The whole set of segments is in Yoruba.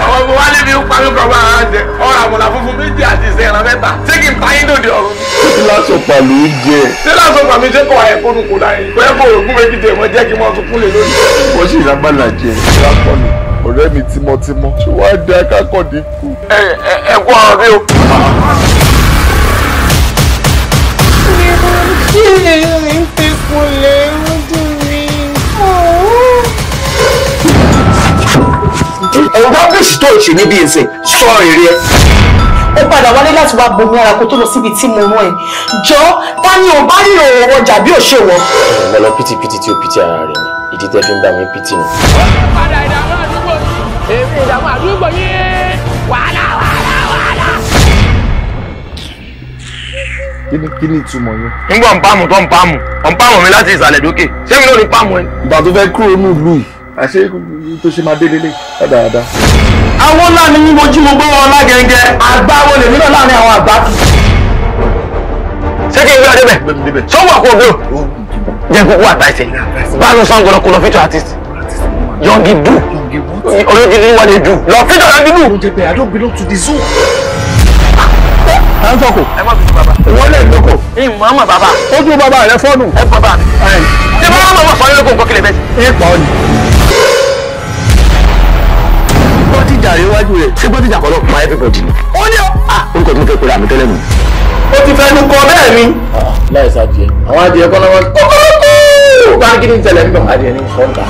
àwọn ọmọ wa níbi ń parí kọ́ máa jẹ ọ̀rọ̀ àmọ̀là funfun méjì àti ìṣe ẹran mẹ́ta ṣé kí n ta yín lòdì ọ̀run. ṣé lásọpà ló jẹ. ṣé lásọpà mi ṣe kọ ẹ̀kọ́ nu kò láyé kò ẹ̀kọ́ òògùn méjì jẹ mọ́ jẹ́ kí wọ́n tún kúnlẹ̀ lónìí. wọ́n sì lágbàlá jẹ lápọ̀lù ọ̀rẹ́ mi tímọ́tímọ́ ṣé wàá da kákọ̀dé kú. ẹ ẹ ẹ kú ọ̀rọ̀ ọ̀rọ̀ rọ́bìṣì tó ṣe níbi ìsìn sọ èrè ẹ. ó padà wálé láti wá bomi ara kó tó lọ síbi tí mo rán ẹ jọ ta ni ò bá rí òun ọjà bí òṣèwọ. mo lọ pìtìpìtì tí ó pìtì ara rẹ ni ìdí tẹ́ fi ń bá mi pìtì ni. padà ìdààmú àdúgbò èmi ìdààmú àdúgbò yìí wàhálà wàhálà wàhálà. kíni kíni ìtumọ̀ yẹn. nígbà ń pàmù tó ń pàmù ọ̀ ń pàmù mi láti ìsàlẹ̀ dókè ṣé mi ló ní pàmù ẹ. ìgbà tó fẹ́ kúrò ní ìlú yìí àṣé tó ṣe máa délé lé dáadáa. àwọn ńlá ni mo jí mo gbọ́ wọn lágẹ̀ẹ́gẹ́ àgbà wo lèmi náà láàrin àwọn àgbà tù. ṣé kí n gbé ọdẹ bẹ̀ sọ́wọ́ àkọ́ òbí o jẹ́ gbogbo àtàìsẹ̀ báyọ̀ sango lọ kó lọ fíjọ artist yọ̀ǹgì dù olójúdí wà lè dù lọ fíjọ yọ̀ǹgì dù. oúnjẹ bẹ́ẹ̀ I don't belong to the zoo. à ń sọkò ẹ má bìí bàbá ìwọ lè lóko ìmọ̀ọ́mọ̀ bàbá ojú bàbá rẹ fọ́ọ̀nù ẹ bàbá mi. ṣé bá wọn jàre iwájú rẹ̀ ṣé gbọ́dọ̀ jàkọ́ lọ pa everybody. ó ní ọ. ah orúkọ tí mo fẹ́ pèrè àmì tẹ́lẹ̀ nù. ó ti fẹ́ nu kọ bẹ́ẹ̀ mi. láì sàdìẹ àwọn adìẹ kọ́ lọ́wọ́ kókórókó báńkì ní tẹ̀lẹ̀ ńlọ adìẹ ní kọ́ńtà.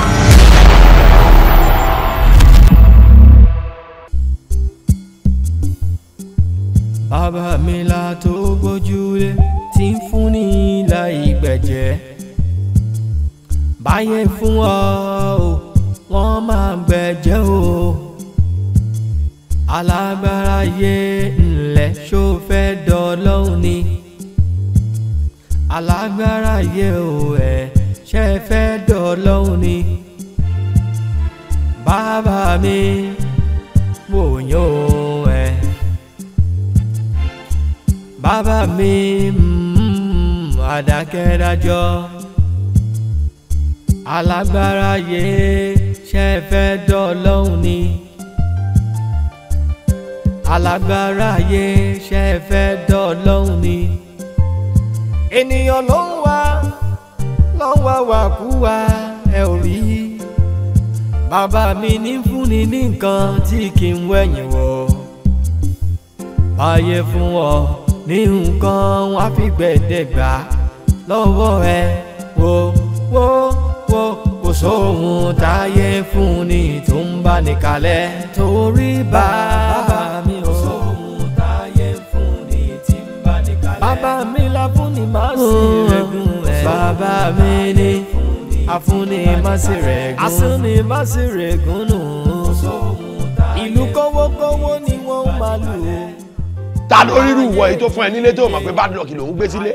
bàbá mi la tó gbójúlé tí ń fún ní ìlà ìgbẹ̀jẹ̀ báyẹn fún ọ wọn máa gbẹ̀jẹ̀ o alágbára yé ńlẹ̀ ṣó fẹ́ dọ́lọ́hún ni alágbára yé o ẹ̀ ṣe fẹ́ dọ́lọ́hún ni bàbá mi wò yín o ẹ̀ bàbá mi mm, àdákẹ́dájọ́ alágbára yé ṣe fẹ́ dọ́lọ́hún ni alágbára ayé ṣe é fẹ́ dọ́lọ́hún ni. ènìyàn ló ń wá ló ń wá wàkúwà ẹ ò rí i. bàbá mi ní fúnni ní nǹkan tí kì í wẹ̀yìn wọ̀. báyé fún ọ ní nǹkan wọn fi gbẹ̀dẹ̀gbà lọ́wọ́ ẹ wo wo wo kò sóhun táyé fúnni tó ń bá nìkalẹ̀ torí bàbá. bàbá mi la fún ni má sí oh. rẹ̀gùn ẹ̀. bàbá mi ni àfúnni má sí rẹ̀gùn. àsúnni má sí rẹ̀gùn nù. ìlú kọ́wọ́kọ́wọ́ ni wọ́n máa lù ú. ta ló rírú ìwọ èyí tó fún ẹ nílé tó mọ̀ pé bad luck ló ń gbé sílé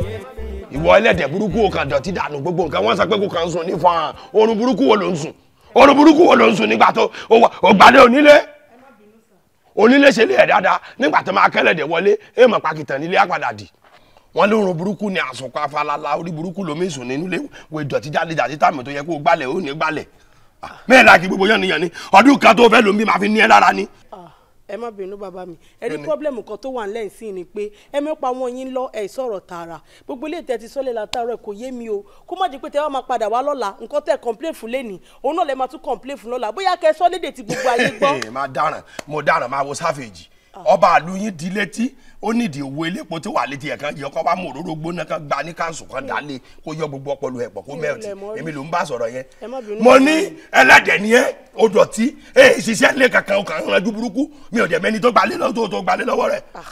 ìwọ ẹlẹ́dẹ̀ burúkú ò kàn dọ̀tí dànù gbogbo nǹkan wọ́n sọ pé kò kàn ń sùn ní fún un oorun burúkú wo ló ń sùn oorun burúkú wo ló ń sùn nígbà tó ògbàdé onílé onílé ṣe lé ẹ̀ dáadáa nígbà tó máa kẹ́lẹ̀dẹ̀ wọlé èèmọ̀ pàkìtàn nílé àpàdà dì wọ́n lóorun burúkú ni àsùnkọ afalala orí burúkú lomi ìsùn nínú ilé wo ìdọ̀tí jáde jáde tàmí tó yẹ kó gbalẹ̀ ó ní gbalẹ̀ ah, mẹ́ẹ̀ẹ́dá kí gbogbo yànnìyàn ni ọdún kan tó fẹ́ lomi máa fi ní ẹ lára ni ah, ẹ má bínú bàbá mi ẹ rí pọ́blẹ́mù kan tó wà ń lẹ́yìn sí ni pé ẹ mẹ́pa wọn yín lọ ẹ sọ̀rọ̀ tààrà gbogbo ilé ìtẹ́tí sọ́lẹ̀ látàárọ̀ kò yé mi o kó má di pé tẹ́ wá máa padà wá lọ́la nǹkan tẹ́ ah. ọba àlùyìn di létí ó nídìí owó elépo tí wà létí ẹ̀ kan yọ kọ́ bá mú òróró gbóná kan gba ní kanṣu kan dálé kó yọ gbogbo ọpọlọ ẹ̀pọ̀ kó mẹ́ọ̀tì èmi ló ń bá sọ̀rọ̀ yẹn. mo ní ẹlẹ́dẹ̀ ni ẹ́ o dọ̀tí ẹ̀ ṣiṣẹ́ lé kankan o kàn ń ranjú burúkú mi ò dẹ̀ mẹ́ni tó gbalé lọ́wọ́ rẹ̀. Ah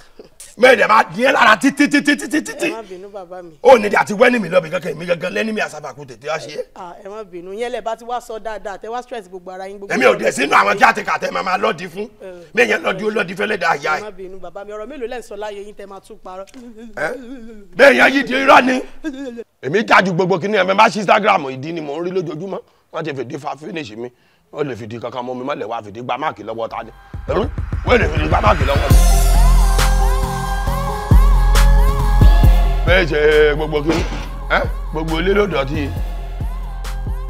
mẹ́ẹ̀dẹ̀ máa dín ẹ́ lára títí títí títí títí. ẹ má bínú bàbá mi. ó ní àti wẹ́ni mi lọ́bì kankan èmi gangan lẹ́ni mi àsàbàkù tètè wá ṣe é. ẹ má bínú yẹn lẹ bá ti wá sọ dáadáa tẹ wá stress gbogbo ara yín gbogbo. èmi ò dẹ̀ sínú àwọn kí á ti kà tẹ́ máa máa lọ́ọ̀dì fún mi yẹn lọ́ọ̀dì ó lọ́ọ̀dì fẹ́lẹ́ dà yá ẹ. ẹ má bínú bàbá mi ọ̀rọ̀ mélòó lẹ́ ń sọ láyé yín tẹ́ máa tún parọ́. bẹ́ẹ̀ yẹn yìí ni. èmi jájú gbogbo kí ni ẹ̀mẹ́ Instagram ìdí ni mò ń rí lójoojúmọ́ wọ́n ti fìdí fa finish mi wọ́n lè fìdí kankan mọ́ mi má lè wá fìdí gba máàkì lọ́wọ́ ta ni. wọ́n lè fìdí gba máàkì lọ́wọ́ mi. bẹ́ẹ̀ ṣe gbogbo kí gbogbo ilé ló dọ̀tí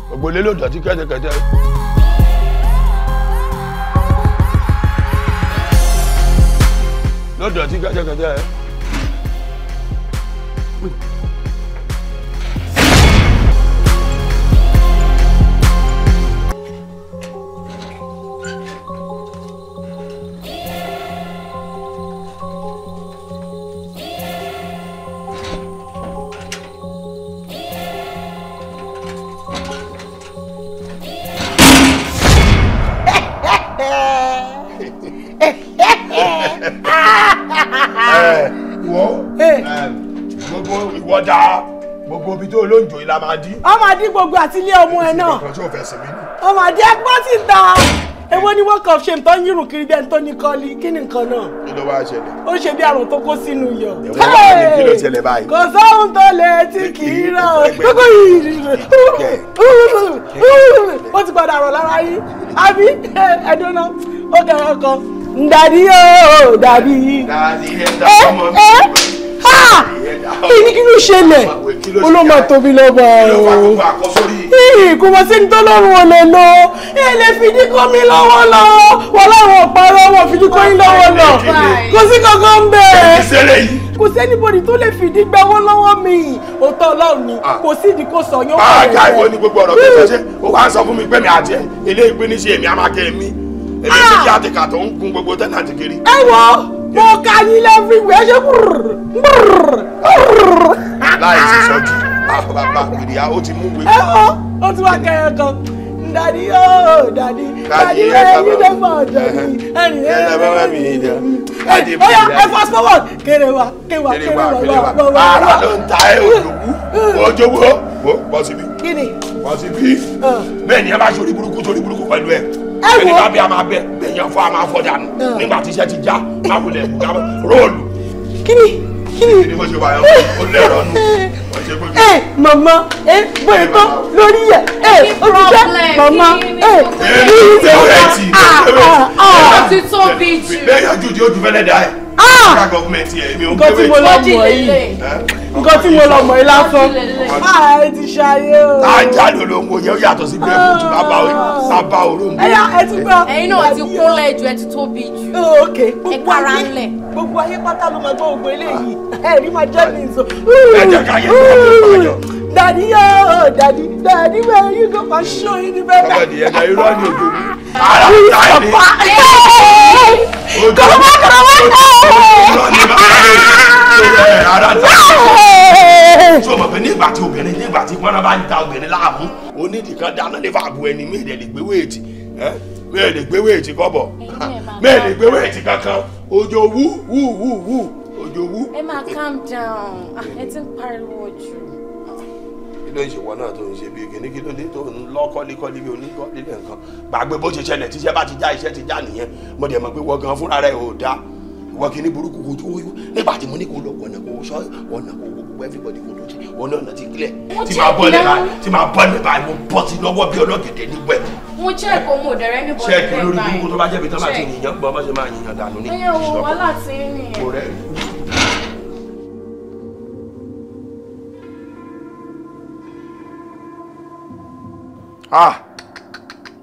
gbogbo ilé ló dọ̀tí kẹ́tẹ́kẹ́tẹ́. ló dọ̀tí kẹ́tẹ́kẹ́tẹ́. kọjá gbogbo ibi tó olóńjò yìí la máa dín. a máa dín gbogbo àtìlé ọmọ ẹ náà ọmọ àdé ẹgbọ́n ti ta èwo ni world cup ṣe nǹkan yírùn kiri bí ẹni tó ní kọ́lí kí ni nǹkan náà. kí ló wá ṣẹlẹ̀. ó ṣe bí àrùn tó kó sínú iyọ̀. ẹ̀wọ̀n wà ní kí ló ṣẹlẹ̀ báyìí. kò sóhun tó lè tí kì í rà ó. yìí ó ti padà rọ̀ lára yín àbí ẹ̀dùn náà ó kẹ̀rọ kan. dàdí o dàbí. dàdí ẹ̀ dàbí ọmọ mi èyí kí ló ṣẹlẹ̀ ó ló máa tóbi lọ́ba o kò wá sí ní tó lọ́rùn wọn lè lọ ẹ lè fìdí kọ́ mi lọ́wọ́ lọ wọn láwọn ọ̀parọ́ wọn fìdí kọ́ yín lọ́wọ́ lọ kò sí kankan ń bẹ̀ kò sẹ́nibodì tó lè fìdí gbẹ́wọ́ lọ́wọ́ mi òótọ́ ọlọ́run ni ah. kò sí ìdí kò sọ yóò wà rẹ̀. báyà ìwọ ni gbogbo ọ̀rọ̀ tó ṣe ṣe ó wá ń sọ fún mi pé mi àti ẹ ilé ìpín ní ṣe èmi àmàkẹ́ mi èmi ṣe kí ah. àtìkà tó ń gun gbogbo tẹ́lẹ̀ àti ẹ wọ mo ka yín lẹ́fí wẹ́ẹ́ ṣe láì sí sọ́jú bàbá ìrìà ó ti mú wẹ́ẹ́. ẹ ọ ó ti wá kẹyọ kan dadi ooo dadi dadi ẹyin lè mọ ọjọ mi ẹyin lè mọ mi ìdá. oya ẹ fast forward kéré wa kéwà kéré wa kéré wa ara ló ń ta ẹ òdòwú ojowó bọ́ síbí bọ́ síbí ah. bẹ́ẹ̀ ni ẹ bá ṣe orí burúkú torí burúkú pẹ̀lú ẹ ẹni bá a máa bẹ gbẹ̀yàn fún a máa fọ́ dànù nígbà tí iṣẹ́ ti já má wulẹ̀ kúkà róòlù. kíni kíni kíni mo ṣe wáyọ ó lẹ́rọ nù ẹ mama ẹ bọ̀dé tán lórí yẹ ẹ olùjẹ mama ẹ ní ìṣòro ẹ ah, ah, ah. ti tóbi jù. bẹ́ẹ̀ yájú di ojú fẹ́lẹ́ dá ẹ̀ local ah! government yẹn mi ò gbé wẹ̀. nǹkan tí mo lọ mọ̀ yìí nǹkan tí mo lọ mọ̀ yìí lásán báyìí ah, ti ṣayé o. ajá ló ló ń wo yẹn ó yàtọ̀ sí bẹ́ẹ̀ mojú bàbá sábà òróǹbó. ẹyà ẹ ti gbọ́. ẹ̀yin náà ti kúnlẹ̀ ju ẹ ti tóbi jù. ok gbogbo ayé gbogbo ayé pátá ló máa gbọ́ ògbó eléyìí ẹ̀ẹ́dì máa jẹ́ mi ìzọ. ẹ jẹ́ ká yẹ kó o tó bá yọ. Daddy, oh, daddy, daddy, where you go for sure in the bed? Oh, daddy, yeah, you run your door. Ara ta ni. come on! Come on, come on! Tí o mọ̀ pé nígbà tí obìnrin nígbà tí wọ́n bá ń da obìnrin láàmú, onídìíkan dáná ní fàbù ẹni mí ìdẹ̀lẹ̀ gbé wéètì. Mẹ́ẹ̀lì gbé wéètì kọ́bọ̀. Mẹ́ẹ̀lì gbé wéètì kankan. Òjò wú wú wú wú. Òjò wú. Ẹ máa calm down. Ah, ẹ ti ń pariwo jù ló ń ṣe náà tó ń ṣe bí kìnní ló dé tó ń lọ kọ́lékọ́lé bí oníkọ́lé nǹkan gbàgbé bó ṣe ṣẹlẹ̀ tíṣẹ́ bá ti já iṣẹ́ ti já nìyẹn mo dẹ̀ mọ̀ pé wọ́n gan fúnra rẹ̀ ò dá ìwọ kìíní burúkú kojú nígbà tí mo ní kó lọ wọ̀nà kó sọ wọ̀nà kó gbogbo everybody kó lọ sí wọn náà ti kílẹ̀ tí máa bọ́ lẹ̀ tí máa bọ́ lẹ̀ báyìí mo bọ́ sí lọ́wọ́ bí ọlọ́gẹ̀dẹ̀ ní mo jẹ́ ẹ̀kọ́ mo dẹ̀rẹ́ níbo ṣe bẹ́ẹ̀ báyìí ṣe ẹ̀kọ́ lórí burúkú tó bá jẹ́ bí tọ́ ti yìnyín gbọ́ bá ṣe máa yìnyín dànù ní. ẹyẹ Ah,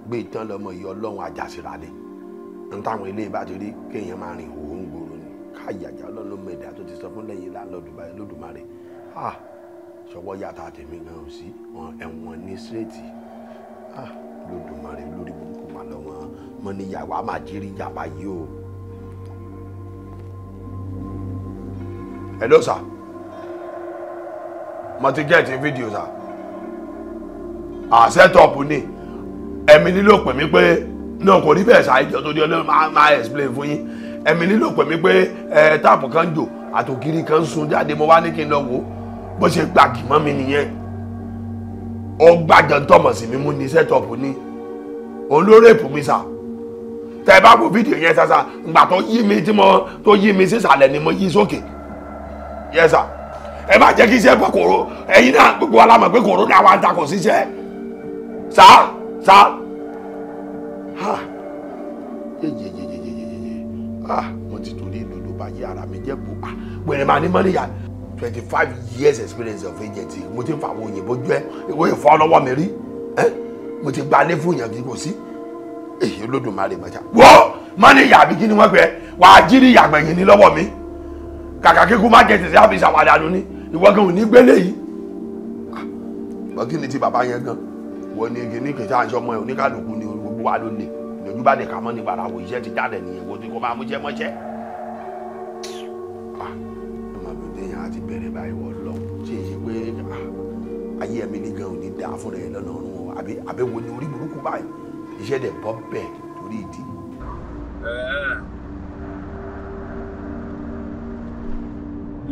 gbé ìtàn lọmọ yìí ọlọ́run àjàsíra lé n táwọn ilé bá ti rí kéèyàn máa rìn òun ń gbòòrò ni káyàjà ọlọ́run ló mẹ̀dá tó ti sọ fún lẹ́yìn lọ́dùmarè sọwọ́ yàtà tèmi gan ò sí ẹ̀wọ̀n ní sírètì ah! lọ́dùmarè lórí burúkú màá lọ́wọ́ mọ́ níyàwó àmàjírí yàrá yìí o. hello sir mo ti gẹ́ẹ̀tì fídíò sir àṣetọ̀pù ni ẹ̀mí nílò pè mí pé náà kò rí bẹ́ẹ̀ ṣàìjọ tó di ọlọ́run máa máa explain fún yín ẹ̀mí nílò pè mí pé ẹ táàpù kan jò àtòkiri kan sun jáde mo wá ní kí n lọ wò ó bó ṣe gbàgì mọ́ mi nìyẹn ó gbàjọ ń tọ̀mọ̀ sí mi mú ní ṣẹ́tọ̀pù ni òun ló rèpù mi sà tẹ bá wo fídíò yẹn sàṣà ngbà tó yí mi tí mo tó yí mi sísàlẹ̀ ni mo yí sókè yẹ sà ẹ bá jẹ́ kí iṣẹ́ bọ̀ kòró ẹ̀yin náà gbogbo wa la mọ̀ pé kòró ni àwa ń takò síṣẹ́ sá sá ha yeyeyeyeyeye ah mo ti torí ìdodo bàjẹ́ ara mi jẹ́ bò ah wẹ̀rẹ̀ màá ní mọ́lẹ́yà twenty five years experience of agency mo ti ń fa àwọn òyìnbó jẹ́ ìwé ìfọ́ lọ́wọ́ mi rí mo ti gba alẹ́ fún ìyànjú kò sí èyí olódùmarè mọ́jà wọ́ mọ́lẹ́yà àbí kí ni wọ́n pẹ́ wàá jírí ìyàgbẹ̀yìn ní lọ́wọ́ mi kàkà kíkú má jẹ tẹ̀sí àbí ìṣàwádà lónìí ìwọ́gàn ò ní gbélé yìí wọ́n kí ni wọ́n ní kí ní kí ń sọmọ ẹ̀ oníkàlùkù ni gbogbo wa ló lè lójú bá dẹ̀ka mọ́ ní gbàrà wò iṣẹ́ ti jáde nìyẹn wo ni kò máa mú jẹ́ mọ́ṣẹ́. Ah, ọmọbìnrin yẹn á ti bẹ̀rẹ̀ báyìí wọ́n lọ ṣe é ṣe pé ah, ayé ẹ̀mí ní gan òní dáa fúnra ẹ̀ lọ́nà ọ̀run o àbí àbẹ̀wò ni orí burúkú báyìí iṣẹ́ dẹ̀ bọ́ bẹ́ẹ̀ torí ìdí.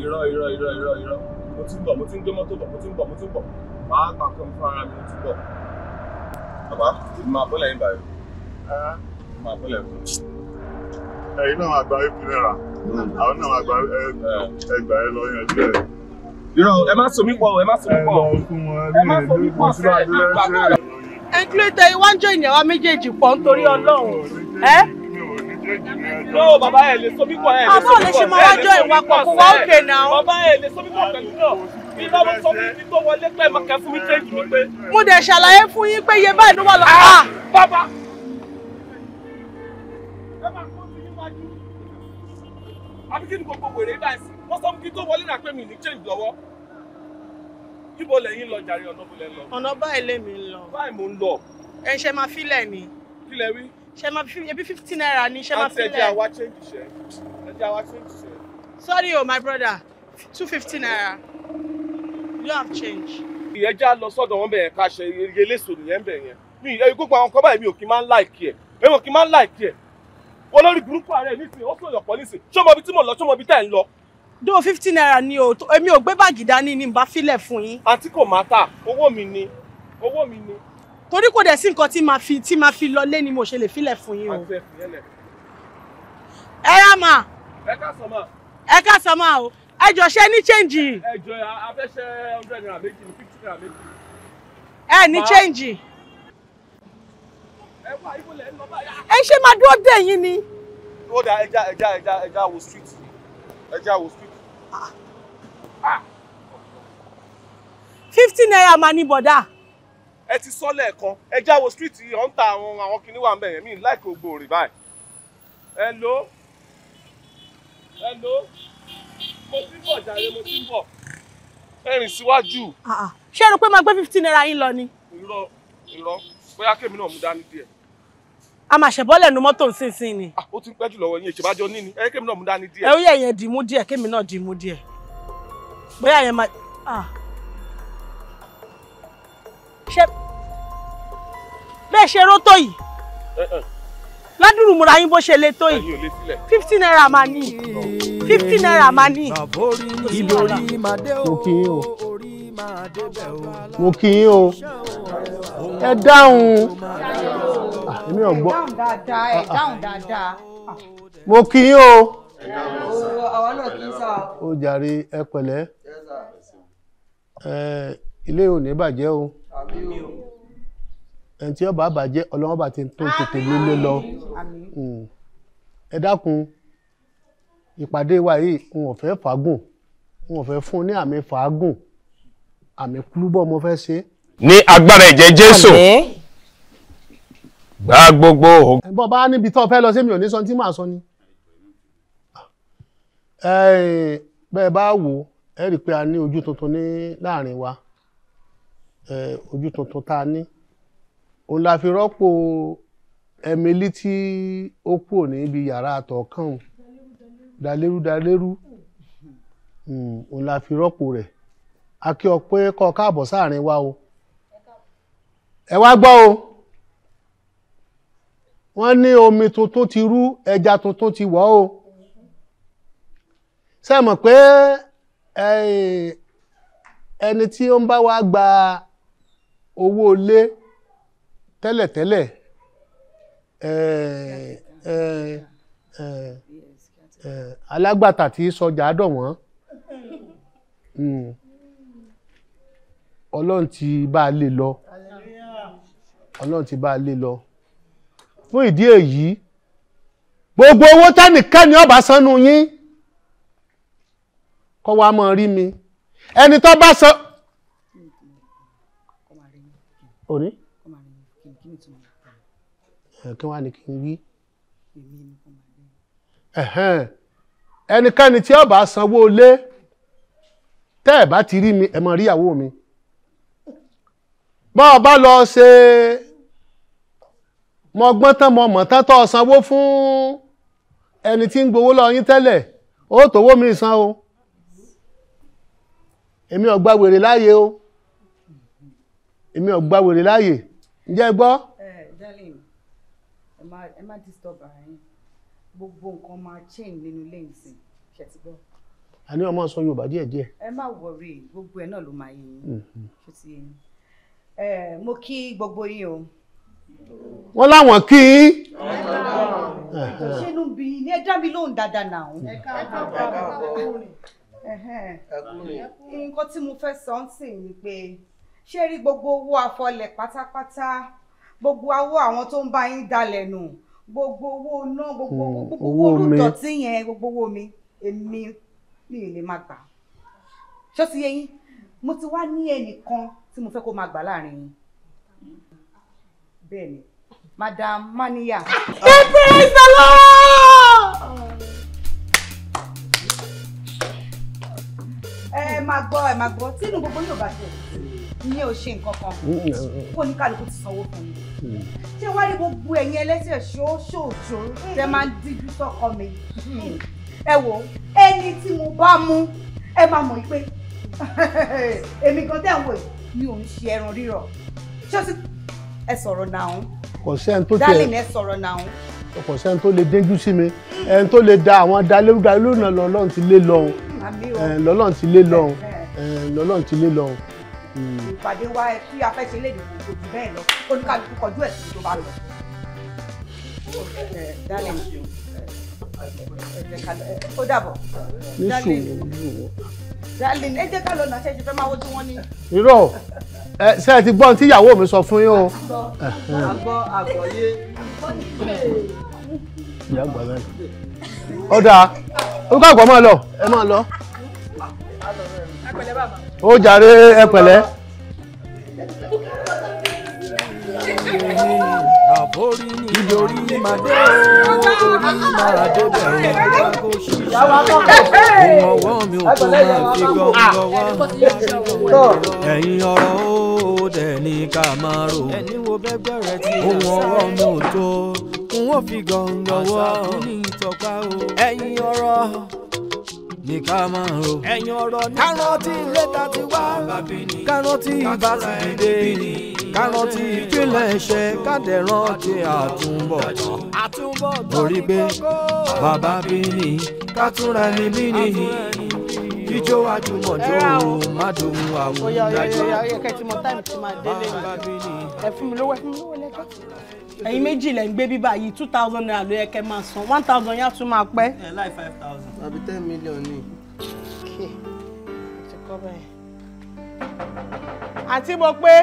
irọ́ irọ́ irọ́ irọ́ irọ́ mo ti ń bọ̀ mo ti ń gbé mọ́tò bọ̀ mo ti ń bọ̀ mo ti ń bọ̀ màá gbà fún ara mi ti bọ̀. Bàbá, èmi máa bọ́lẹ̀ yín báyìí. Èmi máa bọ́lẹ̀ fún un. Ẹ̀yin náà máa gba ẹ̀kú náírà. Àwọn náà máa gba ẹgbà ẹ lọ yẹn jẹ́. Irọ́ ẹ má sọ mí pọ̀ ẹ má sọ mí pọ̀. Ẹ má sọ mí pọ̀ No, bàbá ẹ̀ lè sọ mí pọ̀ ẹ̀ lè sọ mí pọ̀. Àbọ̀ lè ṣe máa wájọ ìwà mi lọ́wọ́ sọ fún mi tó wọlé pé mo kẹ́ fún mi tẹ́jú mi pé. mo dẹ̀ ṣàlàyé fún yín pé iye báyìí ló wà lọ́wọ́. Ah, ah! bàbá. ẹ ni gbogbo wèrè bá ẹsìn wọ́n sọ fún tó wọlé náà pé mi ní change lọ́wọ́. ibo lẹ́yìn lọ jàre ọ̀nà bó lẹ lọ. ọ̀nà báyìí lèmi ń lọ. báyìí mò ń lọ. ẹ ṣe máa fílẹ̀ ni. fílẹ̀ wí. ṣe máa fi ebi fifty naira ni ṣe máa fílẹ̀. àti ẹ̀jẹ̀ àwa change ṣe ẹ̀jẹ̀ àwa change ṣe. sorry o my brother two fifty naira you have change. ìyẹn já lọ sọ́dọ̀ wọn bẹ̀yẹn ká ṣe iye léṣo nìyẹn bẹ̀yẹn mi ìyẹn gbogbo àwọn kan báyìí mi ò kí máa ń láìkí ẹ̀ èmi ò kí máa ń láìkí ẹ̀ olórí burúkú ààrẹ nísìnyí ó sọ̀rọ̀ pọ̀ nísìnyí ṣọ́mọ ibi tí mo lọ ṣọ́mọ ibi tẹ̀ ń lọ. do fifteen naira ni o èmi ò gbé báàgì dání ni bá filẹ̀ fún yín. àǹtí kò máa tà owó mi ni owó mi ni. torí kò dẹ̀ sí nǹkan tí màá fi tí màá fi lọlé ni mo ṣe lè filẹ̀ fún yín o. àti ẹ̀fìn yẹn lẹ̀. ẹ ká sọ mà. ẹ ká sọ mà o ẹjọ ṣe ní change. ẹjọ afẹsẹ hundred naira méjì ní fifty naira méjì. ẹ ní change. ẹ wá ibo lẹ ń lọ báyà. ẹ ṣe máa dúró dé yín ni. ó ẹja ẹja ẹja ẹja wo street ẹja wo street. Ah. fifty naira máa ní bọ̀dá. ẹ ti sọ lẹ́ẹ̀kan ẹja wo street yìí ọ̀ ń ta àwọn àwọn kinní wa ń bẹ̀yẹn mí láìkó gbòòrè báyìí. hello hello mo ti síwájú. ṣé ẹ rò pé máa gbé fifteen naira yín lọ ni. irọ́ irọ́ bóyá kémi náà mú dání díẹ̀. a máa ṣẹ̀bọ́lẹ̀ nu mọ́tò nísinsìnyí ni. ó ti ń pẹ́ jù lọ́wọ́ yín ìṣèbájọ́ ní ni ẹ kémi náà mú dání díẹ̀. ẹ ó yẹ yẹn díẹ̀ kémi náà dìímú díẹ̀ bóyá yẹn máa. ṣé bẹ́ẹ̀ ṣe rótó yìí ládùrú múra yín bó ṣe lè tó yìí fifty naira máa ní fifty naira máa ní. ìdórí mo kì í o mo kì í o ẹ dáhùn ah, ah, èmi ò gbọ́ ẹ dáhùn dáadáa ah, mo kì í o. àwa náà kì í sá. ó jàre ẹ pẹ̀lẹ́ ilé ò ní bàjẹ́ o ẹni tí ọba àbàjẹ́ ọlọ́wọ́n bá ti tó tètè lílé lọ hmm. ẹ dákun ìpàdé wa yìí n ò fẹ́ fàágùn n ò fẹ́ fún ní àmì fàágùn àmì kúlúbọ̀ mo fẹ́ ṣe. ní agbára ẹ̀jẹ̀ Jésù gba gbogbo ògùn. ẹ̀bọ́n bá níbi tó fẹ́ lọ sí mi ò ní sọ tí màá sọ ni. bẹ́ẹ̀ bá wò ẹ rí i pé a ní ojú tuntun ní láàrin wa ojú tuntun tá a ní. òun la fi rọ́pò Emily tí ó kúrò níbi yàrá àtọ̀kàn òun dalérú dalérú hmm, òun la fi rọ́pò rẹ̀ a kí kọ káàbọ̀ sáàrin wa o ẹ wá gbọ́ o wọ́n ní omi tuntun ti rú ẹja tuntun ti wọ̀ o ṣe mọ̀ pé ẹni tí ó ń bá wa gba owó ilé. tẹ́lẹ̀tẹ́lẹ̀ alágbàtà tí sọjà dọ̀wọ́n hmm. ọlọ́run ti bá a lè lọ ọlọ́run ti bá a lè lọ fún ìdí èyí gbogbo owó tẹ́nìkẹ́ni ọba sanu yín kọ́ wa mọ̀ rí mi ẹni tó bá san. òní. kí wàá ní kí n wí. ẹnikẹ́ni tí ó sanwó lé tẹ́ ẹ̀ bá ti rí mi ẹ̀ mọ̀ ríyàwó mi bọ́ ọ lọ ṣe mọ gbọ́n tán mọ mọ̀ tán tọ́ sanwó fún ẹni tí ń gbowó lọ yín tẹ́lẹ̀ ó tòwó mi san o èmi ò gba wèrè láàyè o èmi ò gba wèrè láàyè ǹjẹ́ gbọ́. má ẹ má disturb ara yín gbogbo nǹkan máa change nínú ilé ìsìn ṣètì gbọ́. a ní ọmọ sọ yorùbá díẹ̀ díẹ̀. ẹ má wọrí gbogbo ẹ náà ló máa yé yín mm-hmm. ṣó ti yé mo kí gbogbo yín o. wọ́n láwọn kí í. ṣénú bí ní ẹ mi lóhùn dáadáa náà. ẹ káàbọ̀ nǹkan tí mo fẹ́ sọ ń sìn ni pé ṣé rí gbogbo owó afọlẹ̀ pátápátá gbogbo awọ àwọn tó ń bá yín dalẹ̀ nù gbogbo owó ná hmm, gbogbo owó olùdọ̀tí yẹn gbogbo owó mi èmi mi ò lè máa gbà ṣó ti yé mo ti wá ní ẹnìkan tí mo fẹ́ kó máa gbà láàrin yín bẹ́ẹ̀ ni madam mania. ẹ praise the Lord. ẹ máa gbọ́ ẹ máa gbọ́ tí gbogbo yóò bá ṣe ìyẹn ò ṣe nǹkan kan kó ní kálukú ti sanwó fún mi mm. ṣé wá rí gbogbo ẹ̀yin ẹlẹ́sẹ̀ ṣóṣòṣò tẹ máa ń díjú sọ́kọ mi ẹ wò ẹni tí mo bá mú ẹ máa mọ̀ pé èmi gan tẹ̀ ń wò mi ò ń ṣe ẹran rírọ̀ ṣọ́sí ẹ sọ̀rọ̀ náà kò sẹ́ni tó tẹ̀ dálìn ẹ sọ̀rọ̀ náà kò sẹ́ni tó lè déjú sí mi mm. ẹni tó lè da àwọn dalérúdalérú náà lọ́lọ́run ti lé lọ́hùn mm, lọ́lọ́run ti lé lọ́hùn lọ́lọ́run ti lé lọ́hùn ìpàdé wa tí a fẹ́ ṣe léde kò jù bẹ́ẹ̀ lọ oníkàlùkù kọjú ẹ̀sìn tó bá lọ. ó dàbọ̀ darling ẹ jẹ́ ká lọ nàṣẹ́ ṣe fẹ́ máa wojú wọn ni. irọ́ ẹ ṣe ti gbọ́n tí ìyàwó mi sọ fún yín o. àgbọ̀ àgbọ̀yé. ìyá àgbà bẹ́ẹ̀. ó dáa orúkọ àgbọ̀ máa lọ ẹ máa lọ. a lọ rẹ̀ ẹ pẹ̀lẹ́ bàbá ó jàre ẹ pẹ̀lẹ́. àbórí ó dẹ̀ ní ká máa rò ohun ọwọ́ mi ò tó n ó fi gbọ́ngbọ́n wọ́ ẹ̀yìn ọ̀rọ̀ ní ká máa ro. ẹ̀yin ọ̀rọ̀ ní kárọ̀tì lẹ́tà ti wá kárọ̀tì ibà sì ti dé kárọ̀tì ìpínlẹ̀ ṣe kádẹ̀rán ti àtúbọ̀ orí gbé bàbá bíní kátúra ẹni bíní jíjó àjùmọ̀jó mádùn àwọn ìdájọ́ bàbá bíní. ẹ fún mi lówó ẹ fún mi lówó lẹ́kọ̀ọ́ ẹ̀yin méjì lẹ̀ ń gbé bíbá yìí two thousand naira ló yẹ kẹ́ máa san one thousand yá tún máa pẹ́. ẹ láì five thousand. àbí ten million ni. àti mo pé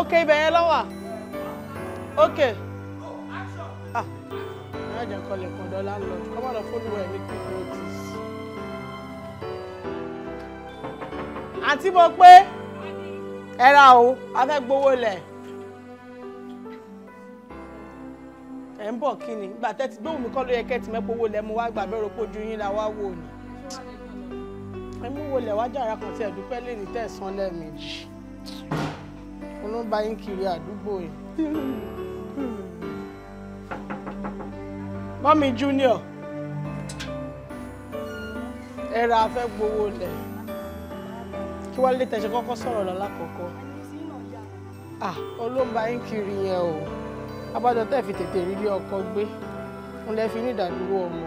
ok ibẹ̀ yẹn lọ́wọ́ ok ah ẹ jẹ́ kọ́ lè kàn dọ́là lọ kọ́ lọ fọ́lùwọ̀ ẹ̀ ní pípé notice àti mo pé. ẹ afegbowole o a fẹ́ gbowó lẹ̀ ẹ̀ ń bọ̀ kí ni ìgbà ló yẹ mo wá gbà la wá wò ni ẹ mú wo wájú ara kan tí ẹ̀ lè ní tẹ̀sán lẹ́ẹ̀mejì olóńgbà yín kiri àdúgbò yìí. junior kí wàá lè tẹ̀sẹ̀ kọ́kọ́ sọ̀rọ̀ lọ lákọ̀ọ́kọ́ ah olóńgbà yín kiri yẹn o abájọ tẹ́ fi tètè rí ilé ọkọ gbé ń lẹ́ fi ní ìdádúró ọmọ.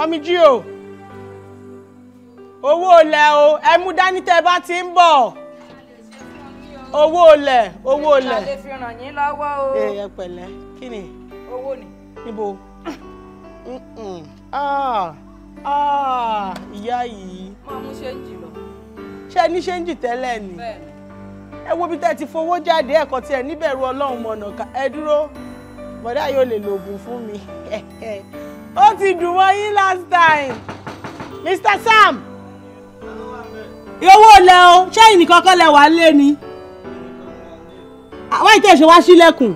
ọmọ jí o owó olè o ẹ mú dání tẹ́ bá ti ń bọ̀ owó olè owó olè. ìṣàlẹ̀ fi ràn yín lọ́wọ́ o. ẹ ẹ pẹ̀lẹ́ kí ni. owó ni. níbo. ah. Ah, ìyá yìí. máa mú ṣéǹjì lọ. ṣé ní ṣéǹjì tẹ́lẹ̀ ni. ẹ wo bí tẹ́ ti fowó jáde ẹ̀kọ́ tí ẹ níbẹ̀rù ọlọ́run mọ̀nà ká ẹ dúró bọ́dá yóò lè lo oògùn fún mi. ó ti dùn wọ́n yín last time. Mr. Sam owó lẹ o ṣẹ́yìn nìkan kọ́ lẹ wà lé ni àwọn ah, ìtẹ̀ ṣe wá sílẹ̀kùn.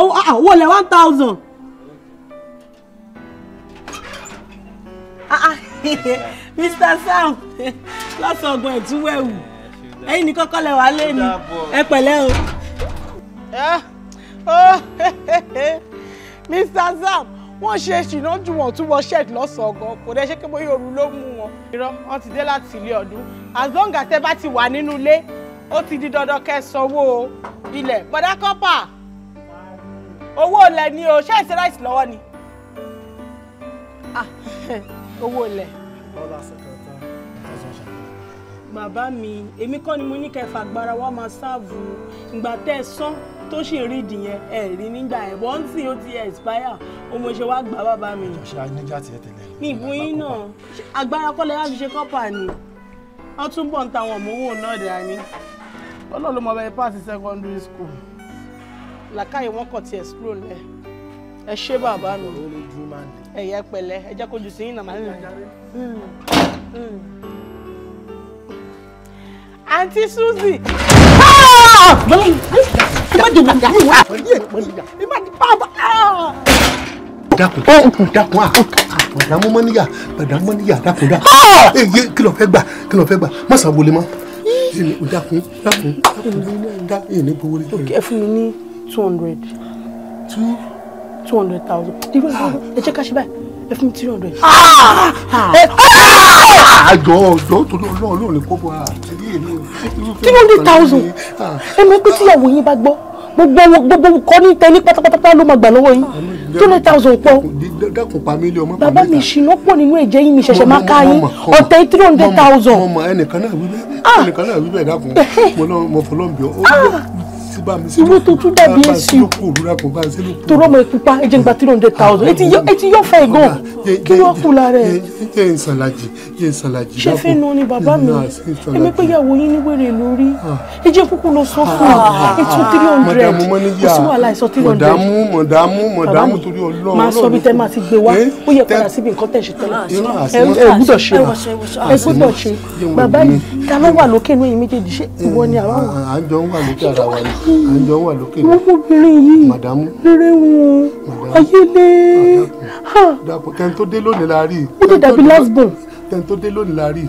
owó ah, lẹ one thousand. Ah, ah, Mr. Sam lọ́sàn ọgbọ̀n ìtúwẹ̀wù ẹ̀yin ní kọ́kọ́ lẹ̀ wá lé mi ẹ pẹ̀lẹ́ o. Ah, Mr. Sam wọ́n ṣe ṣìnà jù wọ́n tún wọ shed lọ́sàn ọgbọ̀n kò dẹ́ ṣe pé bóyá ooru ló mú wọn. irọ́ wọn ti dé láti ilé ọdún as long as ẹ bá ti wà nínú ilé ó ti di dandan kẹsànwó ilẹ̀ bọ̀dá kọ́pà owó ilẹ̀ ni o ṣé ìṣe ráìsì lọ́wọ́ ni owó ilẹ̀. ọ̀rọ̀ àsìkò tán ẹ̀sán ṣàkóso. bàbá mi èmi kọ́ ni mo ní kẹfà gbára wa máa ṣáàbù ìgbà tẹ́ ẹ sán tó sì rí ìdìyẹn ẹ rí nígbà ẹ wọ́n ń sìn ó ti expire ọmọ ṣe wá gbà bàbá mi. ṣe aníjà tiẹ̀ tẹ̀lé. ní ìbú yín náà agbára kọ́lẹ̀ yá ṣe kọ́pà ni wọ́n tún bọ̀ ń ta àwọn ọmọ owó náà dání ọlọ́run ló mọ bẹ́ẹ̀ pass secondary school làkàyè wọn kọ̀ ti explode lẹ̀ ẹ ṣé bàbá mi ẹ̀yà pẹ̀lẹ́ ẹ jẹ́ kojú sí ìnàmà àǹtí Suzy. dákun dákun àpàdánù mọ́ níyà àpàdánù mọ́ níyà dákun dá èyí kí ló fẹ́ gbà kí ló fẹ́ gbà má sàwọlé mọ́ dákun dákun dákun dákun èyí ní gbowó lé. ẹ fún mi ní two hundred. two two hundred thousand irú ẹ jẹ́ ká ṣe báyìí ẹ fún three hundred. Ah! Ah! Ah! àjọ ọjọ́ tó lọ lọ́ọ̀ lóun ní kókó three hundred thousand ẹ mọ̀ pé tíyàwó yín bá gbọ́ gbogbo gbogbo kọ́ ní tẹ́lí pátápátá ló máa gbà lọ́wọ́ yín two hundred thousand pọ̀ dákun pa mílíọ̀n mọ́ pa mẹ́ta. bàbá mi ṣìnà pọ̀ nínú ẹ̀jẹ̀ yín mi ṣẹ̀ṣẹ̀ máa ká yín ọ̀tẹ̀ three hundred thousand. mo mọ ẹnìkan náà wí bẹ́ẹ̀ ẹnìkan náà wí bẹ́ẹ̀ sí bá mi sí. ìwọ tó tún dàbí èsì tòrọ ọmọ ìpupa ẹ jẹ́ n gba three hundred thousand ẹ ti yọ fẹ́ gan kí ló kù lára ẹ. jẹ́ ìsànlájì jẹ́ ìsànlájì. ṣé fẹ́ nu ni bàbá mi èmi pé ìyàwó yín ní wèrè lórí ah. ẹ jẹ́ kúkú lọ sọ fún ah. ẹ tún three hundred kò sí wàhálà ẹ sọ three hundred. mọ̀dàmú mọ̀dàmú mọ̀dàmú torí ọlọ́run. máa sọ bí tẹ́ máa ti gbé wá eh? ó yẹ padà síbi nǹkan ta ló wà lókè ní ẹ̀yìn méjèèjì ṣé ìwọ ni àwọn. Ah, à ń wà lókè ara wa ni àjọ wà lókè náà. ọmọbìnrin yìí màdàmú rere wọn ayélé. dàpọ̀ tẹ́ni tó dé lónìí la rí. ó lè dàbí lásìbọ̀n. tẹ́ni tó dé lónìí la rí.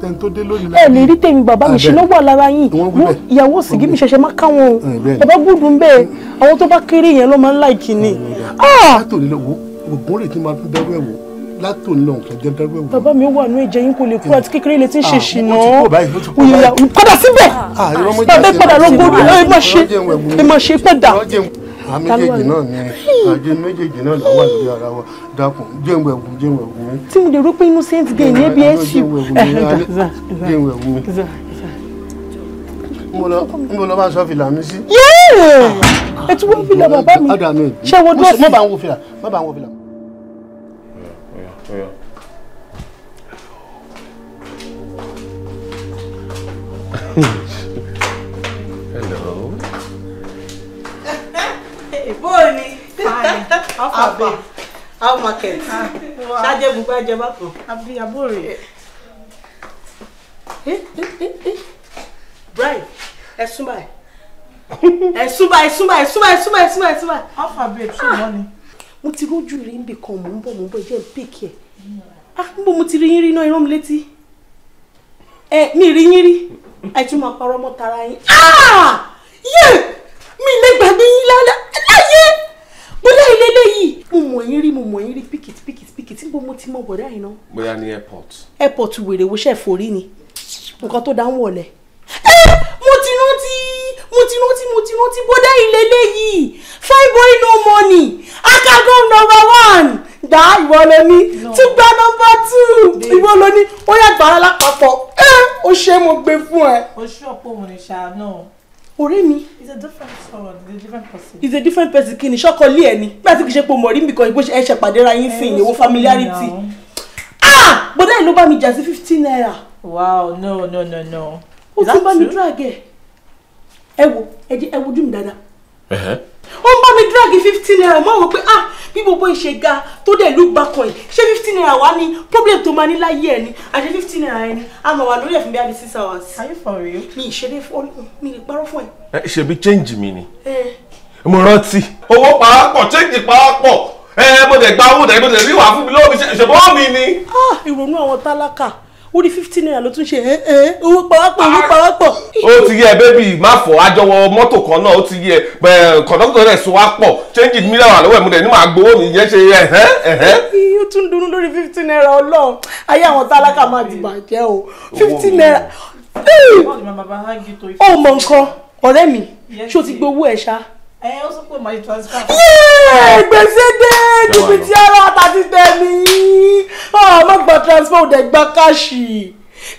tẹ́ni tó dé lónìí la rí. ẹ lè rí tèmi bàbá mi ṣe ló wà lára yín mú ìyàwó sìgí mi ṣẹ̀ṣẹ̀ má ká o bàbá gbùdùn ń bẹ àwọn tó bá kéré yẹn ló máa ń ah! láì kí ni. látòlélọ́wọ́ ògùn rè ti máa fi bẹ́rù ẹ̀ wò látòun náà kò jẹ́ dárú ẹ̀wọ̀n. bàbá mi wà ní ẹ̀jẹ̀ yín kò lè kú àti kékeré ilé tí ń ṣe ah, ṣìnà òyìnbá ah, padà síbẹ̀ bàbá padà lọ gbódò ẹ má ṣe ẹ má ṣe padà. a méjèèjì náà ni àjẹ méjèèjì náà là wà lórí ara wa dákun jẹun ẹwù jẹun ẹwù. tí mo lè rò pé innocent gay ní ẹbí ẹ ṣì jẹun ẹwù mo lọ bá sọ fìlà mi sí. Ah. ẹ ti wọ́n fìlà bàbá mi ṣé wọ́n dúró sí. má bàa ń wo fìlà má bàa ń wo fìlà. For Hello. Hey, Bonnie. Fine. How far, babe? How market? Ṣájẹ́ gbogbo ẹjẹ bá kan. Àbí àbúrò. hey hey hey. báyìí. Ẹ sún báyìí, sún báyìí, sún báyìí, sún báyìí, sún báyìí, sún How far, babe? Ṣé ìwọ ni? Ah, mo ti rójú rí nbìkan mò ń bọ̀ mò ń bọ̀ jẹ́ pèkì ẹ̀ ah níbo mo ti rí yín rí iná irọ́ mi létí ẹ mi rí yín rí àìtún máa parọ́ mọ́ tara yín ah yé mi lè gbàgbé yín láyé bóyá ilé léyìí mo mọ̀ yín rí mo mọ̀ yín rí píkìtì píkìtì píkìtì níbo mo ti mọ bọ̀dá yìí náà. bóyá ní airport. airport wèrè wo ṣe forí ni nǹkan tó dá ń wọlé. ẹ mo ti rántí mo ti rántí mo ti rántí bódá ilé léyìí fine boy no money akago number one gbà ìwọ ló ní tún gbà number two ìwọ ló ní ó yà gbàrà lápapọ̀ ẹ ó ṣe mo gbé fún ẹ. oṣù ọ̀pọ̀ òun ni ṣáà náà ọ̀rẹ́ mi. is a different someone is a different person. is a different person Kini, ni ṣọ́kọ lé ẹ ni bí a ti kì í ṣe pé mo rí mi kan ìgbésẹ̀ ẹ ṣe pàdé ra yín sí ìyẹ̀wò familiarity. ah bọ́dá yìí ló bá mi jà sí fifteen naira. wow no no no no. ó ti bá mi drag ẹ̀ ẹ wo ẹ jẹ ẹ wojú mi dáadáa. ó ń bá mi dírágì fifteen naira mo wò pé ah bí gbogbo ìṣe ga tó dẹ̀ lù gbàkọ̀ yìí ṣé fifteen naira wá ni problem tó máa ní láyé ẹ ni àti fifteen naira ni. a máa wà lórí ẹ̀fún bí i six hours. are you for real? mi ìṣeré mi lè parọ́ fún ẹ. ṣebí change mi ni mo rántí. owó pàápọ̀ change pàápọ̀ ẹ mo dẹ̀ gba owó dẹ̀ mo dẹ̀ rí wàá fún mi lọ́wọ́ mi ṣe ṣe bọ́ mi ni. ah ìrònú àwọn tálákà ó rí fifty naira ló tún ṣe ẹ eh, ẹ eh, owó pawápọ̀ owó pawápọ̀. ó ti yẹ bébì má fọ àjọwọ mọ́tò kan náà ó ti yẹ kọ̀dọ́kítọ̀ rẹ̀ so wá pọ̀ change it mílíọ̀nù àlọ́wọ́ ẹ̀mú rẹ̀ ní màá gbowó mi yẹn ṣe ẹ̀hẹ́ eh, ẹ̀hẹ́. ó tún dunnú lórí fifteen naira ọlọ́run ayé àwọn tálákà máa ti bàjẹ́ o Fifteen naira. ó mọ nǹkan ọ̀rẹ́ mi ṣó ti gbowó ẹ̀ ṣáá ẹ ó sọ pé màá yí transfer. yéé gbèsè dé jìbìtì ara àtàtì tẹ̀mí ọmọ gba transfer ò dẹ̀ gba káàṣì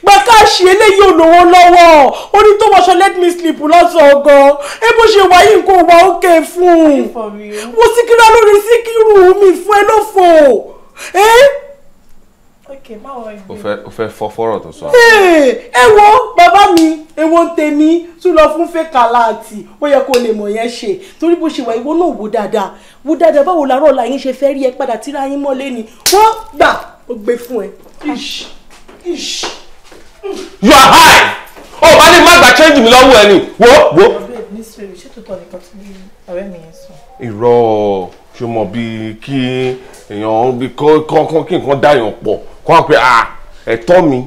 gba káàṣì eléyìí olówó lọ́wọ́ ó ní tó wọṣọ let me sleep lọ́sàn ọgọ́ ẹ bó ṣe wáyé nǹkan wà ókè fún un mo síkírá lórí síkírù mi fún ẹ Eh? o fẹ́ fọ́ fọ́rọ̀ tó sọ. ẹ wo bàbá mi èwo ń tèmi tún lọ fún fẹ́ka láàtì ó yẹ kó lè mọ̀ yẹn ṣe torí bó ṣe wà ìwọ náà wò dáadáa wò dáadáa báwo làárọ̀ ọ̀la yín ṣe fẹ́ rí ẹ padà tíra yín mọ́lé ni wọ́n gbà ó gbé fún ẹ. you are high o bá ní má gbà change mi lọ́wọ́ ẹ ni wo wo. ọ̀rẹ́ mi sọ ìrọ̀ ṣe mọ̀ bí kí èèyàn bí kọ́ńkọ́n kí nǹkan dá èèyàn pọ̀ kó wá pé ẹ̀tọ́ mi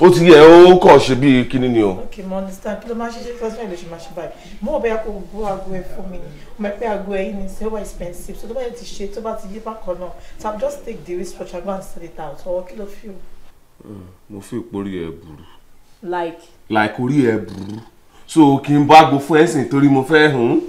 ó ti yẹ ó kàn ṣe bí kíní ni o. ok mo understand kí ló máa ṣiṣẹ́ first time ló ṣe máa ṣe báyìí mo ò bẹ́ẹ̀ kó gbó aago ẹ̀ fún mi mo mọ̀ aago ẹ̀ yìí ni ṣé wà expensive so tó bá yẹ ti ṣe tó bá ti yí bákan náà so i'm just take the risk for go and sell it out ọwọ́ kí ló fi o. Hmm, mo fi ìpórí ẹ burú. like. like orí ẹ burú so kí n bá gbo fún ẹ̀sìn torí mo fẹ́ hùn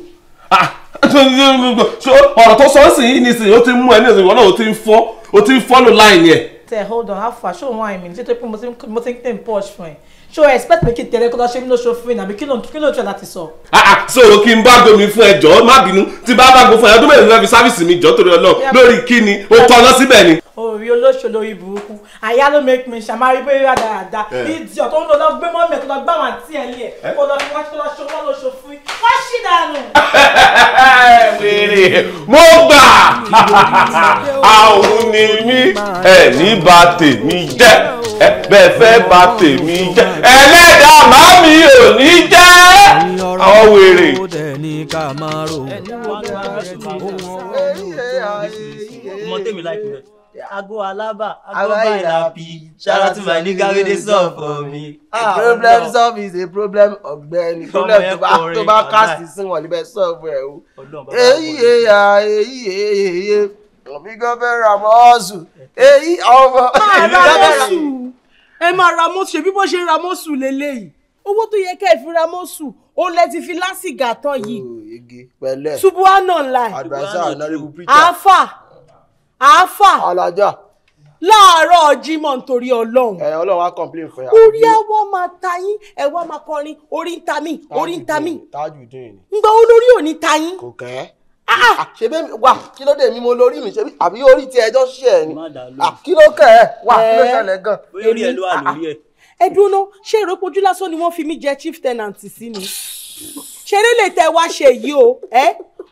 ọ̀rọ̀ tó sọ ọ́ sì yìí nísìnyí ó ti mú ẹ ní ìsìnkú náà ó ti ń fọ́ ó ti ń fọ́lù láì yẹn. tẹ hold on how far ṣé òun àìmì ní títí pé mo ti ń pè ń pọ́ọ̀ṣ fún ẹ So expect pé kí tẹ̀lé kó lọ ṣe mí ló ṣòfin mi nàbí kí ló kí ló jọ láti sọ. Ah, ah, so kí n bá gbomi fún ẹ jọ̀ọ́ má bínú tí bá bá gbo fún ẹ ọdún mẹ́rin fẹ́ fi sáfìsì mi jọ̀ọ́ torí Ọlọ́run lórí kí ni o tọ́ lọ síbẹ̀ ni. orí olóṣèlú orí burúkú àyà ló make me ṣàmárí pé rírà dáadáa ìdí ọ̀tọ̀ ń lọ lọ gbé mọ́mí kó lọ gbá wọn àti ẹ̀ lé ẹ̀ eh? kó lọ fi wọ́n lọ ṣe wọ́n lọ ṣòfin wọ́n ṣì dànù. wèrè mo gbà àwọn ni mí ẹ̀ ní bà tèmi jẹ́ bẹ́ẹ̀ fẹ́ bà tèmi jẹ́ ẹlẹ́dàá màmí ò ní jẹ́ àwọn wèrè. ago alaba ago bailapi shout out to my nigga wey dey solve for me. ah problem solve is a problem ọ̀gbẹ́ni problem tó bá tó bá cast sí wọn níbẹ̀ solve ẹ o. èyí èyà èyí èyí èyí ọ̀mí gan fẹ́ ra mọ́ ọmọ èmi gan fẹ́ ẹ máa ra mọ́tò ṣebí bó ṣe ra mọ́tò lélẹ́yìí owó tó yẹ kẹ́ ẹ fi ra mọ́tò ó lẹ ti fi lásìgà tán yìí subuhana ńlá àáfà àáfà alájà láàárọ̀ Jímọ̀ nítorí Ọlọ́run. ẹ Ọlọ́run wa complain fún yà. orí ẹ wá máa ta yín ẹ wá máa kọrin orí ń ta mí orí ń ta mí. tájù dín ní. ń gbọ́ olórí ò ní ta yín. kò kẹ́ ṣe bẹ́ẹ̀ wà kí ló dé mi mo lórí mi ṣe bí àbí orí tí ẹjọ́ ṣe ẹ̀ ni ah, kí ló kẹ̀ ẹ́ wà kí ló eh, ṣẹlẹ̀ gan. bóyá orí ẹ ló wà lórí ẹ. Ah, ah. ẹ dúró ṣé ìrọ́pọ̀ ojú lásán ni wọ́n fi mí jẹ chief tenant sí ni ṣeré lè tẹ wá ṣe yìí o ẹ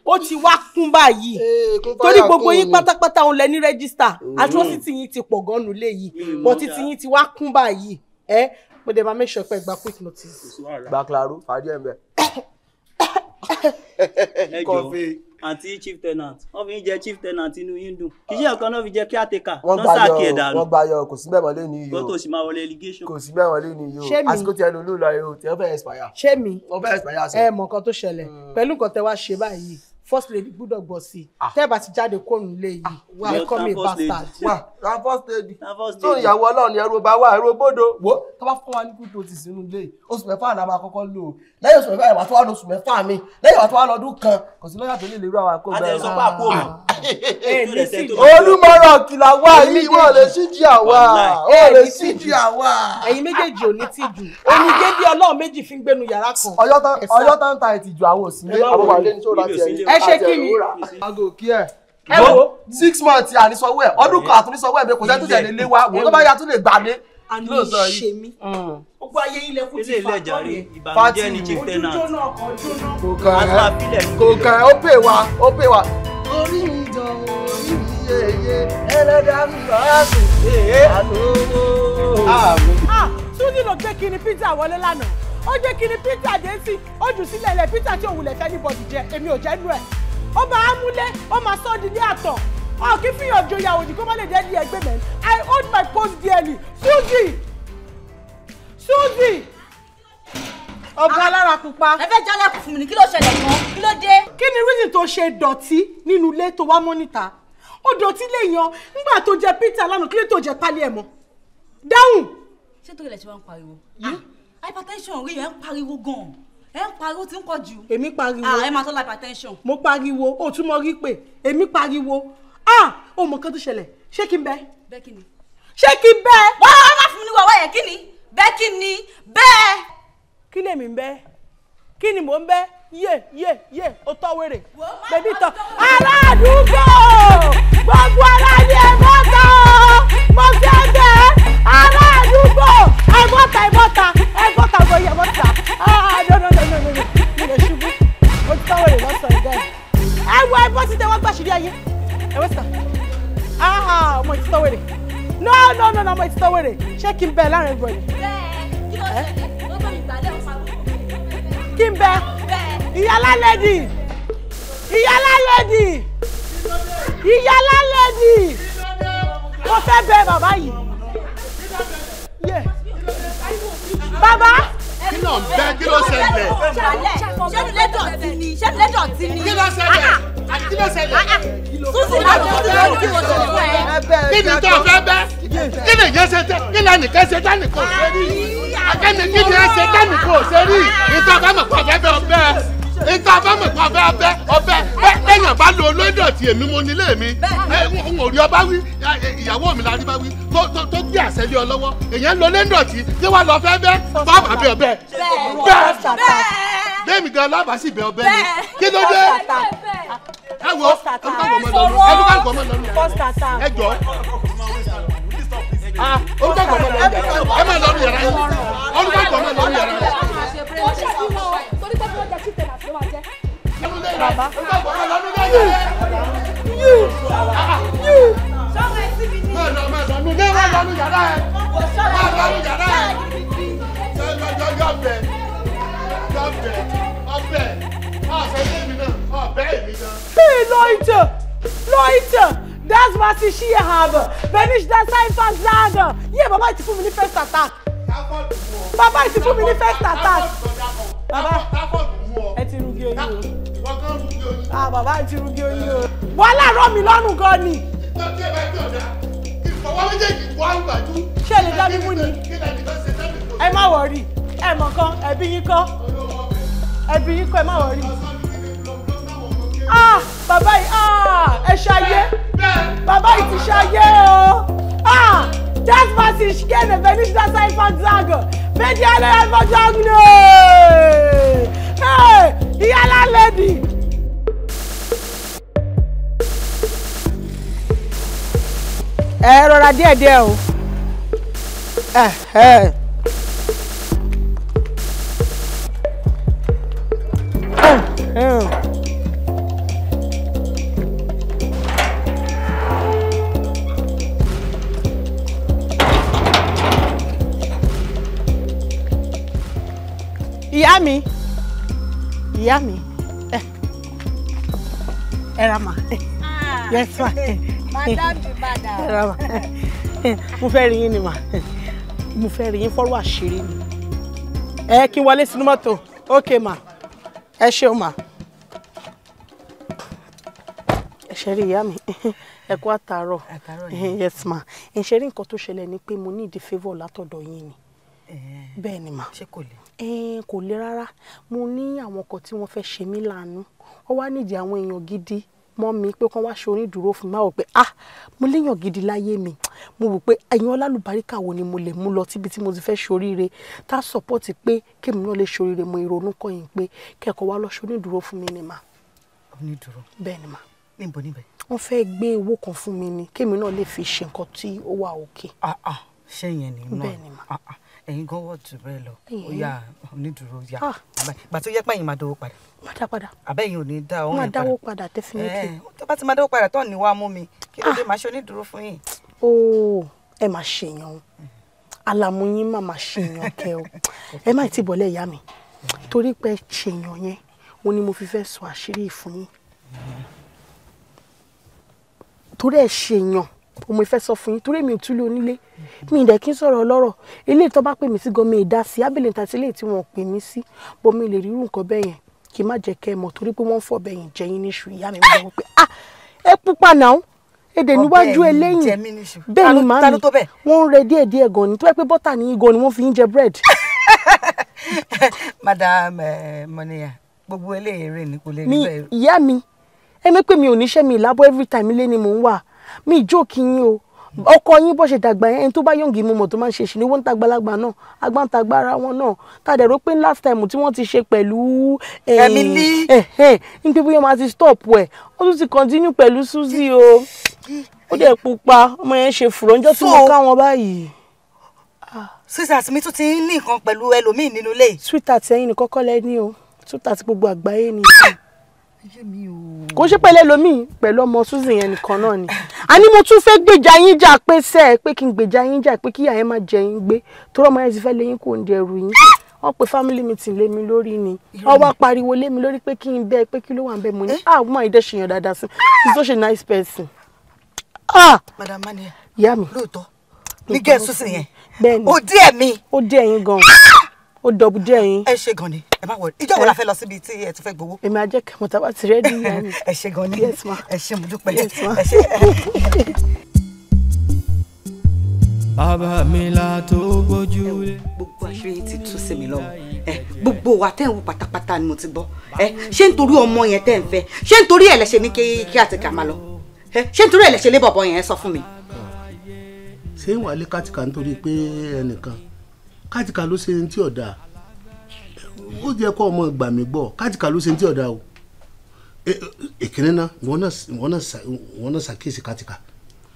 ó ti wá kún báyìí eh, torí gbogbo yín pátápátá òun lẹ ní rẹ́gísítà mm. atrocity yín ti pọ̀ gan nù léyìí bọ́ títí yín ti wá kún báyìí ẹ mo dẹ̀ máa make sure pé gba quick notice. gbàkìlárú fàájì ẹ̀ bẹ́ẹ̀. ẹ jọ àti chief tenant wọn fi ń jẹ chief tenant inú yín dùn kì í ṣe ọ̀kan náà fi jẹ caretaker wọn sáàkì ẹ̀dá rẹ wọn gba yọ kò sí bẹ́ẹ̀ wọlé ní yìí o kò sí máa wọlé litigation kò sí bẹ́ẹ̀ wọlé ní yìí o àsìkò tí ẹnu olú lọ yìí o tí wọn fẹ́ẹ́ expire. ṣé mi ẹ mọ̀ nǹkan tó ṣẹlẹ̀ mm. pẹ̀lú nǹkan tẹ wá ṣe báyìí first lady gbúdọ̀ gbọ́ sí i ah. tẹ́ bá ti jáde kóòrùn ilé yìí ah. wà á kọ́ mi bastard. wà á first lady tó ìyàwó ọlọ́run ẹrú ọba wà ẹrú bódò wo tó bá fún wa ní kúndùn ti sínú ilé yìí oṣù mẹ́fà náà máa kọ́kọ́ lò ó lẹ́yìn oṣù mẹ́fà ìwà tó wà lóṣù mẹ́fà mi lẹ́yìn ìwà tó wà lọ́dún kan kò sí lọ́yà tó lè lérú àwọn àkóbá ẹ̀. olùmọ̀ràn kìlà wà yìí wọ́n lè ṣíjì àwa ó lè ṣíjì àwa. ẹ̀yin méjèèjì ò ní tìjú ah. omi gédé ọlọ́run méjì fi ń gbénu yàrá kan. ọyọ́ tán ta ìtìjú àwọn òsì ṣe kí ni. aago kí ẹ ẹ wo six months àníṣọwọ́ ẹ̀ ọdún kan àtúnṣọwọ́ ẹ̀ mi kò sẹ́ tó tẹ̀lé lé wa wò tó bá yà tún lè gbà mí àmì ìṣe mi. Mm. gbogbo ayé ilẹ̀ kú ti fà tọ́ rẹ̀ ìbànújẹ́ ni chief tenant. ojú jóná ọkọ̀ jóná. kò kàn ẹ́ ó pè wá ó pè wá. orí mi dán orí mi yeye ẹlẹ́dà mi bá mi ṣe àlówó. Ah, ah, tún nílò jẹ́ kí ni pizza wọlé lánàá ó jẹ́ kiri peter dẹ́sí ó jù sílẹ̀ ilẹ̀ peter tí òun lè fẹ́ níbọ̀dì jẹ èmi ò jẹ́ nú ẹ̀ ó máa ń múlé ó máa sọ́ di ní àtọ̀ ọ kì í fi yànjọ ìyàwó ní kó má lè dé ní ẹgbẹ́ mẹ́rin I hold my post dearly Susie, Susie. ọ̀gá ah. alára pupa. ẹ fẹ́ jálẹ̀ kù fún mi ní kí ló ṣẹlẹ̀ gan kí ló dé. kí ni reason tó ṣe dọ̀tí nínú ilé tó wá mọ́ níta ó dọ̀tí lè yan nígbà tó jẹ Peter lánàá kí ló tó jẹ pálí ẹ̀ mọ́ dáhùn. ṣé tó ilẹ̀ ṣe wá ń pariwo hypertension rí ẹ ń pariwo gan ẹ ń pariwo tí ń pọ̀ jù. èmi pariwo ah ẹ máa tọ́lá hypertension. mo pariwo o tún mọ rí pé èmi pariwo ah o mọ kan tó ṣẹlẹ̀ ṣé kí n bẹ. bẹ́ẹ̀ kí ni. ṣé kí n bẹ. wọ́n á má fún mi ní wàwá yẹn kí ni bẹ́ẹ̀ kí ni bẹ́ẹ̀. kí lèmi ń bẹ kí ni mò ń bẹ yé yé yé o tọ́ wèrè bèbí tọ́ aládùúgbò gbogbo ara ni ẹ mọ́ta mo fẹ́ bẹ́ẹ̀ aládùúgbò ẹ mọ́ta ẹ àbọ̀ yẹ mọ́tà ah no no no no no no. lè ṣubú mo ti táwọn èèyàn sọ ìgbà yìí. ẹ wọ ẹ bọ́ síta ẹ wọ́n gbà ṣírí ayé ẹ wọ́n sà ah ọmọ ìtítọ́ wèrè no no no ọmọ ìtítọ́ wèrè ṣé kí n bẹ láàrin ìbọn yìí. bẹ́ẹ̀ kí n bẹ lady. lẹ́dì ìyálà lẹ́dì ìyálà lẹ́dì mo fẹ́ bẹ bàbá yìí. Yeah bàbá. kí ló ń bẹ kí ló ṣẹlẹ̀. ṣẹ́nulẹ̀ dọ̀tí ni ṣẹ́nulẹ̀ dọ̀tí ni. kí ló ṣẹlẹ̀ kí ló ṣẹlẹ̀. susi náà tó ti lọ kí wọ́n ṣẹlẹ̀ fún ẹ. kí ni tó fẹ́ bẹ́ kí ni yẹn ṣe tẹ kí ni ẹnìkan ṣe tẹ́ nìkan ò ṣe rí akẹ́ni kí ni ẹ ṣe tẹ́ nìkan ò ṣe rí ìtọ́ ìta abámọ̀ kan ọbẹ̀ abẹ́ ọbẹ̀ ẹ̀yàn bá lo olóńdọ̀ èmi mo nílé mi n ọba wí ìyàwó mi la rí bá wí tó gbé àṣẹ lé ọ lọ́wọ́ èèyàn lo olóńdọ̀ tí yé lọ fẹ́ bẹ́ bá bàbá ọbẹ̀ bẹ́ẹ̀ bẹ́ẹ̀mi gan lábàá sì bẹ ọbẹ̀ mi kí ló dé ẹ wo ẹlúkàgbọ́ mọ́ lọ́nu ẹ jọ olùkàgbọ́ mọ́ lọ́nu yàrá yìí olùkàgbọ́ mọ́ lọ́nu yàrá yìí. Hey Leute, Leute, das was ich hier habe wenn ich das einfach sage hier, bàbá ti fún mi ní first attack bàbá ti fún mi ní first ah bàbá ti rúgí oyin o wàhálà rọ mi lọ́rùn gan ni. ìfọwọ́ méjèèjì wá ìgbàdú. ṣé lè dá mi mú ni ẹ má wọrí ẹ mọ̀ kan ẹbí yín kọ́ ẹbí yín kọ́ ẹ má wọrí. ah bàbá yìí ah ẹ ṣayé bàbá yìí ti ṣayé o ah that man ti ṣe kéde benin dasa ifan zago méjì alẹ́ Hey, ìyá lálẹ́dì. ẹ rọra díẹ̀díẹ̀ o. Oh. ìyá Yummy ìyá mi ẹ ra mà ah. yes ma ẹ ra mà mo fẹ́ rí yín ni mà mo fẹ́ rí yín fọ́rọ̀ àṣírí ni ẹ kí n wọlé sínú mọ́tò ok ma ẹ ṣeun ma ẹ ṣe rí ìyá mi ẹ kú àtàárọ̀ yes ma ẹ ṣe rí nǹkan tó ṣẹlẹ̀ ni pé mo ní ìdí favour látọ̀dọ̀ yín ni eh. bẹ́ẹ̀ ni ma ṣé kò le ẹ̀ẹ́n eh, kò le rárá mo ní àwọn kan tí wọ́n fẹ́ ṣe mí láàánú ó wá nídìí àwọn èèyàn gidi mọ́ mi pé kán wá ṣe onídùúró fún mi máa wò pé ah mo léèyàn gidi láyé mi mo wò pé ẹ̀yin ọlálùbáríkà wo ni mo lè mú lọ tíbi tí mo ti fẹ́ ṣoríire tá a sọ̀pọ̀tì pé kémi náà lè ṣoríire mo ìrònú kọyìn pé kẹ́kọ̀ọ́ wá lọ ṣe onídùúró fún mi ni mà. onídùúró bẹ́ẹ̀ ni mà. níbo níbẹ̀. wọ́n fẹ́ gbé owó kan fún mi ni kémi náà lè fi ṣe nǹkan tí ó wà òkè. Ah, ah, ṣé yẹn ni náà bẹ́ẹ̀ ni mà. Ah, ẹ̀yin gan wọ́ọ̀ jù bẹ́ẹ̀ lọ ó yà onídùúró yà ah. àgbà tó yẹ pẹ́yìn máa dówó padà. má dá padà. àbẹ́yìn ò ní dá ọ̀hún yẹn padà. má dáwó padà Definitely. tó bá ti máa dáwó padà tó ní wàá mú mi kí ló dé ah. máa ṣe onídùúró fún yín. ó oh, ẹ máa ṣèyàn o alamuyin máa máa ṣèyàn kẹ o ẹ má ti bọ̀lẹ̀ ìyá mi torí pé ṣèyàn yẹn òun ni mo fi fẹ́ sọ àṣírí fún yín mm-hmm. torí ẹ ṣèyàn mo fẹ́ sọ fún yín torí èmi ò túlé onílé mi ì dẹ̀ kí n sọ̀rọ̀ ọlọ́rọ̀ eléyìí tó bá pè mí sí gan mi ì dá sí abẹ́lẹ̀ níta sí eléyìí tí wọ́n pè mí sí bọ́ mi lè rí irú nǹkan bẹ́ẹ̀ yẹn kí n má jẹ́ kẹ́ ẹ mọ̀ torí pé wọ́n ń fọ̀ bẹ́ẹ̀ yẹn jẹ́ yín níṣu ìyá mi mo pé ah ẹ pupa náà èdè níwájú eléyìn bẹ́ẹ̀ ni màámi wọ́n ń rẹ díẹ̀ díẹ̀ gan ni tó yẹ pé bọ́tà ni gan ni wọ́n fi ń jẹ bread. madam eh, moniya gbogbo eléyìí rè ní kò lè rí bẹ́ẹ̀. ìyá mi ẹ mẹ́pẹ́ mi ò níṣẹ́ mi ìlábọ̀ every time ilé ni mò ń wà mi jókì yín o ọkọ yín bó ṣe dàgbà yẹn ẹni tó bá yọ̀ǹgì mọ̀mọ̀ tó máa ń ṣe ṣì ni wọ́n ń ta gbalagbà náà agbáǹtagbára wọn náà ta dẹ̀ rò pé last time tí wọ́n ti ṣe pẹ̀lú eh, Emily ní pé bóyá máa ti stop ẹ̀ wọ́n tún ti continue pẹ̀lú Suzy o ó dẹ̀ pupa ọmọ yẹn ṣe fùrọ̀ níjọ́ tí mo ká wọn báyìí. Ah, sweetheart mi tún ti ń ní nǹkan pẹ̀lú ẹlòmíì nínú ilé. sweetheart ẹ̀yin nìkan kọ́ lẹ ní o sweetheart gbogbo àgbáyé ni kò ṣe pẹ̀lẹ́ lomi pẹ̀lú ọmọ susan yẹn nìkan náà ni àní mo tún fẹ́ gbèjà yín jà pé sẹ pé kí n gbèjà yín jà pé kí ìyá yẹn má jẹ yín gbé torí ọmọ yẹn ti fẹ́ léyìn kò ń dẹrù yín wọ́n pe family meeting lé mi lórí ni wọ́n wá pariwo lé mi lórí pé kí n bẹ pé kí ló wà ń bẹ mo ní eh? ah mo máa dẹ ṣèyàn dáadáa sí he's such a nice person. Ah! madam mania ìyá mi lóòótọ́ ní gẹ̀ẹ́sùsì yẹn ó dí ẹ̀mí ó dí ẹ̀yìn gan-an. Ah! ó dọ̀bù díẹ̀ yín. ẹ ṣe gan ni ẹ má wọlé ìjọ wo la fẹ́ lọ síbi tí ẹ ti fẹ́ gbowó. èmi ajẹ́ kí mọ̀tàbá ti rẹ́ ní ẹ ṣe gan ni ẹ ṣe mo dúpẹ́ bàbá mi la tó gbójú. gbogbo àṣírí ti tú sí mi lọ́wọ́ gbogbo wa tẹ́ ń wo pátápátá ni mo ti gbọ́ ẹ ṣé nítorí ọmọ yẹn tẹ́ ń fẹ́ ṣé nítorí ẹ̀ lẹ́ṣẹ̀ ní kí àti kà máa lọ ṣé nítorí ẹ̀ lẹ́ṣẹ̀ lé bọ̀bọ̀ yẹn sọ fún mi. ṣé wàá lé kátìkà nítorí pé ẹnìkan kátìkà ló ṣe ní tí ọ̀dà ó jẹ́ kó ọmọ gbà mí gbọ́ kátìkà ló ṣe ní tí ọ̀dà o èkìní e, náà wọ́n náà ṣàkíyèsí kátìkà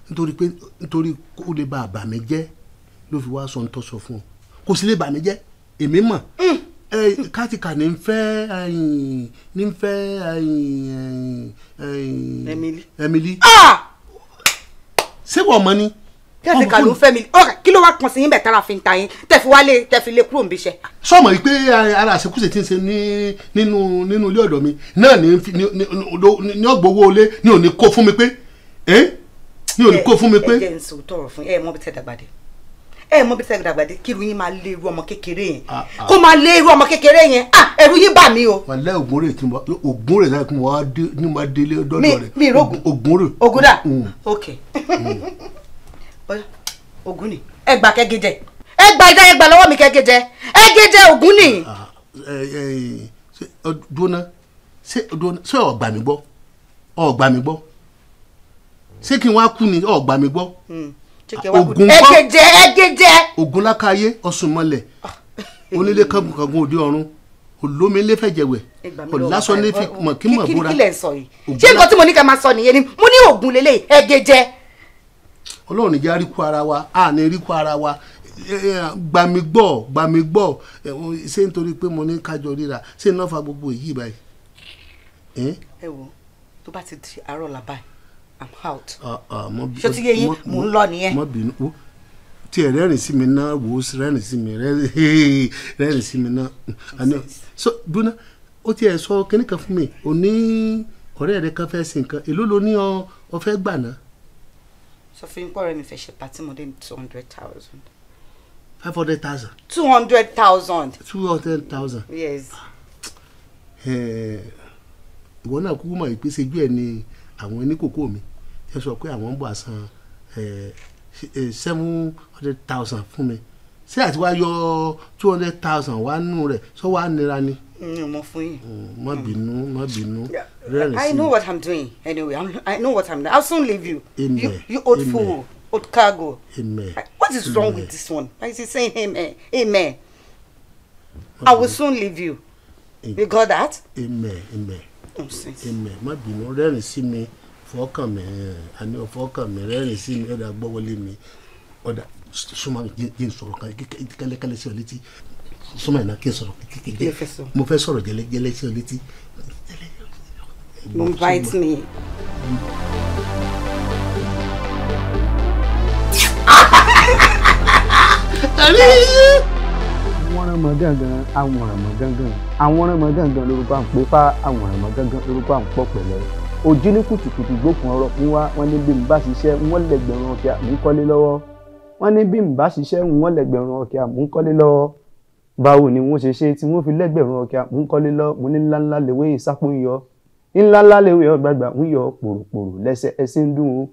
nítorí pé nítorí ó lè ba àbàmì jẹ́ ló fi wá sọ ń tọ́sọ fún ọ kò sí lè bàmí jẹ́ èmi mọ̀ hmm. kátìkà ní fẹ́ ní fẹ́ Emily Emily ah! ṣé wọ́n mọ̀ ni tẹ̀sí kàló fẹ́ mi ọ̀rẹ́ kí ló wá kàn sí yín bẹ̀ tára fi ń ta yín tẹ̀fi wálé tẹ̀fi lé kúrò níbi iṣẹ́. sọmọ yìí pé ara àṣekúṣe ti ń ṣe nínú nínú ilé ọ̀dọ̀ mi náà ní ọgbọ̀wọ́ olé ní òní kó fún mi pé ní òní kó fún mi pé. ẹ jẹ́ nsọ tọrọ fún ẹ mọ bí tẹ́ dàgbàdé ẹ mọ bí tẹ́ dàgbàdé kí irú yín máa lé irú ọmọ kékeré yẹn ah, ah. kó máa lé irú ọmọ kékeré yẹn ah ẹrú yín bà mí o. wàlẹ́ ògùn rè tí ògùn rè láti mú wa dé ní ma délé dọ́dọ̀ rẹ̀ mi mi rogun ògùn rè. ògùn dà mm. ok. Mm. ògún ni ẹ gbà kẹ́gẹ́jẹ ẹ gbà ìdá ẹ gbà lọ́wọ́ mi kẹ́gẹ́jẹ ẹ gẹ́jẹ ògún ni. dúnà ah, ṣé ọ̀gbà mi gbọ́ ọ̀gbà mi gbọ́ ṣé kí n wá kú ni ọ̀gbà mi gbọ́ ògún hmm, kọ́ ẹgẹjẹ ẹgẹjẹ. ògún lákàyé ọ̀sùn mọ́lẹ̀ onílé kángunkangun òde ọ̀run olómi ilé fẹ́ jẹ̀wẹ̀ ọ̀làsọ ní fi mọ̀ kí mọ̀ búra. kí lè sọ yìí ṣé nǹkan tí mo ní ká máa sọ nìyẹn ni mo ní ògún lélẹ̀ ẹgẹjẹ ọlọ́run ìjà ríkú ara wa àní ríkú ara wa gbàmí gbọ́ gbàmí gbọ́ ṣé nítorí pé mo ní kájọ ríra ṣé iná fa gbogbo èyí báyìí. ẹ wo tó bá ti di àárọ̀ là báyìí i'm out. ṣé tí yẹn mò ń lọ nìyẹn. mo bínú o tí ẹ rẹ́rìn sí mi náà wò ó rẹ́rìn sí mi rẹ́rìn sí mi náà. so buna ó tiẹ̀ sọ kíníkan fún mi ò ní ọ̀rẹ́ rẹ kan fẹ́ sin nǹkan èló ló ní ọ fẹ́ gbà náà sọ fún pọ̀ rẹ̀ mi fẹ́ ṣe pàtí mo dé two hundred thousand. five hundred thousand. two hundred thousand. two hundred thousand. yes. Ah. Eh, ìwọ náà kúkú mọ̀ ìpèsè ojú ẹ̀ ni àwọn oníkókó mi ẹ sọ pé àwọn ń bọ̀ àsan eh, eh, seven hundred thousand fún mi ṣé àti wá yọ two hundred thousand wá nù rẹ̀ sọ wá nira ni mi fún yín. Mm, má bínú má bínú i. know what i'm doing anyway I'm, i know what i'm doing i'll soon leave you. amen you, you old amen. fool old cargo. amen what is amen. wrong with this one why is he saying amen amen i will soon leave you. amen. you got that. amen amen amen má bínú rẹ́rìn sí mi fọ́ọ̀kàn mi eh, àní ọ̀fọ́ọ̀kàn mi rẹ́rìn sí mi ọ̀dà gbọ́wọ́lé mi ọ̀dà súnmọ́ mi kí n sọ̀rọ̀ kan kẹ́lẹ́kẹ́lẹ́ sí ọ létí súnmọ́ ẹ̀ kí n sọ̀rọ̀ kékeré mo fẹ́ sọ̀rọ̀ jẹ́lẹ́jẹ́lẹ́ sí ọ létí. invite me. àwọnrànmọ gángan àwọnrànmọ gángan àwọnrànmọ gángan lórúkọ àǹpẹ́fà àwọnrànmọ gángan lórúkọ àǹpọ̀ pẹ̀lẹ́ ojú ní kùtùkùtù gbókun ọ̀rọ̀ fún wa wọ́n ní bí n bá ṣiṣẹ́ wọ́n lẹ́gbẹ̀rún ọkẹ àmúkọ́lé lọ́wọ́ wọ́n ní bí n bá ṣiṣẹ́ wọ́n lẹ́gbẹ̀rún ọkẹ àmúkọ́lé lọ́wọ́ báwo ni wọ́n ṣe ṣe tí wọ́n fi lẹ́gbẹ̀rún ọkẹ́ mò ń kọ́lé lọ mo ní ńláńlá lewé ìsápò ń yọ ńláńlá lewé ọgbàgbà ń yọ pòròpòrò lẹ́sẹ̀ ẹsẹ̀ ń dùn ún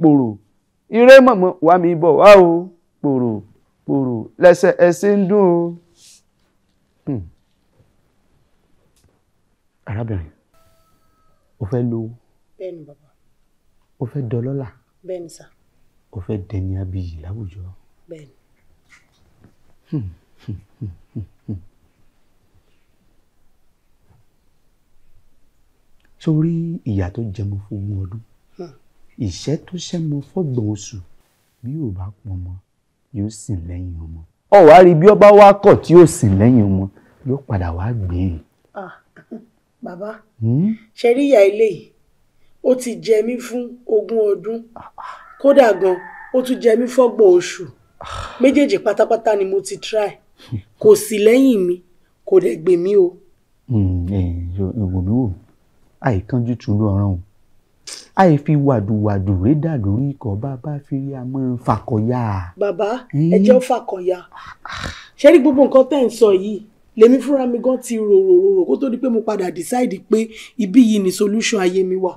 pòròpòrò ire mọ̀mọ́ wà mí bọ̀ wá o pòròpòrò lẹ́sẹ̀ ẹsẹ̀ ń dùn ún. Hmm. arábìnrin o fẹ́ lówó. bẹ́ẹ̀ni bàbá. o fẹ́ dọlọ́lá. bẹ́ẹ̀ni sà. o fẹ́ dẹni abiyì láwùjọ. bẹ́ẹ̀ni. Hmm sórí ìyà tó jẹmọ fún ogún ọdún hmm. ìṣẹ́ tó ṣẹ́mọ fọ́gbọ̀n oṣù bí yóò bá pọ̀ mọ́ yóò sìn lẹ́yìn ọmọ ọ wá rí bí ọba wá kọ̀ tí yóò sìn lẹ́yìn ọmọ yóò padà wá gbé e. Ah, bàbá hmm? ṣe rí ìyá ilé yìí ó ti jẹ mí fún ogún ọdún ah, ah. kódà gan ó tún jẹ mí fọ́gbọ̀n oṣù méjèèjì pátápátá ni mo ti try kò sí lẹ́yìn mi kò dẹ̀ gbè hmm, eh, eh, mí o. ìwò mi wò àìkánjú tulu ọ̀ràn o àìfi wàdùwàdù rẹ dàlú rí ikọ̀ bàbá fìrí àmọ́ fàkọ̀yà. bàbá hmm. ẹ jẹ́ ó fàkọ̀yà ṣé rí gbogbo nǹkan tẹ́ ń sọ yìí lèmi fúnra mi gan ti ròròròrò kó tó di pé mo padà decide pé ibi yìí ni solution ayé mi wà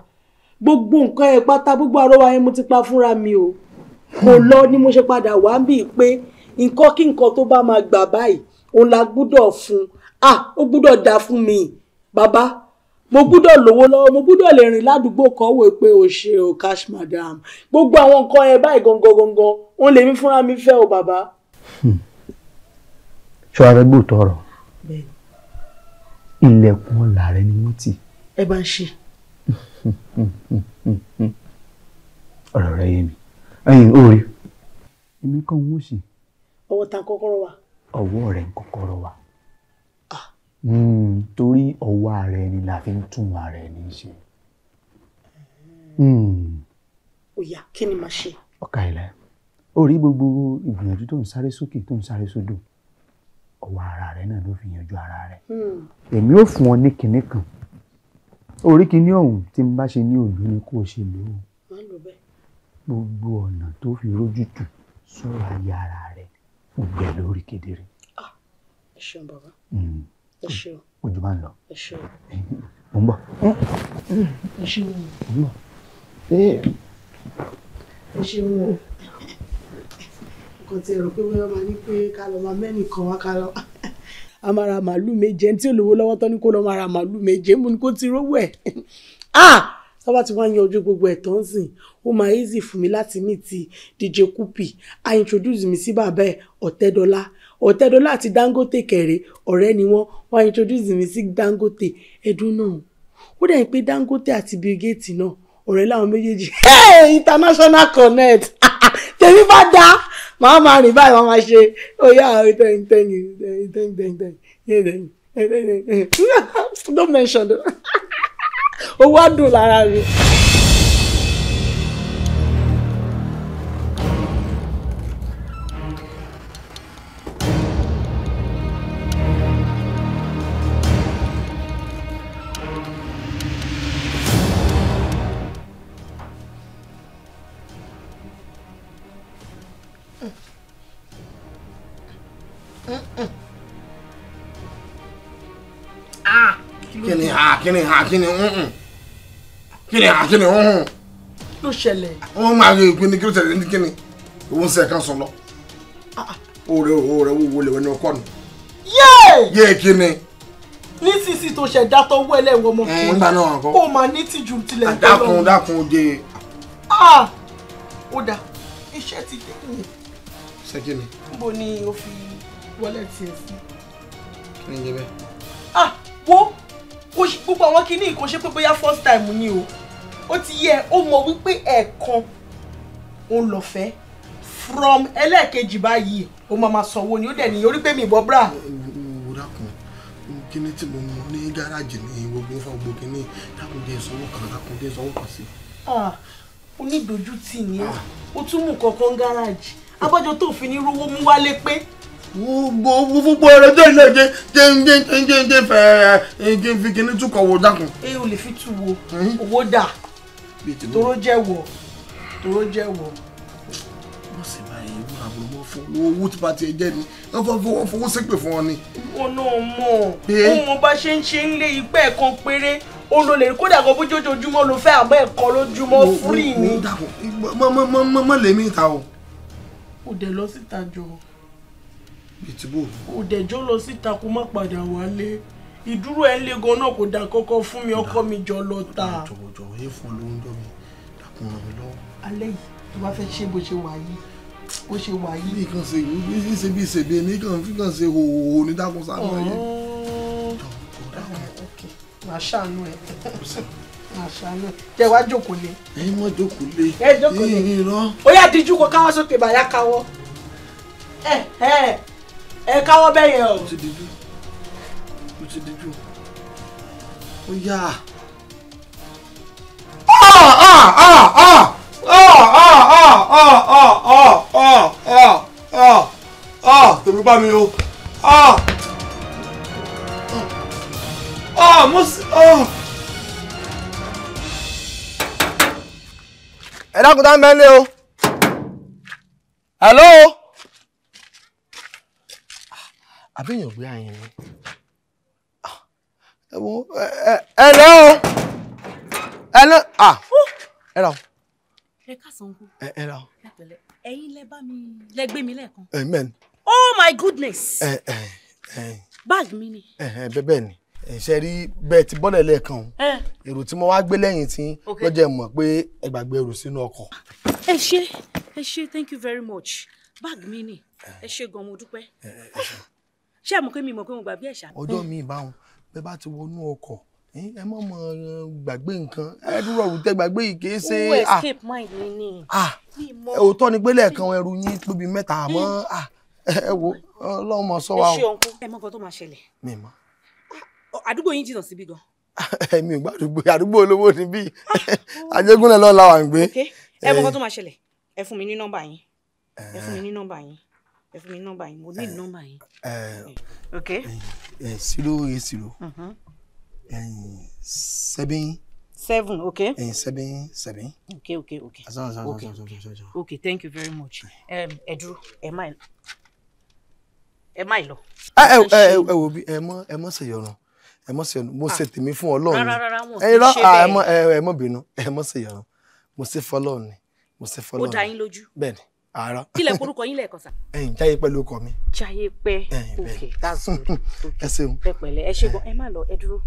gbogbo nǹkan ẹ̀ pátá gbogbo àrọ́wá yẹn mo ti pa fúnra mi o kò lọ ni mo ṣe padà wá bíi pé nǹkan kí nǹkan tó bá máa gbà báyìí òun la gbúdọ̀ fún ah ó gbúdọ̀ dá fún mi bàbá mo gbúdọ̀ lówó lọ́wọ́ mo gbúdọ̀ lè rìn ládùúgbò kan wò pé o ṣe o cash madam gbogbo àwọn nǹkan ẹ báyìí gangan gangan òun lèmi fúnra mi fẹ́ o bàbá. ṣọ́ ara gbò tọrọ ilẹ̀kùn ọ̀la rẹ ni mo ti. ẹ bá ń ṣe. ọ̀rọ̀ rẹ yé mi ẹ̀yin oore èmi kan ń wò sí ọwọ́ ta kọ́kọ́rọ́ wa. ọwọ́ rẹ̀ ń kọ́kọ́rọ́ wa hmm, torí ọwọ́ ara ẹni la fi ń tún ara ẹni ṣe. òyà hmm. kí ni màá ṣe. ọkà ilẹ̀ ó rí gbogbo ìgbìyànjú tó ń sáré sókè tó ń sáré sódò ọwọ́ ara rẹ náà ló fi yanjú ara rẹ. Hmm. èmi ò fún ọ ní kinní kan orí kinní ọ̀hún tí n bá ṣe ní òdu ni kò ṣe lò ó gbogbo ọ̀nà tó fi rójú tù sọ̀rọ̀ ayé ara rẹ gbẹ lórí kedere. Ah, ẹ ṣeun bàbá hmm. ẹ ṣeun. ojú máa ń lọ. ẹ ṣeun. mo ń bọ̀. ẹ ṣeun. mo ń bọ̀. ẹ ṣeun o nǹkan tí ẹ rò pé wọ́n máa ní pé ká lọ máa mẹ́nìkan wá ká lọ a máa ra màálù méje ẹni tí olówó lọ́wọ́ tán ni kó lọ máa ra màálù méje mo ní kó ti rówó ẹ̀ ah tó bá ti wá yan ojú gbogbo ẹ̀ tó ń sìn ó máa easy fún mi láti ní ti DJ Cuppy a introduce mi sí bàbá ẹ̀ Ọ̀tẹ́dọ́lá Ọ̀tẹ́dọ́lá àti Dangote kẹ̀rẹ́ ọ̀rẹ́ ni wọ́n wọ́n introduce mi sí Dangote ẹ̀dùn náà ó dẹ̀ ń pé Dangote àti Bill Gates náà ọ̀rẹ́ láwọn méjèèjì international connect tèmi bá dá màá máa rìn báyìí màá máa ṣe oyá ìtẹ̀yìn ìtẹ̀yìn ìtẹ̀yìn ìtẹ̀yìn ìtẹ̀yìn don't mention that owó á dùn lára mi. Kini ha kini hùn kíni hàn kíni hùn. ló ṣẹlẹ̀. wọ́n máa yọ ìpinnu kí ló ṣẹlẹ̀ ní kíni òun ṣe kan sọ lọ. òòrè òòrè wo wọlé wọn ni ọkọ ni. yéè. yéè kíni. ní sísì tó ṣẹ̀ dátọ̀ owó ẹlẹ́wọ̀ ọmọkùnrin. nígbà náà kọ́. kó o máa ní tìjú tilẹ̀ ah, tó lọ. dákun dákun oje. Ah! ó dà iṣẹ́ ti dé yìí. ṣé kíni. níbo ni o fi wọlé tiẹ̀ sí. kí ni jẹ bẹ́ẹ̀. ah wo kò ṣe gbogbo àwọn kinní kò ṣe pé bóyá first time ni o ó ti yẹ ó mọ wípé ẹ̀ẹ̀kan ó lọ fẹ́ from ẹlẹ́ẹ̀kejì báyìí ó máa ma sanwó ni ó dẹ̀ ní orí pé mi ìbọn bra. wò dákun kíní tí mo mú ní gáràjì ní gbogbo fún gbogbo kíní dákúndé sanwó kan dákúndé sanwó kan sí. onídojútì ni ó tún mú kankan gáràjì abájọ tó fi ní rówó mú wálé pé gbogbo ọ̀rọ̀ tó ilé jẹ jẹ jẹ jẹ jẹ fẹ jẹ fi kíní tún kọ wò dákun. ẹ o lè fi tu wo owó dà tóró jẹ wọ tóró jẹ wọ. wọ́n sì máa yẹ wọ́n àbúrò wọn fún owó tí bá tiẹ̀ jẹ́ ni wọ́n fọ́ fọwọ́ fọwọ́ ṣépè fún wọn ni. wọn náà mọ ohun mo bá ṣe ń ṣe ń lé ipa kan péré olólè kódà kan bójú ojoojúmọ́ ló fẹ́ àmọ́ ẹ̀kọ́ lójúmọ́ fúrì ni. mọ mọ mọ mọ lèmi ta o. o dẹ̀ lọ síta jọ ìtìbò. òdẹjọ́ lọ síta kó má padà wálé ìdúró ẹ̀ ń le gan náà kò dá kọ́kọ́ fún mi ọkọ mi jọ lọ ta. jọ̀wọ̀jọ̀ yé fún olóhùn jọ mi dàkún ràn mí lọ́wọ́. alẹ́ yìí tó bá fẹ́ ṣe bó ṣe wà yìí bó ṣe wà yìí. bí kan ṣe bí ṣe ṣe bí ṣèbí ẹni kan fi kan ṣe hòhòhò ní dákun sáà náà yẹ. màá ṣàánú ẹ màá ṣàánú ẹ jẹ wá jókòó lé. ẹ mọ jókòó lé. ẹ jókòó lé ó yá díjú kó káwọ́ sókè bàyá káwọ́. ẹ ẹ ẹ káwọ́ bẹ́ẹ̀ yẹn o. mo ti dijú mo ti dijú ó yá. tèmi bá mi o ẹ dákun tá ń bẹ́ẹ̀ lé o hello àbẹ̀yàn gbé àyìn ni. Ah, ẹ wo ẹ ẹ lọ ah, ẹ lọ ẹ rà ẹ káàsán kú. ẹ ẹ rà o. lẹ bá mi lẹ gbé mi lẹ́ẹ̀kan. ẹ oh my goodness. ẹ ẹ ẹ. báàgì mi ni. ẹ ẹ bẹ́ẹ̀ bẹ́ẹ̀ ni ṣe rí bẹ́ẹ̀ ti bọ́lẹ̀ lẹ́ẹ̀kan èrò tí mo wá gbé lẹ́yìn tí lọ́jọ́ mọ̀ pé ẹ gbàgbé ẹrù sínú ọkọ̀. ẹ ṣé ẹ ṣé thank you very much bag mi ni ẹ ṣé gan mo dúpẹ́ ṣé àmọ́ pé mi mọ̀ pé mo gbàgbé ẹ̀ṣà. ọjọ́ mi ìbáwọn bẹ́ẹ̀ bá ti wọnú ọkọ̀ ẹ mọ̀ mọ̀ gbàgbé nǹkan ẹrú rọrùn tẹ gbàgbé yìí kìí ṣe. owó escape mind mi ni. òótọ́ ni pé lẹ́ẹ̀kan ẹrù yín tóbi mẹ́ta àmọ́ ẹ wo ọlọ́run mọ̀ sọ wa o. ẹ ṣe ọ̀nkú ẹ mọ̀ nǹkan tó máa ṣẹlẹ̀. mi mọ̀. àdúgbò yín jìnnà síbí gan. èmi ò gbà àdúgbò àdúgbò olówó ni bí Ajégúnlẹ̀ lọ́ọ́ la wà ń gbé. ẹ mọ̀ nǹkan eh. tó máa ṣẹlẹ̀ ẹ fún mi ní nọ́mbà yín ẹ fún mi ní nọ́mbà yín ẹ fún mi nọ́mbà yín mo ní nọ́mbà yín. ok. zero eight zero seven. seven ok. seven seven. ok ok ok ok ok thank you very much ẹ dúró ẹ má ẹ má ì lọ. ẹ ẹ wo bí ẹ mọ ẹ mọ ṣèyọrùn ẹ mọ ṣèyọrùn mo ṣe tèmi fún Ọlọ́run ẹ rọ ẹ mọ bínú ẹ mọ ṣèyọrùn mo ṣe fọlọ́run ni mo ṣe fọlọ́run. ó dá yín lójú. bẹ́ẹ̀ni ara. kílẹ̀ korúkọ yín lẹ́ẹ̀kan sà. ẹ̀yin jáyé pẹ́ ló kọ mi. jáyé pẹ́ ok that's good ok ẹ ṣeun ẹ pẹ̀lẹ́ ẹ ṣe gan ẹ má lọ ẹ dúró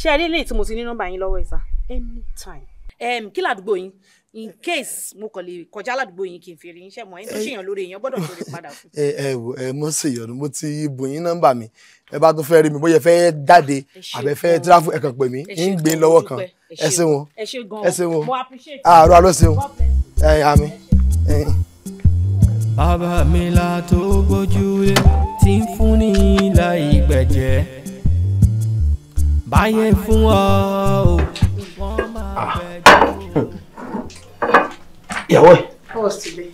ṣé ẹ lélẹ́yìí tí mo ti ní nọ́mbà yín lọ́wọ́ ẹ sà anytime. Um, kí ládùúgbò yín in case mo kàn lè kọjá ládùúgbò yín kí n fi rí iṣẹ́ mọ́ ẹni tó ṣèyàn lórí èèyàn gbọ́dọ̀ lórí padà fún. ẹ ẹ wo ẹ mo ṣe ìyọnu mo ti bò yín nọ́mbà mi ẹ bá tún fẹ́ rí mi bóyá fẹ́ jáde àbẹ fẹ́ tíráfù ẹ kàn pè mí ń gbé lọ́wọ́ kan ẹ ṣe wọn ẹ ṣe wọn àárọ̀ àlọ́ ṣe wọn ẹ àmì bàbá mi la tó gbójúlé tí ń fún ní ilà ìgbẹ̀jẹ̀ báyé fún ọ o. Ah. ìyàwó ẹ. ọ sì lè.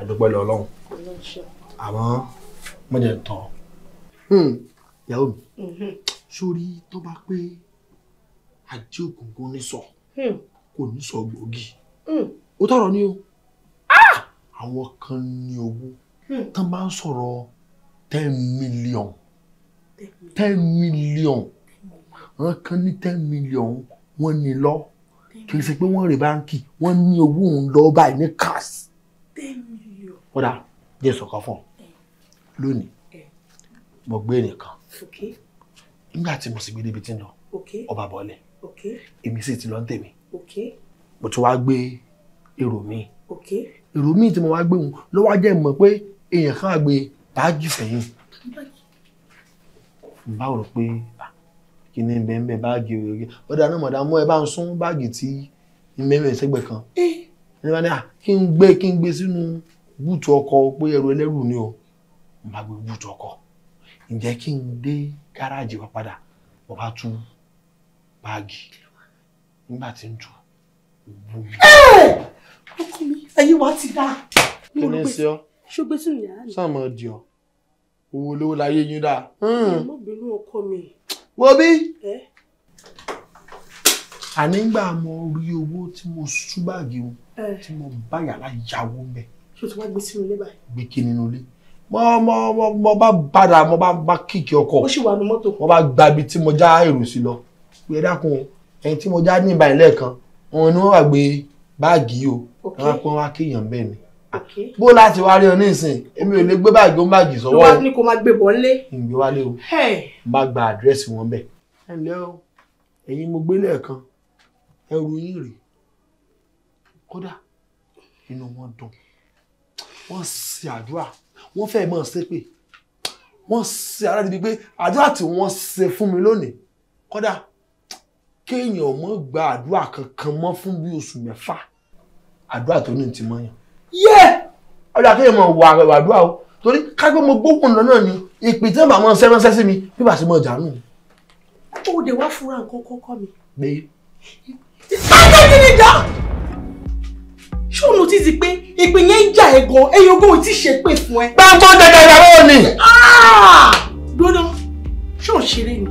àdúgbò ah. lọ Ọlọ́run àmọ́ mo jẹ tán. Hmm. ìyàwó mi mhm. sórí tó bá pé ajé òkùnkùn ní sọ hmm. kò ní sọ gbòógì hmm. ó tọrọ ni o. Ah! àwọn kan ní owó hmm. tán bá ń sọ̀rọ̀ ten million ten million wọn kan ní ten million wọ́n ní lọ kì í ṣe pé wọ́n rè báńkì wọ́n ní owó òun lọ báyìí ní cash. ten million. kódà jẹ́ sọ̀kan fún ọ lónìí mo gbé nìkan nígbà tí mo sì gbé débi tí ń lọ ọba bọ́lẹ̀ èmi sì ti lọ ń tèmi mo tún wá gbé èrò mi èrò míì tí mo wá gbé wọn ló wá jẹ́ mọ̀ pé èèyàn kan àgbè tájù fẹ̀yìn báwo rò pé kí ni bẹ́ẹ̀ bẹ́ẹ̀ báàgì rẹ̀ ọ̀dà náà mọ̀dà mọ́ ẹ bá ń sún báàgì tí mẹ́rin sẹ́gbẹ̀ kan eh. ẹni bá ní à kí n gbé kí n gbé sínú búùtù ọkọ̀ pé ẹrù ẹlẹ́rù ni o n bá gbé búùtù ọkọ̀ ǹjẹ́ kí n dé gáràjì wa padà mo bá tú báàgì nígbà tí n tú bú ọkọ mi ẹ̀yin wa ti dáa. kí ni ṣe ọ ṣùgbọ́n sínú yàrá mi. sáà mọ di ọ owó lówó láyé yín dáa. Hmm. ọmọbìnrin ọkọ mi. wo bí. àní gbà mo rí owó tí mo sú báàgì o tí mo bá yàrá yàwó mẹ. ṣé o ti wá gbé sínú ilé báyìí. gbé kí nínú ilé mo mo mo mo bá padà mo bá bá kíkì ọkọ ó sì wà ní mọ́tò mo bá gba ibi tí mo já èrò sí lọ pé dákun ẹni tí mo já ní ìbànilẹ̀ kan òun ni wọ́n wà gbé báàgì o wọn pọn wá kéèyàn bẹ́ẹ̀ ni bó láti wá rí ọ nísìn èmi ò lè gbé báàgì ó ń báàgì sọ́wọ́ o ní kó máa gbé bọ̀ ńlé ìgbé wálé o má gba àdírẹ́sì wọn bẹ́ẹ̀. ẹ ǹlẹ́ o ẹ̀yin mo gbé lẹ́ẹ̀kan ẹrù yín rèé kódà inú wọn dùn wọ́n ṣe àdúrà wọ́n fẹ́ẹ́ mọ̀ ṣépè wọ́n ṣe ara níbi pé àdúrà tí wọ́n ṣe fún mi lónìí kódà kéèyàn mọ́ gba àdúrà kankan mọ́ fún bí oṣù mẹ́fà àdúrà tó ní ti mọ́ yàn yẹ ọjà kéèyàn mọ̀ wà àrẹwà àdúrà o torí kágbé mo gbógun lọ ni ìpè tí màmá ń sẹ́ránṣẹ́ sí mi bí bàtí mo jàánù. ó de wá fura nǹkan kọ́kọ́ mi. gbé. báyọ̀ kí ni dá ṣé òun ti di pé ìpè yẹn ń jà ẹ̀ gan ẹ̀yìn ogún ò ti ṣe pé fún ẹ. pàtó dandan ìyàwó ni. Ah! gbóná ṣé òṣèré ni.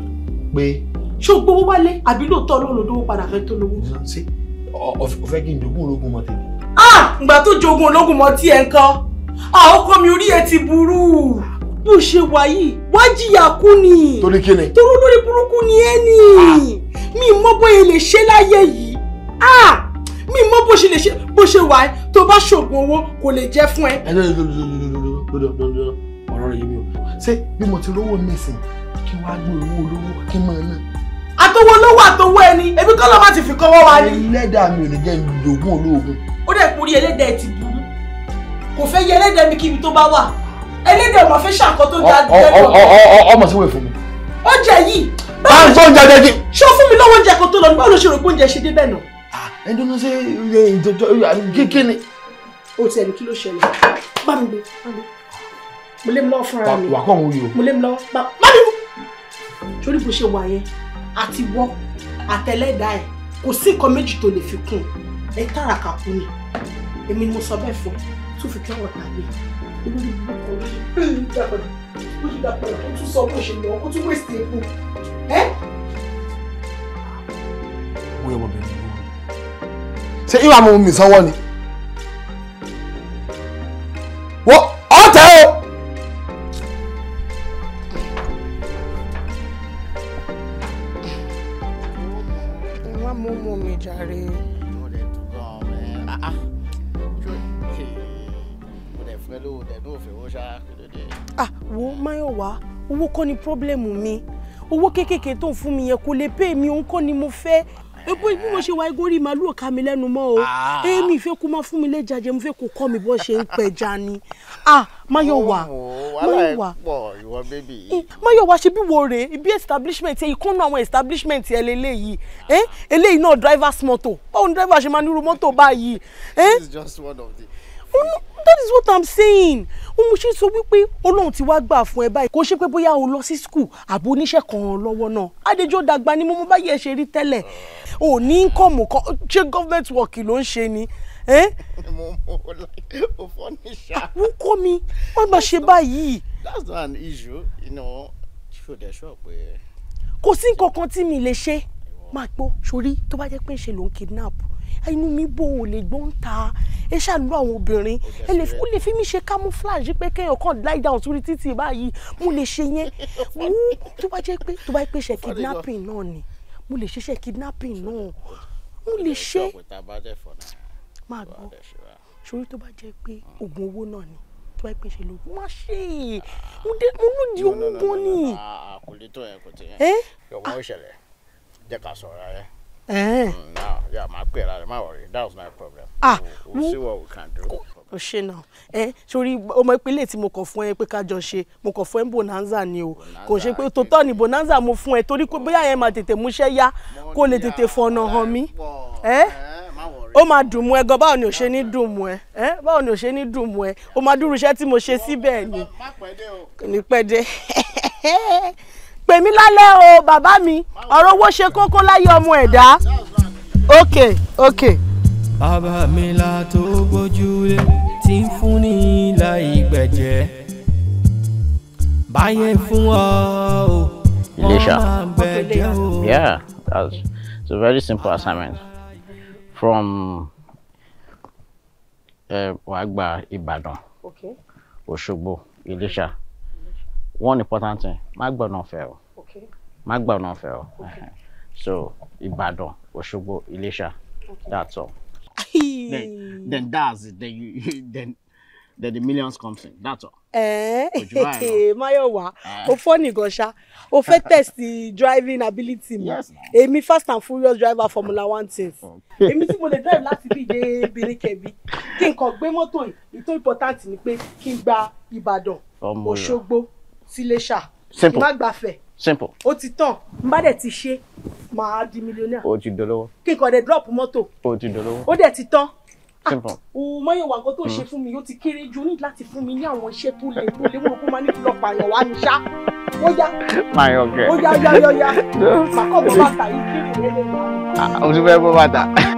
pé ṣó gbowó wálé àbí lóòótọ́ ló lòdówó padà fẹ́ tó lówó. ṣé o kí n jogún ológun mọ́ tèmi. ah ìgbà tó jogún ológun mọ́ tí ẹ ń kan àkókò mi orí ẹ ti burú bó ṣe wà yìí wá jìyà kú ni. torí kí ni. torí olórí burúkú ni ẹ ni mi mọ bóyá lè ṣe láyé yìí mi mọ bó ṣe lè ṣe bó ṣe wà tó bá ṣògùn owó kò lè jẹ fún ẹ. ẹ ọ̀rọ̀ rẹ̀ yé mi o ṣé bí mo ti rówó nísìnyí kí wàá gbé owó olówó kí n máa ná àtọwọ́ olówó àtọwọ́ ẹni èmi kọ́ ló má ti fi kọ́wọ́ wa ni. ẹlẹ́dàá mi ò ní jẹ́ ìdògùn olóògùn. ó dẹ̀ kúrí ẹlẹ́dàá ti burú kò fẹ́ yẹ ẹlẹ́dàá mi kíbi tó bá wà ẹlẹ́dàá ọmọ fẹ́ ṣàkọ́ tó já ọmọ sí wẹ̀ fún mi. ó jẹ yìí. báwo ló ń jẹ jẹ kí. ṣó fún mi lọ́wọ́ oúnjẹ kan tó lọ ní báwo ló ṣe rò pé oúnjẹ ṣe dé bẹ́ẹ̀ náà. ẹni ṣe àti wọ́ àtẹlẹ́dà ẹ̀ kò sí nǹkan méjì tó lè fi kún ẹ tàràkà kú ni èmi ni mo sọ bẹ́ẹ̀ fún tó fi kẹ́wọ̀n tàbí ó yẹ ọmọbìnrin ló rí ṣé ìwà mi ò mì sanwó ni wọ́n ọ̀tẹ̀ o. mú mú mi jàre. mo dẹ̀ tún gan ọ̀rẹ́ eh, ah, ah. Eh, mo dẹ̀ fún ẹ lówó dẹ̀ ní òfin owó ṣáá kí ló dé. ah wo Máyọ̀wá owó kọ́ ni pírọ́blẹ́mù mi owó kéékèèké tó ń fún mi yẹn kò lè pè mí òun kọ́ ni mo fẹ́ epo bí mo ṣe wá igórí màálù ọ̀ka mi lẹ́nu mọ́ o ah. èmi ìfẹ́ kó máa fún mi lé jàjẹ́ mo fẹ́ kó kọ́ mi bọ́ ṣe ń pẹja ni ah mayowa, mayowa. Máyọ̀wá oh, eh, ṣe bí wo rèé ibi establishment ẹ ìkúnnú àwọn establishment ẹ lélẹ́yìí ẹ eh, eléyìí náà drivers motor báwo ni driver ṣe máa ní irú mọ́tò báyìí. Eh? this is just one of the that is what i'm saying mo ṣe sọ wípé ọlọ́run ti wá gbà fún ẹ báyìí kò ṣe pé bóyá o lọ sí skul àbò oníṣẹ́ kan lọ́wọ́ náà adéjọ́ dàgbà ni mo mọ báyìí ẹ ṣe rí tẹ́lẹ̀ ò ní income kan ṣé government work ló ń ṣe ni. mo mọ o fọ ní ṣá. àwọn kọ́ mi wọ́n gbà ṣe báyìí. that's not an issue iná ṣò dẹ̀ ṣọ́ pé. kò sí nǹkan kan tí mi lè ṣe máa gbọ́ sórí tó bá jẹ́ pé ń ṣe ló ń kidnap inú mi bò ò lè gbọ́n ta ẹ ṣàlù àwọn obìnrin ẹ lè ó lè fi mí ṣe camouflage pé kéèyàn kàn lie down sórí títì báyìí mo lè ṣe yẹn wú tó bá jẹ́ pé tó bá pè ṣe kidnapping náà ni mo lè ṣiṣẹ́ kidnapping náà mo lè ṣe máa gbọ́ sórí tó bá jẹ́ pé mm. oògùn owó náà ni tó ẹ pèsè lóògùn má ṣe ah. é mo lòdì owó gan ni. Ah, ah, kò lè tó yẹn kò tẹ yẹn eh? yọ̀wọ́ ìṣẹ̀lẹ̀ jẹ́ ká sọ̀rọ̀ rẹ Eh. Mm, no, yeah, my quit out of worry. That was my problem. Ah, we'll, we'll see what we can do. o ṣe náà ẹ eh, sórí ọmọ ìpínlẹ̀ tí mo kàn fún ẹ pé ká jọ ṣe mo kàn fún bonanza ni o kò ṣe pé tòótọ́ ni bonanza mo fún ẹ torí pé bóyá yẹn máa tètè múṣẹ́ yá kó lè tètè Eh? hàn mí ẹ eh, eh? ó máa dùn mú ẹ gan báwo ni ò ṣe ní dùn mú ẹ ẹ báwo ni ò ṣe ní dùn mú ẹ ó máa dúró iṣẹ́ tí mo ṣe síbẹ̀ ni ní pè mí lálẹ́ o bàbá mi ọ̀rọ̀ owó ṣe kókó láyé ọmọ ẹ̀dá ok ok. bàbá mi la tó gbójúlé tí ń fún ní ilà ìgbẹ̀jẹ̀ báyé fún ọ o wọ́n máa gbẹ̀jẹ̀ o. yeah that's it's a very simple assignment from eh, wàá gba Ìbàdàn Òṣogbo Iléṣà. Okay one important thing má gbọ̀nà ọ̀fẹ́ o má gbọ̀nà ọ̀fẹ́ o so Ibadan, Òṣogbo Iléṣà that's all then then that's it then you then then the millions come in that's all. ẹ̀ẹ́ eh? Máyọ̀wá eh. o fọ́ọ̀nì gọ̀ṣà o fẹ́ test driving ability mi èmi fast and furious driver formula one things èmi tí mo lè drive láti bí dé birikẹbi kí n kàn gbé mọ́tò yìí ìtò important ni pé kí n gba Ìbàdàn Òṣogbo ti lè ṣà simple má gbàfẹ́ simple ó ti tàn n bá dẹ̀ ti ṣe máa di millionaire. o ti dolówó. kíkọ dẹ̀ drop mọ́tò. o ti dolówó. ó dẹ̀ ti tán. Ah, simple. o mọ̀yọ̀wá nǹkan tó ṣe mm. fún mi ó ti kéré ju ní láti fún mi ní àwọn iṣẹ́ tó le tó lé wọn kó máa ní kí lọ́ọ́ pààyàn wá ya ṣá. ó yá. pààyàn kẹ. ó yá yá yá yá. màkọ́ bọ́ bàtà yìí kí ìrẹ́lẹ̀ wá. o ti fẹ́ bọ́ bàtà.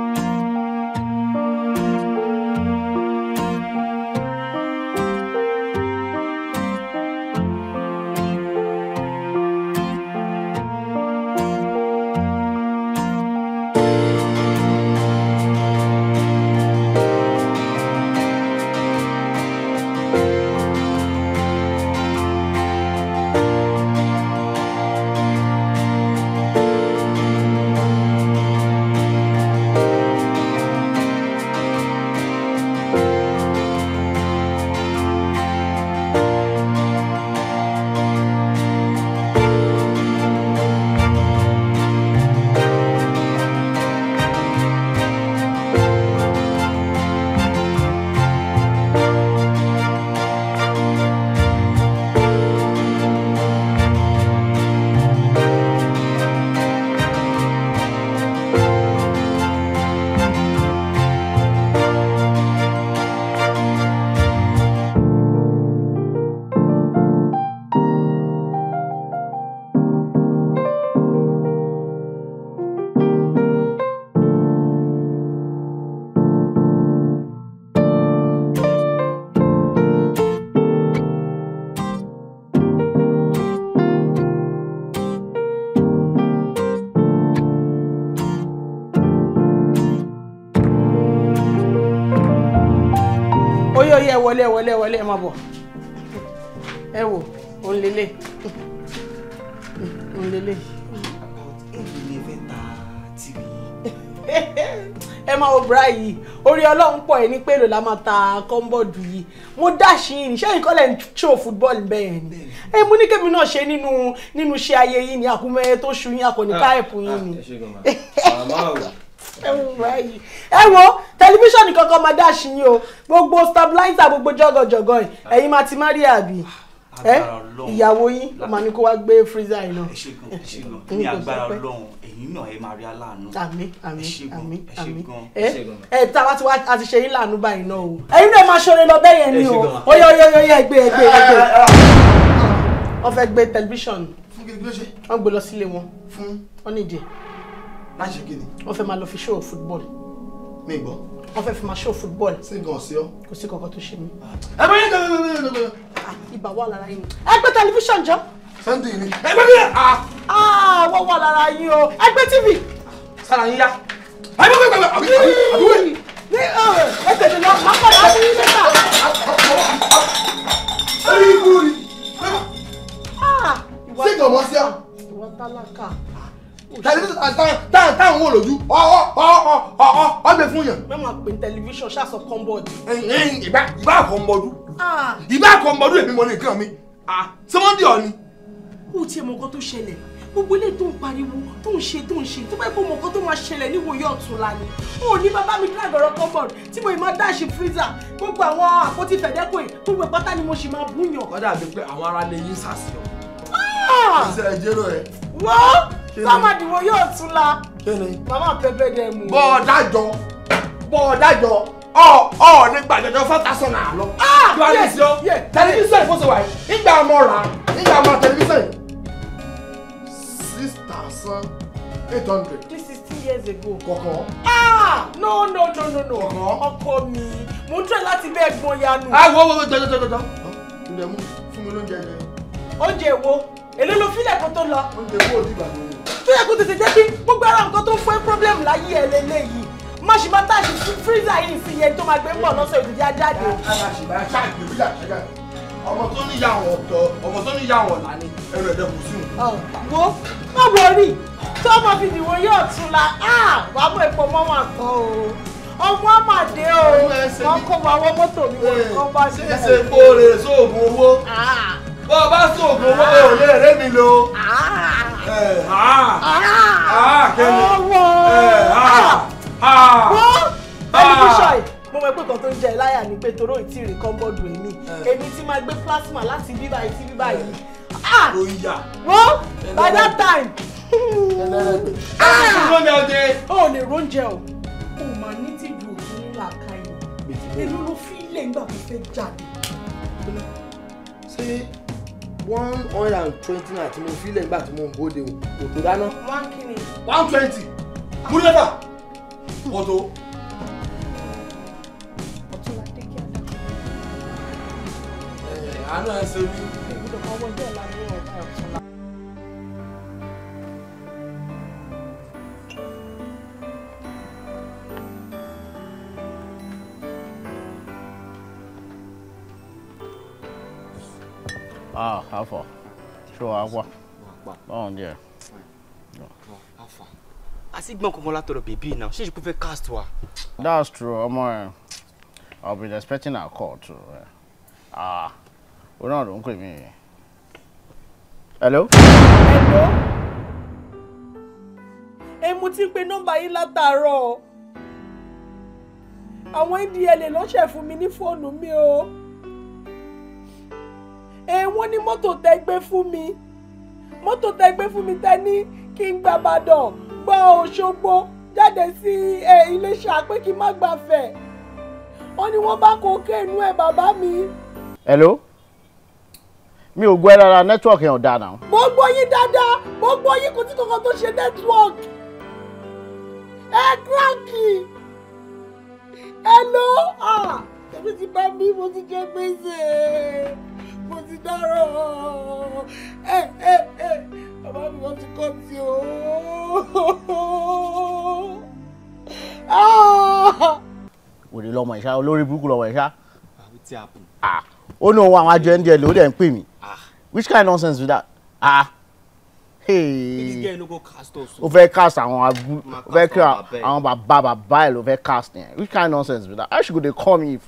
wọlé wọlé ẹ máa bọ̀ ẹ wò òun lélẹ̀ òun lélẹ̀. ẹ máa wo bra yìí orí ọlọ́run pọ̀ ẹ ní pé la máa ta kọ́ńbọ̀dù yìí mo dáṣe iṣẹ́ yìí kọ́lẹ̀ ń ṣó fútbọ́ọ̀lù bẹ́ẹ̀ ni ẹ mú ní kébì náà ṣe nínú nínú iṣẹ́ ayé yìí ni àkúmẹ́ tó ṣu yín akọ̀nìká ẹ̀pù ah, yín ah, ni. ẹ wo tẹlifíṣàn kankan máa dá sí yín o gbogbo stabilizer gbogbo jọgọjọgọ yìí ẹ̀yin máa ti má rí àbí ìyàwó yín ó máa ní kó wá gbé freezer yìí náà. ẹ ṣègùn ẹ ṣègùn ní agbára Ọlọ́run ẹ̀yin náà ẹ máa rí aláàánú. àmín àmín àmín àmín ẹ ẹ tá a ti wá a ti ṣe yín láàánú báyìí náà o. ẹ̀yin náà máa ṣoore lọ bẹ́ẹ̀ yẹn ni o oyè oyè oyè ẹgbẹ́ ẹgbẹ́ ẹgbẹ́ wọ́n fẹ́ gbé tẹlifíṣàn wọ́n gbé lọ sílé wọn fún ọ́nìdìí láti ṣe kí ni. wọ́n fẹ́ máa lọ fi ṣòwò football. mi gbọ́. wọ́n fẹ́ fi máa ṣòwò football. sí gan sí ọ. kò sí kankan tó ṣe mí. Ah. ẹ bẹ́ẹ̀ ní kankan kankan kankan. ibà wà lára yín. ẹ gbé tẹlifíṣàn jọ. sunday ni. ẹ gbé bí. Ah. Ah, wọ́n wà lára yín o ẹ gbé tv. sára yín yá. ẹ gbé gbé gbé àbí àbí wẹ̀. ní ẹ tẹ̀lé lọ máa pàdé àbí yín lẹ́tà. ẹ yí kúrò ní. sí gan mọ́ sí ọ. ìwọ tálákà tẹlifíṣàn táwọn táwọn wò lójú ọ ọ ọ ọ ọ gbé fún yàn. mẹ́mọ̀ pé tẹlifíṣàn ṣàṣọ kọ́ńbọ̀dù. ìbá ìbá kọ́ńbọ̀dù ìbá kọ́ńbọ̀dù èmi mọ ní nǹkan mi ṣé wọ́n dì ọ ni. kú tiẹ̀ mọ nǹkan tó ṣẹlẹ̀ gbogbo ilé tó ń pariwo tó ń ṣe tó ń ṣe tó bá kó mọ nǹkan tó máa ṣẹlẹ̀ ní ìwòye ọ̀túnla ni n ò ní bàbá mi drag ọ̀rọ̀ cupboard tí mo máa dáṣe freezer gbogbo àwọn àpótí fẹ̀dẹ́kọ̀ yìí gbogbo ìpátá ni mo ṣì máa búyàn. ó dàbí pé àwọn ará lè yí sàṣìyàn. ṣe é jẹ́rọ ẹ̀. wọ́n sámàdìwọ yóò tún la màmá pẹpẹ dẹ mú. bọ́ọ̀dájọ bọ́ọ̀dájọ ọ ọ ah, nígbà jọjọ fọtàsán náà lọ. yóò ní sí ọ tẹlifíṣàn ìfọsọwà yìí ìgbà ọmọ rà ìgbà ọmọ tẹlifíṣàn yìí. six thousand eight hundred. this is two years ago. kọ̀kọ́. ah no no no no no ọkọ mi mo ń tẹ̀ láti bẹ́ẹ̀ gbọ́n yanu. a ah, wo wo wo jọjọ jọjọ jọ. ǹjẹ́ mú fún mi lóúnjẹ yẹn. oúnjẹ wo èlé ló fílẹ̀ kó tó lọ. oúnjẹ wo ò dìgbà tó tó yẹ kó tètè jẹ́ kí gbogbo ara nǹkan tó ń fẹ́ problem láyé ẹ̀ lélẹ́yìí má ṣe máa tàṣì freezer yìí sí yẹn tó máa gbé ń bọ̀ lọ́sọ̀ ìdíje ajáde. ọmọ tó ní ìyá àwọn ọmọ tó ní ìyá àwọn ni ẹnu ẹ̀dẹ̀ kò sí òun. wo má wọrí tí ọmọ fi dìbò yóò tún la wà á mú epo mọ́ wà kọ́ o ọmọ àmàdé o wọn kọ́ wa wọ́n mọ́tò mi wọ́n kọ́ bá ṣe. ṣé ṣe kó o lè sóògùn owó bọ́ ọ bá sògùn owó ò lè ré mi lo. Ah. Ah. Ah. tẹlifíṣàn mo mọ pé kan tó ń jẹ láyà ni pé toró ìtì rìn kan bọ́ọ̀dù èmi èmi tí máa gbé plasma láti bíbá ìtì bíbá yìí. wọ́n by that time. Ah. lè róúnjẹ o ó máa ní tìjú òtún nílà káyọ̀ èlò ló fi ilé ńgbà tó fẹ́ jáde ṣé one hundred and twenty naira tí mo fi lẹ̀ nígbà tí mo ń bóde kò tó dáná. one kìíní. one twenty múlẹ́dà ọ̀tọ̀. àánú ẹ ṣe mí. èmi ló kọ́ wọ́n jẹ́ ìlànà. Ah, Alpha. Ṣé wàá wà? Báwo ni ẹ? Alpha. to the baby now. náà, ṣé ìṣùkú fẹ́ cast wa? That's true, I'm. ẹ̀. I've been expecting a call too. Ah, o náà ló ń pè mí. Hello? Hello? Ẹ mú ti ń pe nọ́mbà yín látàárọ̀. Àwọn ndla ló ṣẹ̀ fún mi ní phone mi o ẹ wọ́n ní mọ́tò tẹ gbé fún mi mọ́tò tẹ gbé fún mi tẹ ní kí n gba Ìbàdàn gba Òṣogbo jáde sí Iléṣà pé kí n má gbàfẹ́ wọ́n ní wọ́n bá kókè inú ẹ̀ bàbá mi. hello mi ò gbọ́ ẹ rárá nẹ́tíwọ̀kì yẹn ò dáa náà. mo gbọ́ yín dáadáa mo gbọ́ yín kò tí kankan tó ṣe nẹ́tíwọ̀kì ẹ kíláàkì ẹ ló à ti bá mi mo ti jẹ gbèsè mo ti dárò ẹ ẹ ẹ bàbá mi wọ́n ti kọ́ sí o. òde ah! lọmọ ìṣá olórí burúkú lọmọ ìṣá ah, ah, ó ní òun àwọn àjọ ẹni díẹ̀ ló dẹ̀ ń pè mí which kind of nonsense be that? Ah. Hey. O oh. fẹ́ cast àwọn abu, o fẹ́ kí àwọn bàbá bàbá ẹ̀ ló fẹ́ cast yẹn. Which kind of nonsense be that? How she go dey call me if.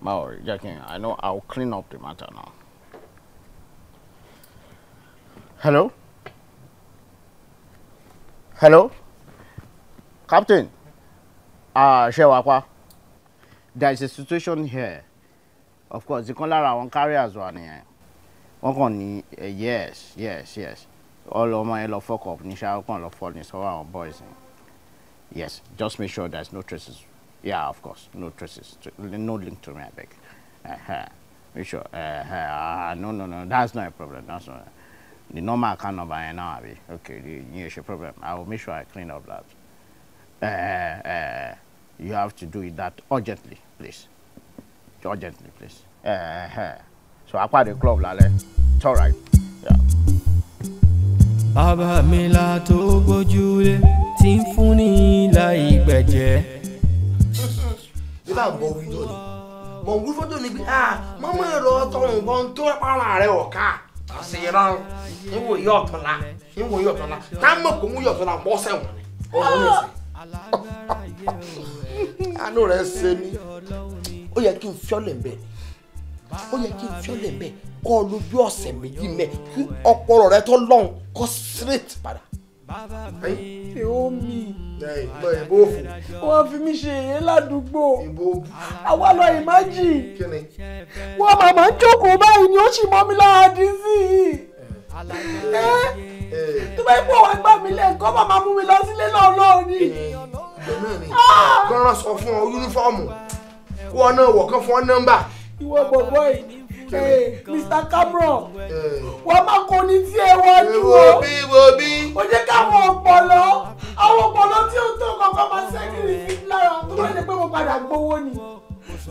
Maori, Jackie. I know I'll clean up the matter now. Hello? Hello? Captain? Ah, uh, Shewapa. There is a situation here. Of course, the Kolara àwọn carriers wà nìyẹn. Wọ́n kàn ní eh, yes, yes, yes. Ọlọmọ ẹ lọ fọkọ̀ ní ṣáà kàn lọ fọ́ ní Nisha, àwọn boys. Yes, just make sure there's no traces Yeah, of course. No traces. No link to me, I beg. Uh-huh. You sure? Uh-huh. Ah, no, no, no. That's not a problem. That's not a... the normal account number I now have. Eh? Okay, the yes, your problem. I will make sure I clean up that. Uh, uh, you have to do it that urgently, please. Urgently, please. Uh-huh. So I quite the club, lálẹ́. It's all right. Yeah. mi la tó gbójúlé tí ń fún ní ìlà ìgbẹ̀jẹ̀ bí bá bọ̀ wí dọ̀ ni bọ̀ wí fọ́tò ni bí mọ́mọ́ ẹ̀rọ tọrùn bọ́ ń tó para rẹ̀ ọ̀ka àṣeyọrọ ìwò yọ ọ̀tọ̀la ìwò yọ ọ̀tọ̀la táwọn kò mú yọ ọ̀tọ̀la bọ́ sẹ́wọ̀n ni ọ̀rọ̀ ní ìsìn. àánú rẹ̀ ṣe mí ó yẹ kí n fiọ́lẹ̀ mbẹ́ ó yẹ kí n fiọ́lẹ̀ mbẹ́ kọ́ ọ lójú ọ̀sẹ̀ méjì mẹ́ kí ọpọlọ rẹ tó lọ́hùn kọ́ straight padà ẹ ó mi. ìbò òfò. wọ́n fi mí ṣe èyí ládùúgbò. ìbò òfò. àwa lọ ìmájì. wọ́n màmá ń jókòó báyìí ni ó sì mọ́ mi lára dín sí i. tó bá ipò wa gbà mí lẹ́ẹ̀kọ́ màmá mú mi lọ sílé náà lọ́ọ̀ ni. Ah! kọ́ńtà sọ fún ọ yúnífọ́ọ̀mù kó ọ náà wọ̀ kán fún ọ nọ́mbà. ìwọ bọ̀bọ̀ yìí Mr. Cameron wọ́n máa kó ní tí ẹ wọ́jú o ó jẹ́ káwọn ọ̀pọ̀lọ́ àwọn ọ̀pọ̀lọ́ tí ó tó kankan máa ṣẹ́kìrì sí lára tó bá lè pé mo padà gbowó ni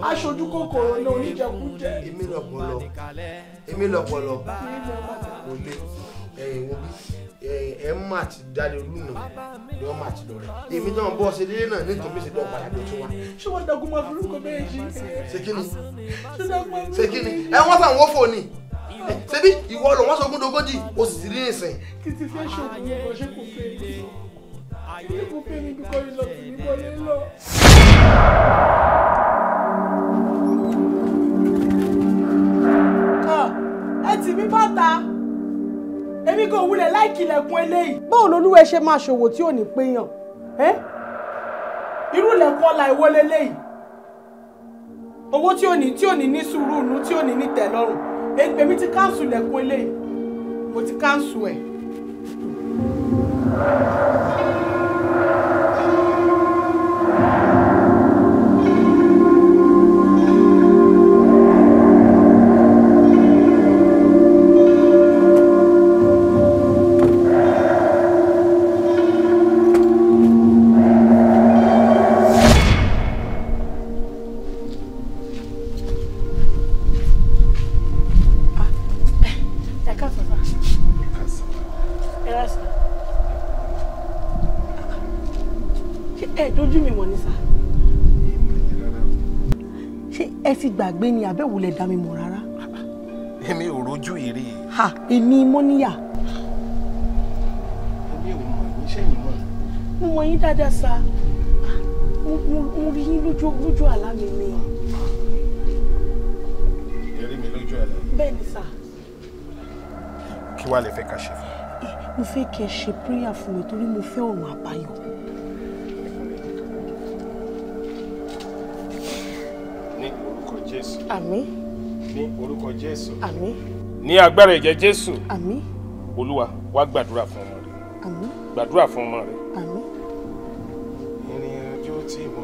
aṣojú kòkòrò ní oníjẹkújẹ. èmi lọ̀pọ̀lọ̀ èmi lọ̀pọ̀lọ̀ kò lè ẹ̀yìn wo bí ẹ ń mà ti dáre olúmọ ni wọn mà ti lọ rẹ èmi náà bọ ṣe délé náà nítorí mi ṣe lọ padà lọ sí wa. ṣé wọn dagun máa burúkú bẹ́ẹ̀ ṣe. ṣé kí ni ṣé kí ni ẹ wọn sàn wọ́n fò ni ṣebí ìwọ lọ wọn sọ ogún dogoji o sì ti rí nìsín. kí ti fẹ́ ṣògùn ọ̀ṣẹ́ kò fẹ́ mi kò fẹ́ mi dúkọ́ yìí lọ sí mi kọ́ yẹn lọ. ẹ tì mí bọ́ta èmi kò wulẹ̀ láìkì ilẹ̀kùn eléyìí. báwo lolúwẹ̀ ṣe máa ṣòwò tí ò ní péyàn irú ilẹ̀kùn ọ̀la ìwọ leléyìí owó tí ò ní tí ò ní ní sùúrù nù tí ò ní ní tẹ̀lọ́rùn èmi ti káńsù ilẹ̀kùn eléyìí mo ti káńsù ẹ̀. gbàgbé ni àbẹ̀wòlẹ̀ dá mi mọ̀ rárá. èmi ò rojú ìrì. ha èmi mọ́níyà. èmi ò mọ ìwé sẹ́yìn mọ́. mo mọ yín dáadáa sá mo rí yín lójú lójú àlá mi ni. ẹ rí mi lójú àlá. bẹ́ẹ̀ ni sá. kí wàá lè fẹ́ ká ṣe fún mo fẹ́ kẹ́ ṣe prayer fún mi torí mo fẹ́ ọ̀nà àbáyọ. àmín ní orúkọ jésù àmín ní agbára ẹ̀jẹ̀ jésù àmín olúwa wá gbàdúrà fún ọmọ rẹ àmín gbàdúrà fún ọmọ rẹ àmín. ìrìn àjò tí mo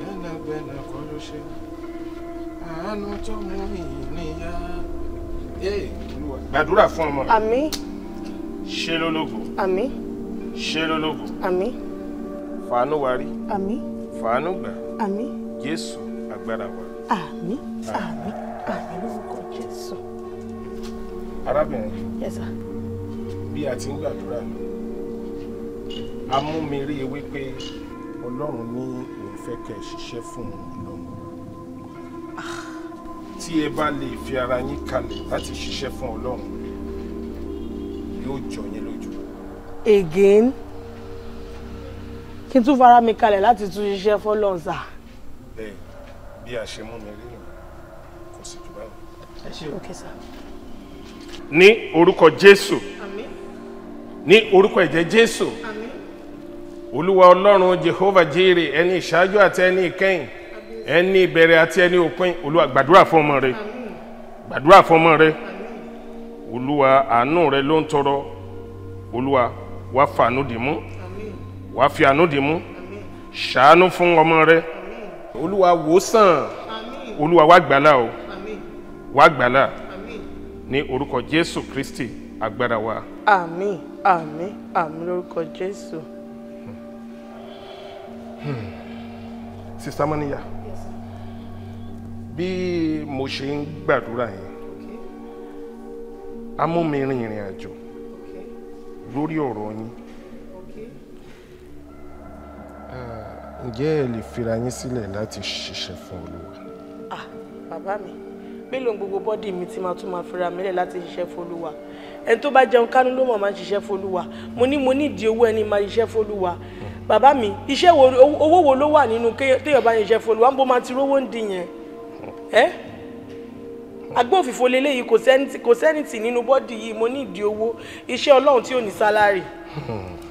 bẹ́nàbẹ́nà kọ́ ló ṣe àánú tó mú ìníyà. gbàdúrà fún ọmọ rẹ àmín ṣe lólógo àmín ṣe lólógo àmín fàánú wa rí àmín gbà àmín jésù lágbára wa. àmín àmín àmín lórúkọ jésù. arábìnrin. bí a ti ń gbàdúrà a mú mi rí i wípé ọlọ́run ní òun fẹ́ kẹ́ ẹ ṣiṣẹ́ fún òun lọ́wọ́ tí ẹ bá lè fi ara yín kalẹ̀ láti ṣiṣẹ́ fún ọlọ́run yóò jọ yín lójú. again kí n tún fara mi kalẹ̀ láti tún ṣiṣẹ́ fọlọ́run sà. bẹ́ẹ̀ bí a ṣe mú mi rí nù kò sì jù báyìí. ẹ ṣe òkè sá. ní orúkọ jésù àmín ní orúkọ ẹ̀jẹ̀ jésù àmín olúwa ọlọ́run jehova jire ẹni ìṣáájú àti ẹni ìkẹyìn ẹni ìbẹ̀rẹ̀ àti ẹni òpin olúwa gbàdúrà fún ọmọ rẹ gbàdúrà fún ọmọ rẹ olúwa àánú rẹ ló ń tọrọ olúwa wàá fàánú dìmú wàá fi àánú dìmú ṣàánú fún ọmọ rẹ. Àmín olúwa wò sàn olúwa wá gbàlà o wá gbàlà ní orúkọ jésù kristi agbára wa. àmín àmín àmín lórúkọ jésù. Hmm. sista maniya bí mo ṣe ń gbàdúrà yẹn a mú mi rin ìrìn àjò lórí ọ̀rọ̀ yín. Okay. Uh, ǹjẹ́ ẹ lè fira yín sílẹ̀ láti ṣiṣẹ́ fún olúwa. ah bàbá mi mélòó gbogbo bọ́dì mi ti máa tún máa fira mílẹ̀ láti ṣiṣẹ́ fún olúwa ẹni tó bá jẹun kánú ló mọ̀ máa ń ṣiṣẹ́ fún olúwa mo ní mo ní ìdí owó ẹni máa ṣiṣẹ́ fún olúwa bàbá mi iṣẹ́ owó wo ló wà nínú téèyàn bá ń ṣiṣẹ́ fún olúwa ń bó máa ti rówó ń di yẹn ẹ́ agbófinfo leléyìí kò sẹ́nìtì nínú bọ́dì yìí mo ní ìdí owó iṣẹ́ ọlọ́run tí ò ní sálárì.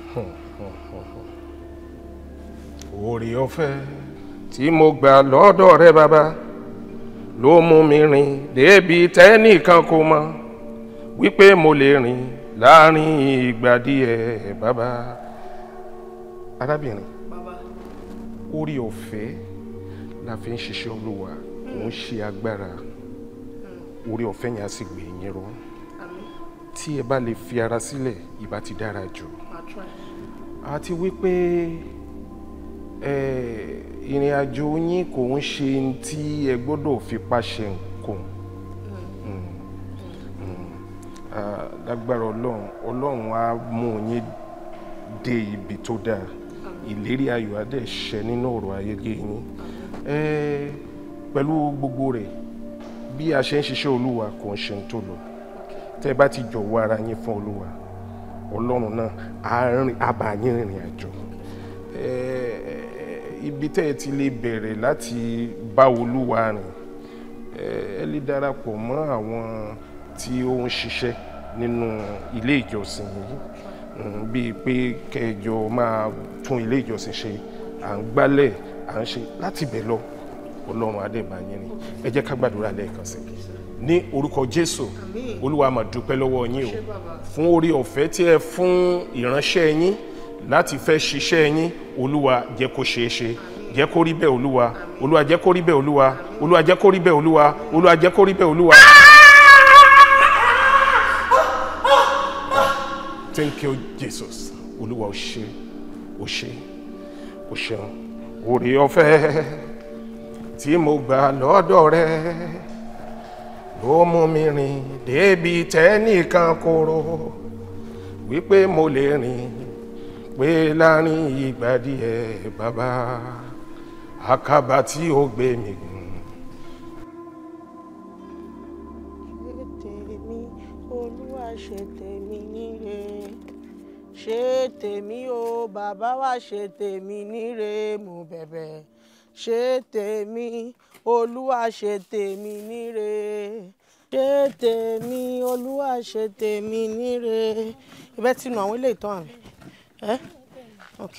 oore ọ̀fẹ́ tí mo gbà lọ́dọ̀ rẹ bàbá ló mú mi rìn débi tẹ́nìkan kò mọ̀ wípé mo lè rìn láàrin ìgbà díẹ̀ bàbá. arábìnrin oore ọ̀fẹ́ la fi ń ṣiṣẹ́ olúwa òun ṣe agbára hmm. oore ọ̀fẹ́ yẹn a sì gbè yín rọ tí ẹ bá lè fi ara sílẹ̀ ìbá ti dára jù àti wípé ìrìn àjò yín kò ń ṣe tí ẹ gbọ́dọ̀ fipá ṣe nǹkan mm. Mm. Mm. lágbára ọlọ́run ọlọ́run á mú yín dé ibi tó dáa ìlérí ayọ̀ á dẹ̀ ṣẹ nínú ọ̀rọ̀ ayẹyẹ yín pẹ̀lú gbogbo rẹ̀ bí a ṣe ń ṣiṣẹ́ olúwa kò ń ṣe tó lọ tẹ́ bá ti jọ̀wọ́ ara yín fún olúwa ọlọ́run náà á bá yín àjò ibi tẹ́ ẹ ti lè bẹ̀rẹ̀ láti bá Olúwa rìn ẹ lè darapọ̀ mọ́ àwọn tí ó ń ṣiṣẹ́ nínú ilé ìjọsìn yìí hmm, bíi pé kẹjọ máa tún ilé ìjọsìn ṣe à ń gbálẹ̀ à ń ṣe láti bẹ̀ lọ Ọlọ́run adébáyé ni ẹ jẹ́ ká gbàdúrà lẹ́ẹ̀kan sí ní orúkọ Jésù Olúwa mà dúpẹ́ lọ́wọ́ yín o fún orí ọ̀fẹ́ tí ẹ fún ìránṣẹ́ yín láti fẹ́ ṣiṣẹ́ yín olúwa jẹ́ kó ṣeé ṣe jẹ́ kó rí bẹ́ẹ̀ olúwa olúwa jẹ́ kó rí bẹ́ẹ̀ olúwa olúwa jẹ́ kó rí bẹ́ẹ̀ olúwa olúwa jẹ́ kó rí bẹ́ẹ̀ olúwa. thank you jesus olúwa o ṣé o ṣé o ṣeun oore ọ̀fẹ́ tí mo gbà lọ́dọ̀ rẹ ló mú mi rìn débi tẹ́nìkan kóró wípé mo lè rìn pé láàrin ìgbà díẹ̀ bàbá àkàbà tí ó gbé mi gùn. ṣé tèmi olúwa ṣe tèmi níre ṣé tèmi o bàbá wa ṣe tèmi níre mo bẹ̀bẹ̀ ṣé tèmi olúwa ṣe tèmi níre ṣé tèmi olúwa ṣe tèmi níre ibẹ̀ tí àwọn ilé ìtàn rẹ̀ ẹ ok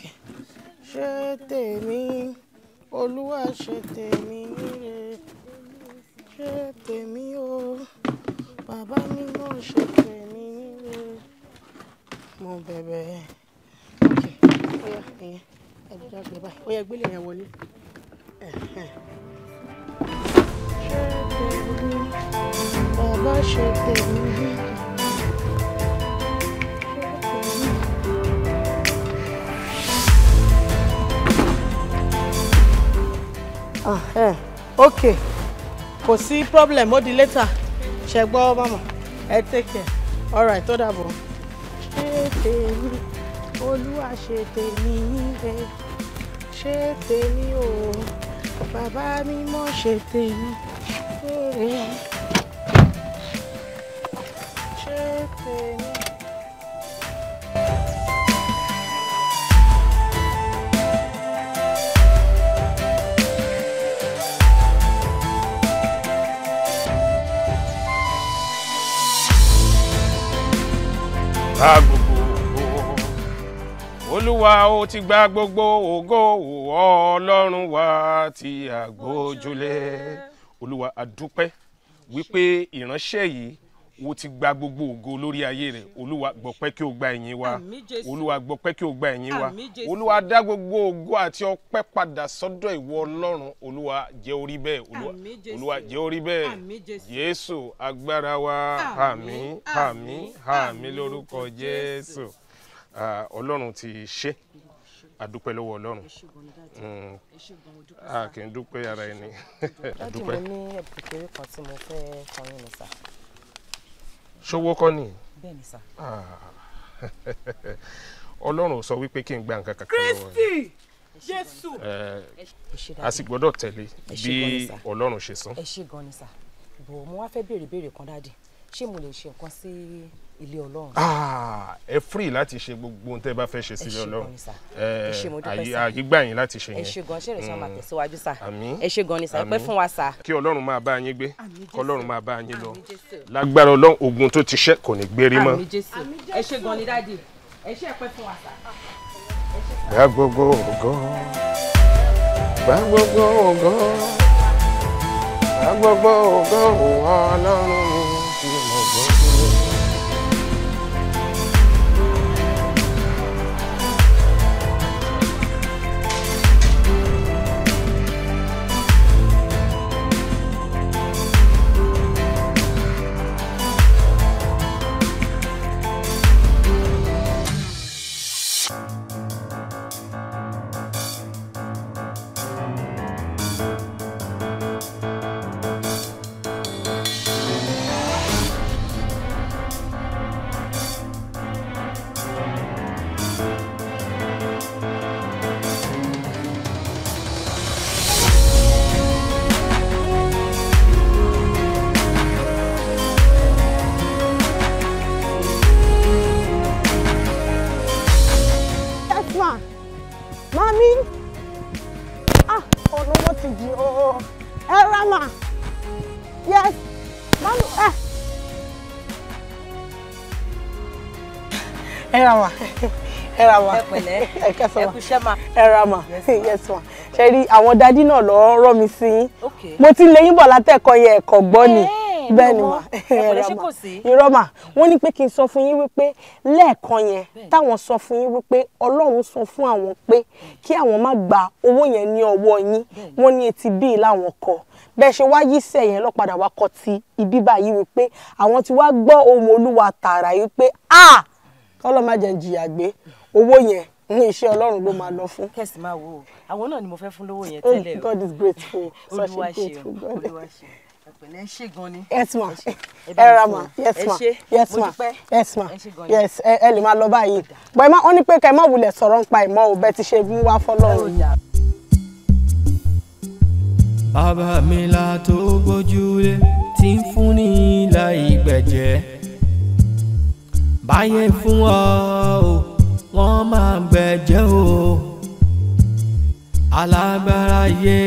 ṣe tèmi olúwa ṣe tèmi ire ṣe tèmi o bàbá mi náà ṣe tèmi ire mo bẹ̀bẹ̀ ok ó yá ìyẹn ẹ jẹ́ báyìí ó gbélé yẹn wọlé ṣe tèmi bàbá ṣe tèmi ire. ah eh ok kò sí problem ó di later ṣe gbọ́ mama ẹ take care alright tó dàbọ̀. ṣé tèmi olúwa ṣe tèmi níbẹ̀ ṣé tèmi o bàbá mi mọ̀ ṣe tèmi ṣé tèmi. gba gbogbo olúwa ó ti gba gbogbo ògo ọlọ́run wa tí a gbójúlé olúwa a wípé ìránṣẹ́ yìí wo ti gba gbogbo ògo lórí ayé rẹ olúwa gbọpẹ́ kí o gba ẹ̀yìn wa olúwa gbọpẹ́ kí o gba ẹ̀yìn wa olúwa dá gbogbo ògo àti ọpẹ́ padà sọ́dọ̀ ìwọ Ọlọ́run olúwa jẹ́ orí bẹ́ẹ̀ olúwa jẹ́ orí bẹ́ẹ̀ Jésù agbára wa àmín àmín àmín lórúkọ Jésù Ọlọ́run ti ṣe adúpẹ́ lọ́wọ́ ọlọ́run mm. a kì í dúpẹ́ ara ẹni adúpẹ́. dájú mo ní ẹ̀bùn kékeré kan tí mo fẹ́ kọrin nìsa ṣówó kọ́ ni. bẹ́ẹ̀ni sá. Ah. ọlọ́run sọ wípé kí n gba nǹkan kankan lọ́wọ́ yìí. kristi jésù. Eh, a sì gbọ́dọ̀ tẹ̀lé bí ọlọ́run ṣe sọ. ẹ ṣé gan ni sá bò mo wá fẹ́ béèrè béèrè kan dáàdì ṣé mo lè ṣe nǹkan sí ilé ọlọ́run. Ah, ẹ free láti ṣe gbogbo ohun tẹ́ bá fẹ́ ṣe sílé ọlọ́run àyè gbà yín láti ṣe yẹn. ẹ ṣe gan ṣe rẹ sọ máa mm. tẹ̀síwájú sá ẹ ṣe gan ni sá ẹ pẹ́ fún wa sá. kí ọlọ́run máa bá yín gbé kọlọ́run máa bá yín lọ lágbára ọlọ́run ogun tó ti ṣẹ́ kò ní gbérí mọ́. ẹ ṣe gan ni dáàdì ẹ ṣe ẹ pẹ́ fún wa sá. gba gbogbo ògo gba gbogbo ògo gba gbogbo ògo ọlọ́run mi. ah ọ̀nà wọn ti di ọ ẹ rama yes mamu ah. ẹ. ẹ rama ẹ rama ẹ pẹ̀lẹ́ ẹ rama yes ma Sherry, rí àwọn dádì náà lọ rọ mi sí yín mo ti lè yín bọ̀ látẹ̀kọ́ yẹn ni. Hey. Eh, bẹ́ẹ̀ ni mà irọ́ mà wọ́n ní pé kí n sọ fún yín wípé lẹ́ẹ̀kan yẹn táwọn sọ fún yín wípé ọlọ́run sọ fún àwọn pé kí àwọn má gba owó yẹn ní ọwọ́ yín wọ́n ní etí bíi láwọn kọ bẹ́ẹ̀ ṣe wá yí sẹ́yìn lọ́padà wá kọ ti ibi báyìí wípé àwọn ti wá gbọ́ ohùn olúwa tààrà yìí pé ah kọ́lọ́ má jẹ́ jìyà gbé owó yẹn ní iṣẹ́ ọlọ́run ló máa lọ fún. kẹ̀sì máa wò àwọn náà ni mo fẹ́ fún lówó yẹn oh, tẹ́lẹ̀ o. God is grateful. olúwa ṣe olúwa ṣe pẹ̀lẹ́ ṣe gan ni. yes ma ẹ ra ma yes ma yes ma yes ma yes ẹ lè máa lọ báyìí bọ́ ẹ má wọ́n ní pé ká ẹ má wulẹ̀ sọ̀rọ̀ nípa ìmọ̀ ò bẹ́ẹ̀ ti ṣe mú wá fọlọ́run. bàbá mi la tó gbójúlé tí ń fún ní ilà ìgbẹ̀jẹ̀ báyé fún ọ wọ́n máa gbẹ̀jẹ̀ o alágbára yé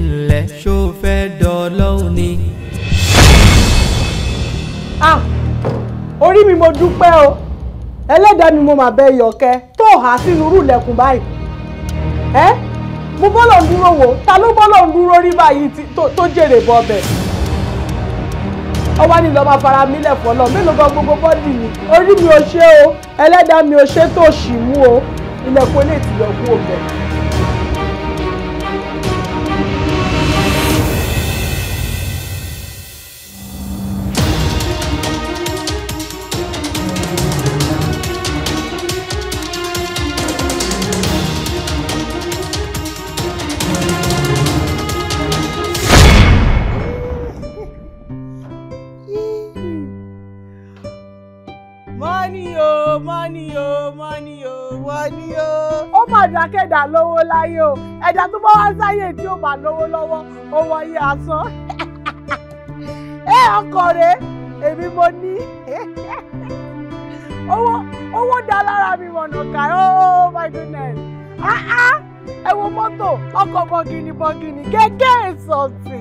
ńlẹ̀ ṣó fẹ́ dọ́lọ́hún ni. Ah, ori mi mo dupe o. Eleda ni mo ma be yoke. To ha si ru lekun bayi. e Mo bo lo nduro wo. Ta lo bo lo nduro ri bayi ti to to jere bo be. O wa ni lo ma fara mi fọlọ. Me gbogbo gbo gbo mi. Ori mi o se o. Eleda mi o se to si mu o. Ilekun ele ti yo ku o mà dá kẹ́dà lówó láyé o ẹ̀dá tó bá wá sáyé tí ó bá lówó lọ́wọ́ owó yẹ asán ẹ ọkọ rẹ èmi mo ní owó owó dá lára mi mọ̀nà ká oh my goodness ah ah ẹ wo mọ́tò ọkọ̀ bọ́gìnì bọ́gìnì gẹ́gẹ́ ìsọ̀tì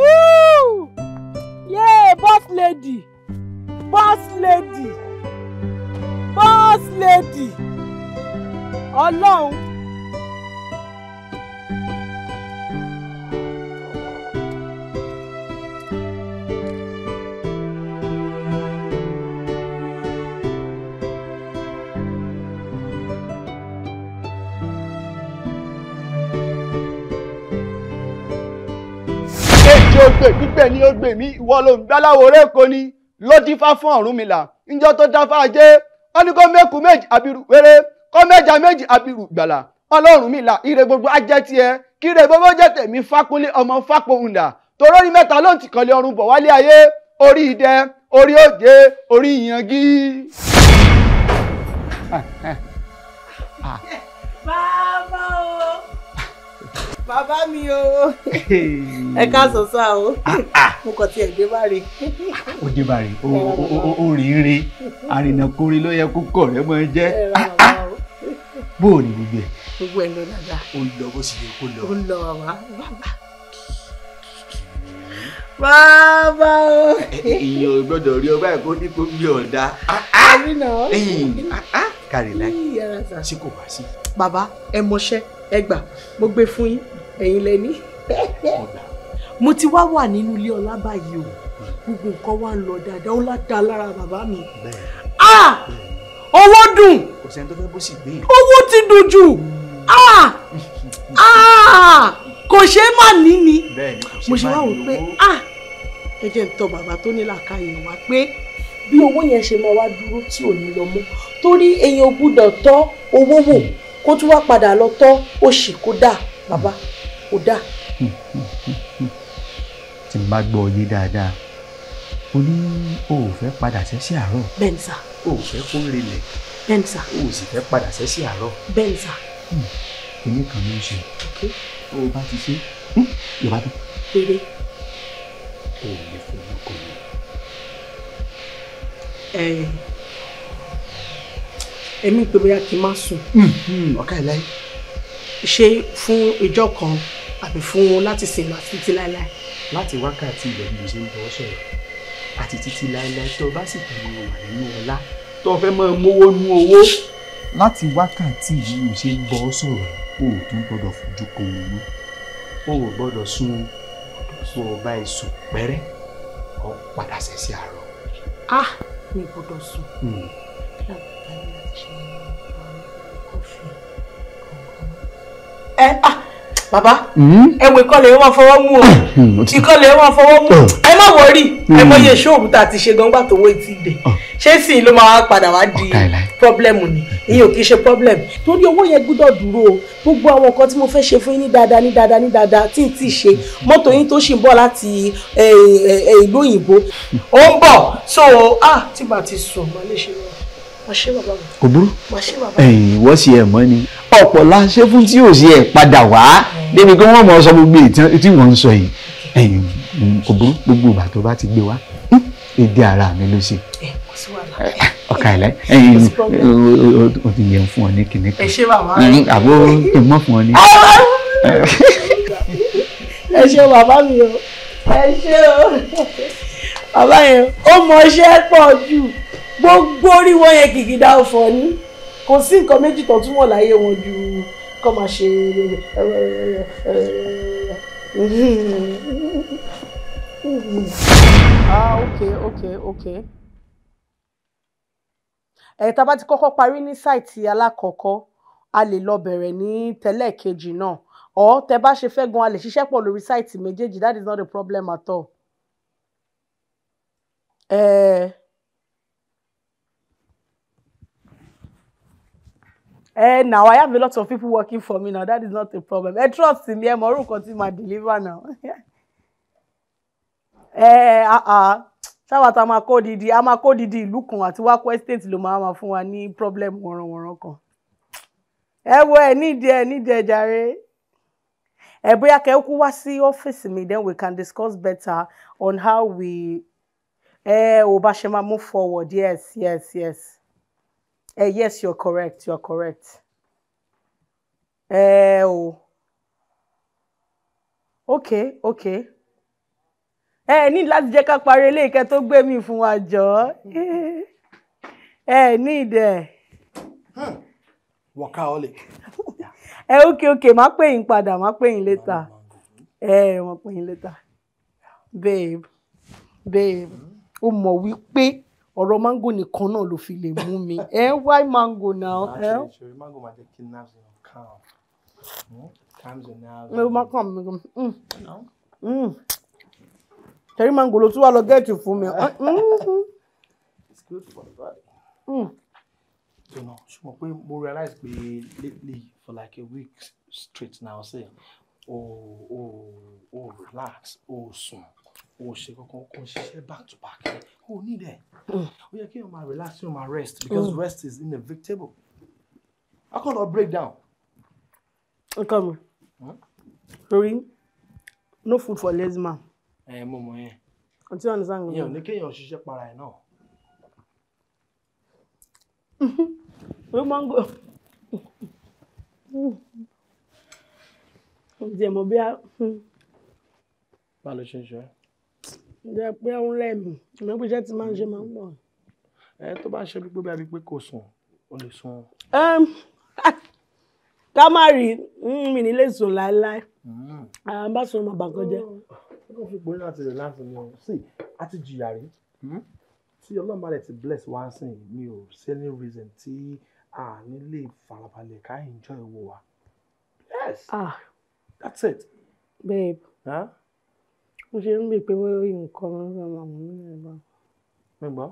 yéé boss lady boss lady boss lady. ọlọ́run. èjì ògbè gbígbẹ ni ó gbè mí ìwọ ló ń gbáláwo rẹ́ẹ̀kọ́ ni ló dífá fún Ọ̀rúnmìlà ńjọ́ tó dáfá ajé wọn ni kó mẹ́kù méjì àbí wẹ́rẹ́ kọ́ mẹ́ja méjì abirù gbàlà ọlọ́run mi là ire gbogbo ajẹ́ tiẹ̀ kí ire gbogbo jẹ́ tèmi fákúnlé ọmọ fápòhùndà torí orí mẹ́ta ló ń ti kọ́lé ọrùn bọ̀ wálé ayé orí idẹ orí òjé orí ìyangí. bàbá o bàbá mi o ẹ káàsán sá o mo kàn tiẹ̀ dé bàrè. ó dé bàrè ó rí rí àrìnàkórí ló yẹ kó kọ̀ rẹ́ mọ́ jẹ́ bó o ní gbogbo ẹ. gbogbo ẹ lọ dada. ó lọ bó sì yẹ kó lọ. ó lọ bàbá bàbá. bàbá o. ìyẹn ò gbọ́dọ̀ rí ọba ẹ̀kọ́ ní kó bí ọ̀dà. àmì náà. kárí láì sí kò wá sí. bàbá ẹ mọṣẹ́ ẹ gbà mo gbé fún yín ẹ̀yin lẹ mo ti wá wà nínú ilé ọlá báyìí o gbogbo nǹkan wà lọ dáadáa ó lá da lára bàbá mi. bẹ́ẹ̀ ah! bẹ́ẹ̀ owó dùn kò sẹ́ni tó fẹ́ bó sì gbé owó ti dùn jù ah! Ah! kò ṣeé má ní ni mo ṣe wá wò pé ah! ẹ jẹ́ ń tọ bàbá tó ní làákàyè wá pé bí owó yẹn ṣe máa wá dúró tí ò ní lọ mọ́ torí èèyàn gbúdọ̀ tọ́ owó wò kó tún wá padà lọ tọ́ òṣì kó dà bàbá kó dà. tí n bá gbọ́ ọ yé dáadáa o ní o ò fẹ́ padà sẹ́sẹ́ àárọ̀. bẹ́ẹ̀ ni sà o ò fẹ́ kó relẹ̀ bẹ́ẹ̀ni sà o ò sì fẹ́ padà sẹ́sì àárọ̀ bẹ́ẹ̀ni sà. èmi kan ló ń ṣe o bá ti ṣe hmm. yorùbá tó. péré. o ò lè fojú kọ mi. ẹ ẹmí pé bóyá kí n má sùn. Hmm, hmm, ọ̀ká ẹ̀ láyé. ṣé fún ìjọ kan àbí fún láti sìn láti títí láéláé. láti wákàtí ilẹ̀ ni mo ṣe ń bọ́ sọ̀rọ̀ àti títí láéláé tó bá sì kàn wà nínú ọlá tó fẹ́ mọ́ mówó nú owó. láti wákàtí yìí ò ṣe ń bọ́ sọ̀rọ̀ o ò tún gbọ́dọ̀ fojú kan òun o ò gbọ́dọ̀ sun bó o bá pẹ́rẹ́ ọ padà sẹ́sẹ́ àárọ̀. a mi gbọ́dọ̀ sùn. Hmm. ẹ ah Baba, ẹ̀wẹ̀ kọ́ lè wọ́n fọwọ́ mú o ikọ́ lè wọ́n fọwọ́ mú hmm. ẹ má wọrí ẹ mọ hmm. iye ṣóòbù tá a ti ṣe gangan tó wó etí dé oh. ṣé sì ló máa padà wá di oh, pọ́blẹ́mù ni ìyẹn ò kì í ṣe pọ́blẹ́mù torí owó yẹn gbúdọ̀ dúró o gbogbo àwọn nǹkan tí mo fẹ́ ṣe fún yín ní dáadáa ní dáadáa ní dáadáa tí n ti ṣe mọ́tò yín tó ṣì ń bọ̀ láti eh, eh, eh, ìlú òyìnbó ó ń bọ̀ so ah tí bá ti sùn máa lè ṣe lọ kò burú wọ́n ṣe ẹ̀ mọ́ ni ọ̀pọ̀ la ṣe fún tí yóò ṣe ẹ̀ padà wá débi pé wọ́n mọ̀ sọ gbogbo èyí tí wọ́n ń sọ yìí kò burú gbogbo ìgbà tó bá ti gbé wá èdè ara mi ló ṣe ọkà ilẹ̀ o ti yẹn fún ọ ní kìnní kan àbó ìmọ̀ fún ọ ní. ẹ ṣe bàbá mi o ẹ ṣe o bàbá yẹn ó mọ iṣẹ́ pọ̀ jù gbogbo orí wọn yẹn gìgìdá ọ̀fọ̀ ni kò sí nǹkan méjì tó túmọ̀ láyé wọn ju kọ́ máa ṣe. ah okay okay okay ẹ̀ tá a bá ti kọ́kọ́ parí ní sáìtì alákọ̀ọ́kọ́ a lè lọ bẹ̀rẹ̀ ní tẹ́lẹ̀kejì náà ọ̀ tẹ́ bá ṣe fẹ́ gan a lè ṣiṣẹ́ pọ̀ lórí sáìtì méjèèjì that is not a problem at all. Eh, Eh, now I have a lot of people working for me now. That is not a problem. Eh, trust in me. I'm going continue my deliver now. eh, ah, ah. sáwà tá a máa kó didi a máa didi ìlú kan àti wákò estate ló máa máa fún wa ní problem wọ̀rọ̀wọ̀rọ̀ kan. ẹ wo ẹ nídìí ẹ nídìí ẹ jàre. ẹ eh, bóyá kẹ́ ẹ kú wá sí ọ́fíìsì then we can discuss better on how we ẹ ò move forward yes yes yes. Uh, yes, you're correct. You're correct. Uh, oh. Okay, okay. eh ní láti je ka parí ilé ìkẹ́ to gbe mi fun wa jọ. Eh, ẹ ní ìdẹ. Hmm. Workaholic. eh okay okay, máa pè yín padà, máa pè yín later. Ẹ later. Babe, babe, hmm. o wi pe. ọ̀rọ̀ mango nìkan náà ló fi lè mú mi ẹ eh, why mango now. actually eh? mango ma jẹ kí nerves yẹn eh, calm calms your nerves. ẹ má kàn mí gan tẹ̀rí hmm. hmm. mango ló tún wà lọ gẹ́ẹ̀tì fún mi. Ah, hmm, it's good for the body. ṣùgbọ́n ṣùgbọ́n pé mo realize pé lately for like a week straight now say o oh, o oh, o oh, relax o sùn. So o ṣe kankan kò ṣiṣẹ́ back to back o ní dẹ̀ o yẹ kí o máa relax kí o máa rest because mm. rest is inevitable how come no break down. ọkọ mi Sorry. no food for lazy man. ẹ mo mọ yẹn. ọtí wọn ní sáà ń gbé. yẹn ò ní kéèyàn ṣiṣẹ́ para ẹ̀ náà. ló máa ń gò ǹjẹ́ mo bí a. báwo ló ṣe ń ṣe jẹ́ pé ó ń rẹ̀ mí ìmọ̀ pé iṣẹ́ ti máa ń ṣe máa ń pọ̀. ẹ tó bá ṣe wípé bíi pé kò sùn ó lè sùn. ká má rí mm, mi nílé sùn láéláé mm. àwọn bá sùn ọmọ bàkan jẹ. Oh. ó fi gbóná àti rẹ̀ láti ní ọ̀hún sí àti jìyà rí hmm? tí ọlọ́mọ rẹ̀ ti bless wá sí mi ò sẹ́ni reason tí a nílé farabalẹ̀ ká enjoy owó wa. yes ah that's it. babe. Huh? Mo ṣe ń bì pé bóyá orí nǹkan mi fẹ́ máa mú mi lẹ́gbàá. Mi gbọ́.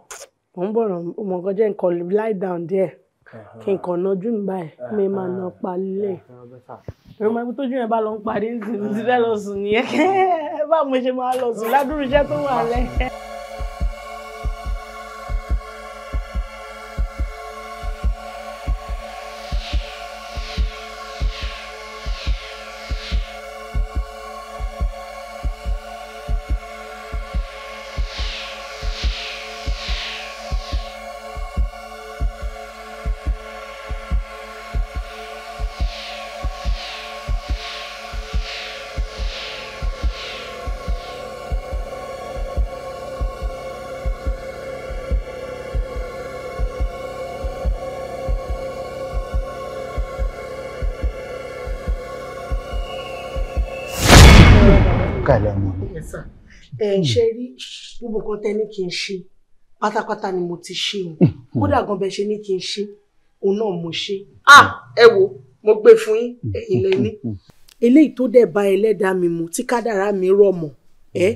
Mo ń bọ̀rọ̀ mọ̀ nǹkan jẹ́ nǹkan lie down díẹ̀. Kí nǹkan nájú mi báyìí, mi máa na palẹ̀. Èrò máa ń tójú yẹn bá lọ ń parí, mo ti fẹ́ lọ sùn nìyẹn. Báwo mo ṣe máa lọ sùn ládùúrú iṣẹ́ tó wà lẹ́yìn. ẹ hmm. ṣe rí gbogbo kan tẹ́ ní kí n ṣe pátápátá ni mo ti ṣe o hmm. Hmm. kódà gan bẹ ṣe ní kí n ṣe òun náà mo ṣe ah ẹ wo mo gbé fún yín ẹ̀yin lẹni. eléyìí tó dẹ̀ bá ẹlẹ́dàá mi mu tí kádàrá mi rọ̀ mọ́ ẹ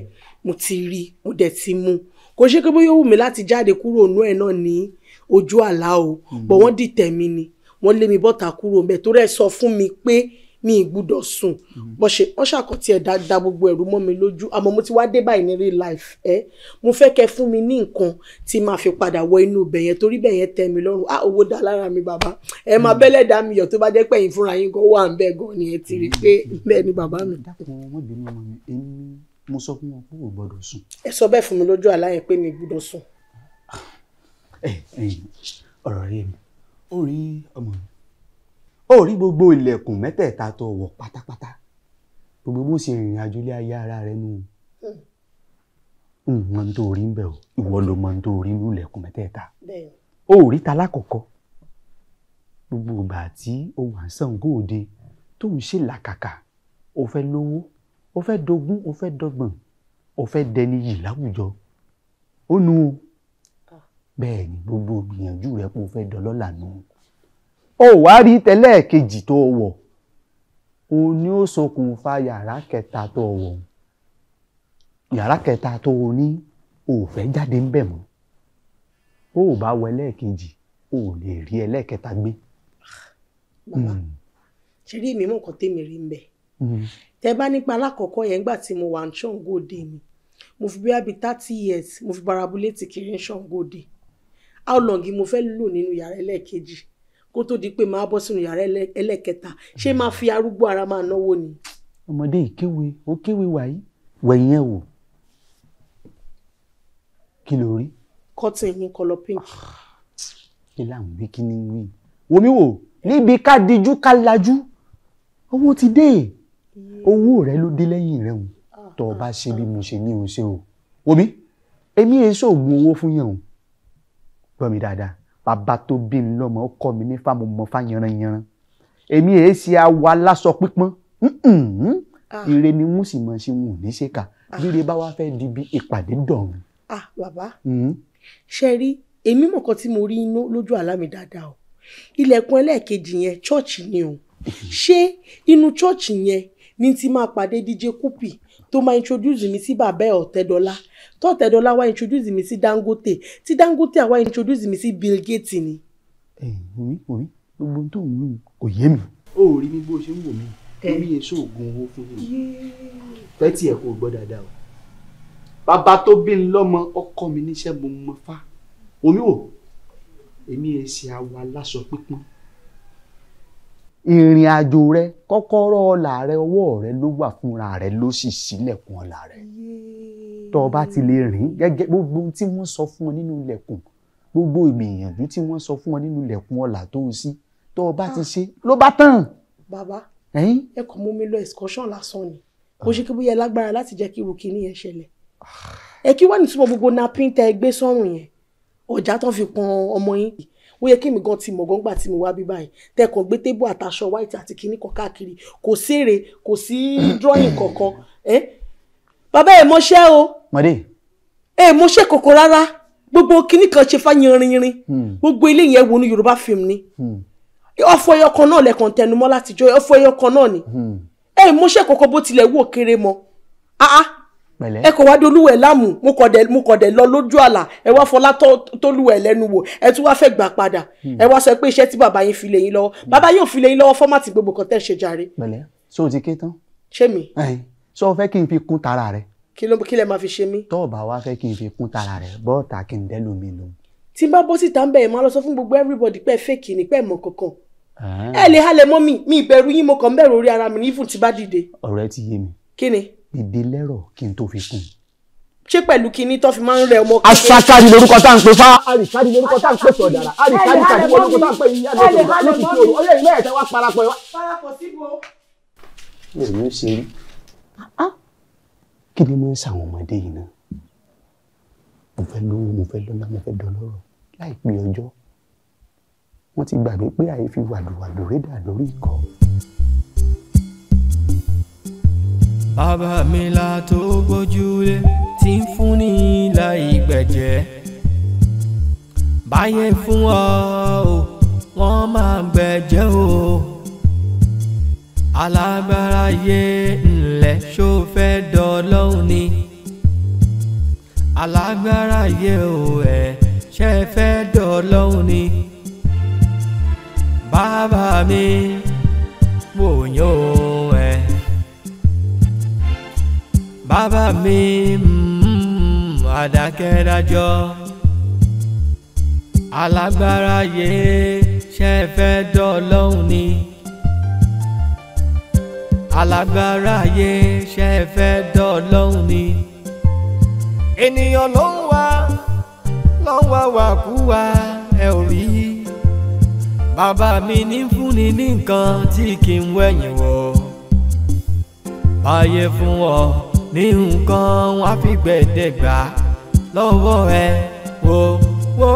mo ti rí mo dẹ̀ ti mu kò ṣe pé bóyá ó wù mí láti jáde kúrò òun ẹ̀ náà ní ojú àlá o bọ̀ wọ́n dìtẹ̀ mi ni wọ́n lé mi bọ́ta kúrò ńbẹ̀ torí sọ fún mi pé mi ì gbúdọ̀ sùn bó ṣe wọ́n ṣàkọtì ẹ̀ dáadáa gbogbo ẹ̀rú mọ́ mi lójú àmọ́ mo ti wá dé báyìí ní real life ẹ̀ mo fẹ́ kẹ́ fún mi ní nǹkan tí màá fi padà wọ inú ibẹ̀ yẹn torí bẹ̀ yẹn tẹ́ mi lọ́rùn á ah, owó dá lára mi bàbá ẹ máa bẹ́lẹ̀ dá mi yọ̀ tó bá jẹ́ pẹ̀yìn fúnra yín gan wà ń bẹ́ẹ̀ gan ni ẹ ti rí i pé bẹ́ẹ̀ ni bàbá mi. mo sọ fún wọn pé kò gbọ́dọ̀ sùn. ẹ sọ bẹ́ẹ̀ fún mi lójú àlá yẹn pé mi gbọ́dọ̀ sùn. Ah, ọ̀rọ̀ rẹ̀ mi ó rí ọmọ mi ó rí gbogbo ilẹ̀kùn mẹ́tẹ̀ẹ̀ta tó wọ̀ pátápátá gbogbo bó ṣe rìnrìn àjò lé ayé ara rẹ nù mọ n tó rí bẹ́ẹ̀ o ìwọ ló mọ n tó rí nù ilẹ̀kùn mẹ́tẹ̀ẹ̀ta ó rí ta lákọ̀ọ́kọ́ gbogbo ìgbà tí ohun àṣàǹgó òde tó ń ṣe làkàkà ó fẹ́ lówó ó fẹ́ dogún ó fẹ́ dọ́gbọ̀n ó fẹ́ dẹni yìí láwùjọ ó nu ah. bẹ́ẹ̀ ni gbogbo gbìyànjú rẹ kó fẹ́ dọlọ́là nù. No O wá rí tẹ́lẹ̀ kejì tó wọ̀ ó ní ó ṣokùnfà yàrá kẹta tó wọ̀ yàrá kẹta tó o ní ò fẹ́ jáde ń bẹ̀ mọ́ ó bá wọ ẹlẹ́ẹ̀kejì ò lè rí ẹlẹ́ẹ̀kẹta gbé. Hmm. ṣe rí mi mọ nǹkan tèmi rí ń bẹ hmm. tẹ bá nípa alákọ̀ọ́kọ́ yẹn gbà tí mo wà ń ṣọ́ǹgòdè mi mo fi bíi bíi thirty years mo fi barabulé ti kiri ń ṣọ́ǹgòdè how long mo fẹ́ lò nínú yàrá ẹlẹ́ẹ̀kejì kó tó di pé máa bọ́ sínú yàrá ẹlẹ́kẹta ṣé máa fi arúgbó ara máa náwó ni. ọmọdé ìkéwe ó kéwe wàyí wẹ̀yìn ẹ̀ wò kí ló rí. cotton yín kọlọ pink. Ah, kí láwọn bí kí ni wí. wo mi wò níbi ká dijú ká lajú owó ti dé owó rẹ ló dé lẹ́yìn rẹ o tó o bá ṣe bí mo ṣe ní o ṣe o wo mi èmi èso oògùn owó fún yẹn o gbọ́ mi dáadáa bàbá tó bí mi lọ́mọ ó kọ́ mi ní fáwọn ọmọ fá yanranyanran èmi èé ṣe awọ aláṣọ pípọ́n ah. ire ni wọ́n sì mọ̀ ṣe wọn ò ní ṣe kà líle ah. bá wá fẹ́ di bí ìpàdé dọ̀run. ah bàbá mm-hmm. ṣe rí èmi mọ̀kan tí mo rí inú lójú àlá mi dáadáa o ilẹ̀kùn ẹlẹ́ẹ̀kejì yẹn ṣọ́ọ̀ṣì ni o mm-hmm. ṣé inú ṣọ́ọ̀ṣì yẹn ni ti máa pàdé díje kúpì tó máa introduce mi sí bàbá ẹ̀ ọ̀tẹ́dọ́lá tó ọ̀tẹ́dọ́lá wá introduce mi sí dangote tí dangote àwa introduce mi sí bill gates ni. ẹ wòmí wòmí gbogbo tó ń wù kò yé mi. o ò rí mi bó ṣe ń wò mí lórí èso oògùn owó fún mi fẹ́ tiẹ̀ kò gbọ́ dáadáa o bàbá tó bí ń lọ́mọ ọkọ mi níṣẹ́ mo mọ fá omi wò èmi ẹ̀ ṣe àwa láṣọ pípọ́n ìrìn àjò rẹ kọ́kọ́rọ́ ọ̀la rẹ ọwọ́ rẹ ló wà fúnra rẹ ló sì ṣílẹ̀kùn ọ̀la rẹ tó o bá ti lè rìn gẹ́gẹ́ gbogbo tí wọ́n sọ fún ọ nínú ilẹ̀kùn gbogbo ìgbìyànjú tí wọ́n sọ fún ọ nínú ilẹ̀kùn ọ̀la tó o sí tó o bá ti ah. ṣe ló bá tán. bàbá ẹ kàn mú mi lọ excursion lásán ni kò ah. ṣe kí bóyá lágbára láti jẹ́ kí irú kinní yẹn ṣẹlẹ̀ ah. ẹ kí wàá nítumọ̀ gbogbo napin tẹ ẹ gbé yẹn ọjà tán fi pọn ọmọ yín ó yẹ kí mi gan ti mọ̀ gan gbà tí mo wá bí báyìí tẹkàn gbé tébù àtàṣọ white àti kinní kan káàkiri kò séèrè kò sí drawing kankan ẹ bàbá ẹ mọṣẹ́ o ẹ mọṣẹ́ kankan rárá gbogbo kinní kan ṣe fáyinrinrin hmm. gbogbo ilé yẹn wo ní Yorùbá film ni hmm. ọfọ ẹyọ kan náà lẹkàn tẹnumọ́ látijọ́ ọfọ ẹyọ kan náà ni hmm. ẹ mọṣẹ́ kankan bó tilẹ̀ wò kéré mọ́ ah ah ẹ kò wá dolúwẹ̀ láàmú mo kọ̀ dẹ̀ mo kọ̀ dẹ̀ lọ lójú àlà ẹ wá fọlá tólúwẹ̀ lẹ́nu wò ẹ tún wá fẹ́ gbà padà hmm. ẹ wá sọ pé iṣẹ́ tí bàbá yín fi lè yín lọ́wọ́ hmm. bàbá yóò fi lè yín lọ́wọ́ fọ́mátì gbogbo kan tẹ́ ṣe jàre. pẹ̀lẹ́ so o ti ké tán. ṣé mi. sọ fẹ́ kí n fi kún tara rẹ. kí ló kí lẹ máa fi ṣe mí. tó o bá wá fẹ́ kí n fi kún tara rẹ bọ́ọ̀tà kí n dẹ́lu mi lò. tí n bá bọ́ síta ń bẹ̀ ẹ̀ máa lọ sọ fún gbogbo everybody pé fake ni pé mọ̀ kankan. ẹ lè halẹ̀ mi mi ìbẹ̀rù yín mo kàn ń bẹ̀rù orí ara mi mi. kí ni dìde lẹ́rọ̀ kí n tó fi kún un. ṣé pẹ̀lú kinní tó fi máa ń rẹ ọmọ kékeré. aṣákáàdì lórúkọ tá à ń pè fá. àríkáàdì lórúkọ tá à ń pè sọ̀dàrà àríkáàdì kàdí lórúkọ tá à ń pè yíyá lọ́sọ̀rọ̀ lọ́sọ̀rọ̀ lọ́sọ̀rọ̀ ọ̀rẹ́ ìlú ẹ̀ẹ́dẹ́wà parapọ̀ wa. parapọ̀ síbo. mi ò ní ṣe rí ah, ah. kí ni mo ń ṣàwọn ọmọdé yìí náà mo fẹ́ lówó mo fẹ́ lọ́lá mo fẹ́ dọlọ́rọ̀ láìpẹ́ ọjọ́ wọ́n ti gbàgbé pé àyè fi wàdùwàdù rédà lórí ikọ̀ bàbá mi la tó gbójúlé tí ń fún ní ilà ìgbẹ̀jẹ́ báyé fún ọ o wọ́n máa gbẹ̀jẹ́ o alágbára yé ńlẹ̀ ṣó fẹ́ dọ́lọ́hùn ni alágbára yé o ẹ̀ ṣe fẹ́ dọ́lọ́hùn ni bàbá mi wòyàn o. bàbá mi mm, àdákẹ́dájọ́ alágbára yé ṣe fẹ́ dọ́lọ́hún ni alágbára yé ṣe fẹ́ dọ́lọ́hún ni ènìyàn ló ń wá ló ń wá wàkúwà ẹ ò rí bàbá mi ní fúnni ní nǹkan tí kì í wẹ̀yìn wọ̀ báyé fún ọ ní nǹkan wọn á fi gbẹ̀dẹ̀gbà lọ́wọ́ ẹ wo wo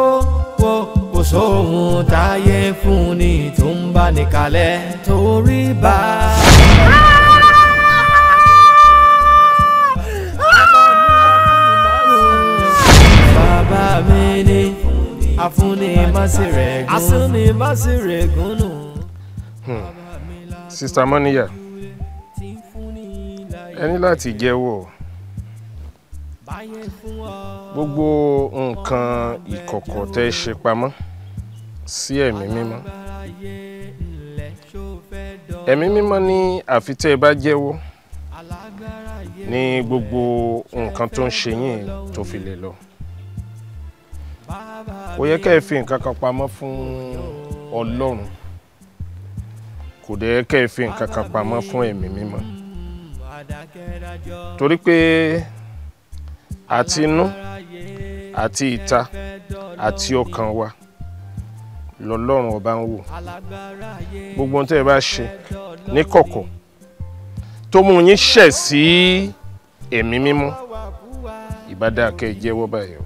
wo kò sóhun táyé fún ni tó ń bá nìkalẹ̀ torí bá. bàbá mi ní àfúnni má sì rẹ̀ gún àfúnni hmm. má sì ẹ ní láti jẹ́wọ́ gbogbo nǹkan ìkọ̀kọ̀ tẹ́ ṣe pamọ́ sí ẹ̀mí mímọ́ ẹ̀mí mímọ́ ní àfi tẹ́ ẹ bá jẹ́wọ́ ní gbogbo nǹkan tó ń ṣe yín tó fi lè lọ ó yẹ kẹ́ ẹ fi nǹkan kan pamọ́ fún Ọlọ́run kò dẹ̀ kẹ́ ẹ fi nǹkan kan pamọ́ fún ẹ̀mí mímọ́ torí pé àti inú àti ìta àti ọkàn wa lọ́lọ́run ọba ń wò gbogbo ohun tẹ́ ẹ bá ṣe ní kọ̀kọ̀ tó mú yín ṣẹ̀ sí ẹ̀mí mímọ́ ìbádá kẹ́ ẹ jẹ́wọ́ báyìí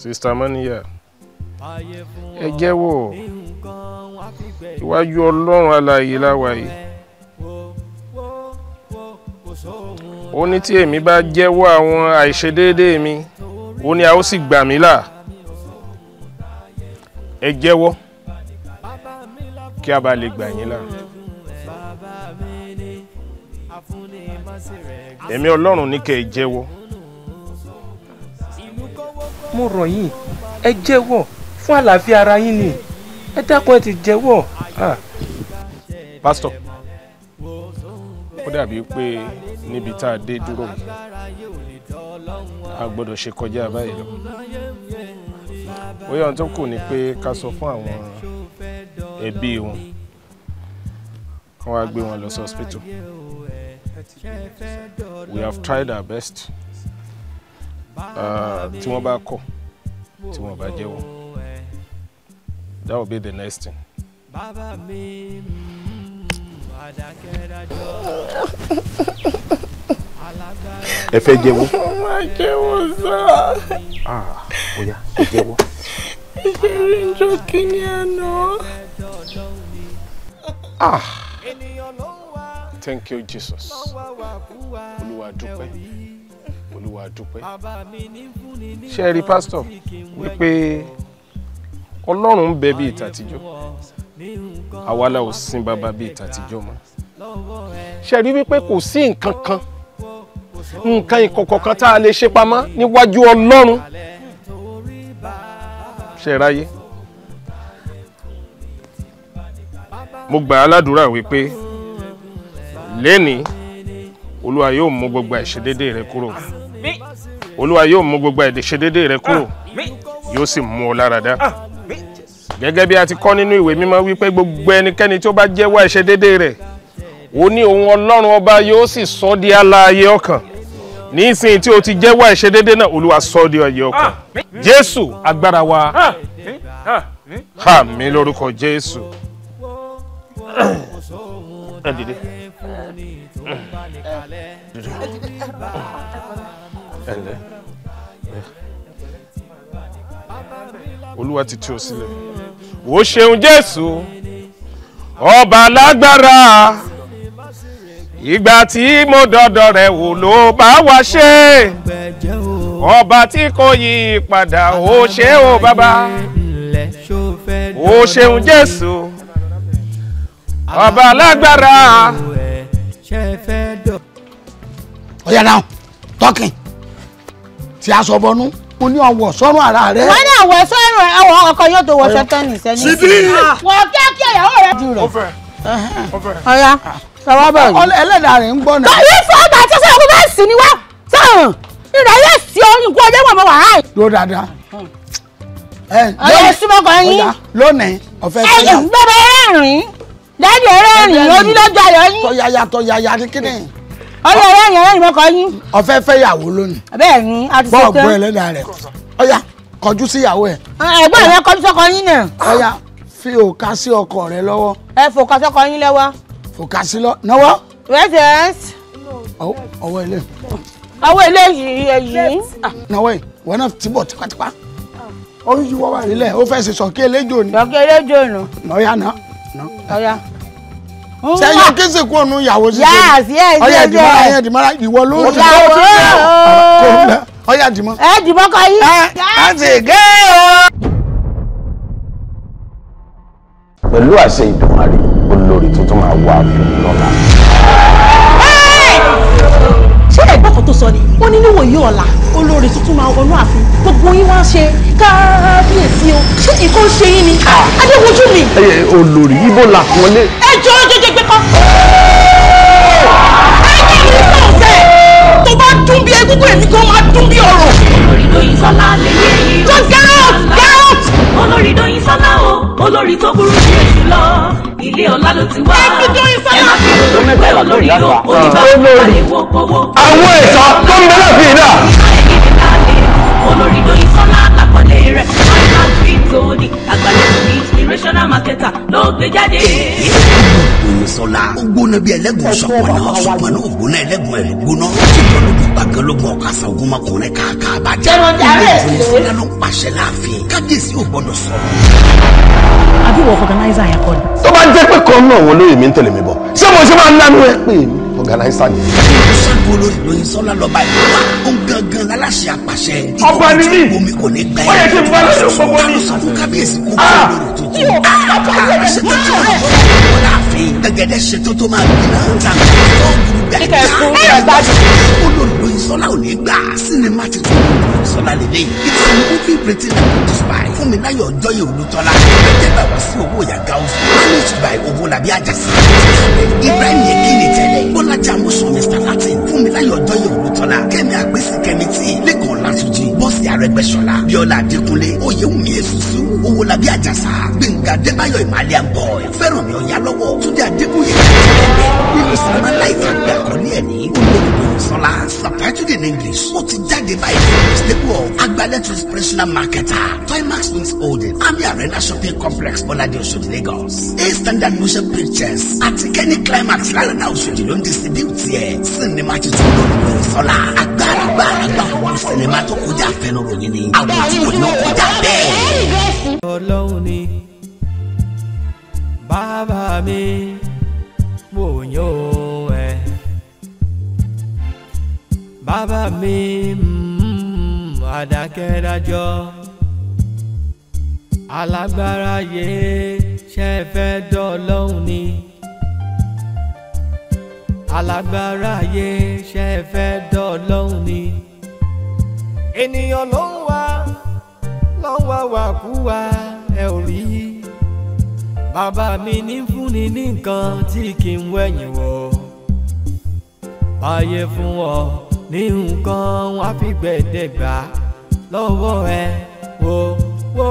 sista maniya. Yeah ẹ jẹ́wọ́ iwájú ọlọ́run alààyè láwa yìí ó ní tí èmi bá jẹ́wọ́ àwọn àìṣedéédéé mi ó ní a ó sì gbà mí là ẹ jẹ́wọ́ kí a bá lè gbà yín là. èmi ọlọ́run ní kẹ́ ẹ jẹ́wọ́. mo rọ̀ yín ẹ jẹ́wọ́ fún àlàáfíà ara yín ni ẹ dákun ẹ ti jẹ́wọ́. pásítọ̀ ó dàbí pé níbi tá a dé dúró a gbọ́dọ̀ ṣe kọjá báyìí lọ bóyá ohun tó kù ni pé ká sọ fún àwọn ẹbí wọn kán wá gbé wọn lọ sí hospital we have tried our best tí wọ́n bá kọ̀ tí wọ́n bá jẹ́wọ́ that will be the next thing. bàbá mi àdàkẹ́dájọ́ ẹ fẹ́ jẹ́wọ́. mo máa jẹ́wọ́ sá. ó yá ẹ jẹ́wọ́. ṣe rí njọ kínní thank you jesus olúwa Pastor, we pay ọlọ́run ń bẹ bíi tàtijọ́ àwàlà ò sin bàbá bíi tàtijọ́ mọ́ ṣe rí wípé kò sí nǹkan kan nǹkan ìkọ̀kọ̀ kan tá a lè ṣe pamọ́ níwájú ọlọ́run ṣe ráyé mo gbà á ládùúrà wípé lẹ́nìí olúwa yóò mú gbogbo àìṣedédé rẹ kúrò olúwa yóò mú gbogbo àìṣedédé rẹ kúrò yóò sì mú ọ lára dá. Ah gẹ́gẹ́ bí a ti kọ́ nínú ìwé mímọ́ wípé gbogbo ẹnikẹ́ni tó bá jẹ́wọ́ ẹ̀ṣẹ̀ déédéé rẹ̀ ó ní òun ọlọ́run ọba yóò sì sọ di alààyè ọkàn nísìnyí tí o ti jẹ́wọ́ ẹ̀ṣẹ̀ déédéé náà olúwa sọ di alààyè ọkàn jésù agbára wa àmín lórúkọ jésù olúwa ti tú ọ sílẹ̀ o ṣeun jésù ọba lágbára ìgbà tí mo dọ̀dọ̀ rẹ̀ wò ló bá wa ṣe ọba tí kò yí padà o ṣe o bàbá o ṣeun jésù ọba lágbára. ó yá dáhùn tọ́kìn a sọ bọ́nú mo ní ọwọ́ sọ́run ara rẹ. wọ́n ní ọwọ́ sọ́run ọwọ́ ọkọ yóò tó wọṣọ tẹ́nì sẹ́ni. síbí. Ah, wọ́n kíákí ẹ̀yàwó rẹ. ọfẹ ọfẹ. ọ̀ya sọ̀rọ̀ bẹ̀rẹ̀. ẹlẹ́dàá rẹ̀ ń gbọ́ náà. kọ̀wé fún ọgbà tó sọ̀rọ̀ bá sì ni wá sọ̀rọ̀ ìrẹ̀ yóò sí orin kú ọjọ́ mọ̀mọ́ wàhálà. ló dáadáa. ọ̀yẹ́ súnmọ́kọ yín. lónìí ọ̀fẹ́ fẹ́ yà. ẹ̀yìn bẹ́ẹ̀ bẹ́ẹ̀ rìn dáàdì ọyọ ọ̀rẹ́ yẹn lẹ́yìn mọ́kọ yín. ọ̀fẹ́ fẹ́ yàwó lónìí. bẹ́ẹ̀ ni a ti sọ tán. bọ́ọ̀gbọ́n ẹlẹ́dàá rẹ̀ ọ̀yà kọjú sí ìyàwó ẹ̀. ẹ̀gbọ́n rẹ̀ kọjú sọ́kọ yín náà. ọ̀yà fi òkà sí ọkọ rẹ lọ́wọ́. ẹ fòkà sọ́kọ yín lọ́wọ́. fòkà sí lọ náwó. resident. ọwọ́ ilé. ọwọ́ ilé yìí èyí. náwó yìí ah, wọn náà ti bọ̀ tipátipá. ó yíwọ́ wà nílẹ̀ ó fẹ́ ṣe sọ̀kí eléjò ni. sọ̀kí eléjò nù. ọ̀yà náà. ọ̀yà sẹ́yìn ọ̀kẹ́sẹ̀ kú ọ̀nù ìyàwó sí sẹ́yìn ọ̀yà ìdìmọ́ra ọ̀yà ìdìmọ́ra ìwọ ló ń lọ ọ̀yà ìdìmọ́. ẹ dìbọn kọ yí. a ti gé e o. pẹ̀lú àṣẹ Ìdùmarè olórí tuntun máa wà fún lọ́la. ṣé ẹ̀gbọ́n kan tó sọ ni ó ní níwòye ọ̀la olórí tuntun máa wọnú ààfin gbogbo yín wá ṣe kábíyèsí o ṣé nǹkan ṣe yín ni ah! adéwojú mi. olórí ibo là wọn lé. ẹ jọ jẹjẹ gbé kan. ayé mi kò fẹ́ tó bá dún bí egungun èmi kan máa dún bí ọ̀rọ̀. olórí Dóyin Sọlá lè yé yìí. jọ gẹ́rọ̀t gẹ́rọ̀t. olórí Dóyin Sọlá o olórí tó burú sí èsì lọ ilé ọlá ló ti wá. ẹbí Dóyin Sọlá. ẹ má fi olórí pé olórí yóò kó ibà. àwọn ìsà tó ń bẹ lọ́sìn yìí náà olórí lórí sọ́lá alákọ̀ọ́lé rẹ̀ àgbà fi tòní àgbàlẹ̀ inspirational marketer ló gbé jáde. Olùsọ̀la ó gbóná bí ẹlẹ́gùn sọ̀pọ̀ náà sọ̀pọ̀ náà ó gbóná ẹlẹ́gùn ẹ̀ gbóná. Ṣèjọ́ ló gbọ́ bàgán ló gbọ́ ọ̀kasà ogun ọmọkùnrin kàkà àbájá. Olùsọ̀la ló pàṣẹ láàfin. Kábíyèsí ò gbọ́dọ̀ sọ̀rọ̀. Àbí wọ̀ fọ̀gánáísà yẹn kọ́ ni. Tó bá jẹ́ pé kan náà wọlé èmi ń tẹ̀lé mi bọ̀, ṣé mo ṣe máa ń lánú ẹ pé èmi? organizer ni. ṣàgbọ́ olórí lóyin sọ́lá lọ́ba ìlú wa ó ń gangan aláṣẹ àpàṣẹ. ọba ni mí omi yẹ kí n bá lọ́dọ̀ gbogbo ni. sọ fún kábíyèsí kó bá olórí tó tó. àṣetò tí ó lọ wọ́n láàfin gẹ́gẹ́dẹ́ ṣètò tó máa gbìnà tàbí tó gbùgbẹ́. kíkẹ́ fún mi ọ̀dájú. olórí lóyin sọ́lá ò ní gbà sinimá ti tó sọ́lá lélẹ̀ it's a movie pretty like to spy fún láyọ̀ ọjọ́ yẹn olùtọ́lá ẹ̀jẹ̀ bá wá sí owó ìyá gáwó managed by owó làbí àjàsí ibrahim yekini tẹ́lẹ̀ alájà mọ̀sán mr latin fúnmiláyọ̀ ọjọ́yẹ̀ olùtọ́lá kẹ́mi àgbésìkẹ́mi tí lẹ́kọ̀ọ́ látúnjì bọ́ọ̀sì arẹgbẹ́sọ̀la bíọ́lá adékúnlé oyèwùmí èsùsù owó labí àjàsà gbẹ̀ngà débáyọ̀ ìmàlẹ́ àbọ̀ fẹ́ràn mi ọ̀yà lọ́wọ́ túndé adékúnyè nínú sinimá láìsí àgbẹ̀ àkọ́lé ẹ̀ ní olóògbé sọlá sapajude in english ó ti jáde báyìí staple of agbalẹ̀ transpersonal marketer toymax films holding army arena shopping complex bọ́ládé oṣòdì lagos a standard motion pictures àti kenny climax lárẹ́nà oṣòdì ló ń distribute ẹ̀ sinimá tuntun olóògbé sọlá agbára agbára agbára sinimá tó kọjá àfẹnuròyìn ni àwọn tí kò ní ọkọjá bẹ́ẹ̀ sí. ọlọ́run ni bàbá mi wò yó ẹ bàbá mi àdákẹ́dájọ́ mm, alágbára yé ṣe fẹ́ dọ́lọ́hún ni alágbára yé ṣe fẹ́ dọ́lọ́hún ni ènìyàn ló ń wá lọ́wọ́ wàkúwà ẹ ò rí bàbá mi ní fúnni ní nǹkan tí kì í wẹ̀yìn wọ̀ báyé fún ọ ní nǹkan wá fi gbẹ̀dẹ̀gbà lọ́wọ́ ẹ wo wo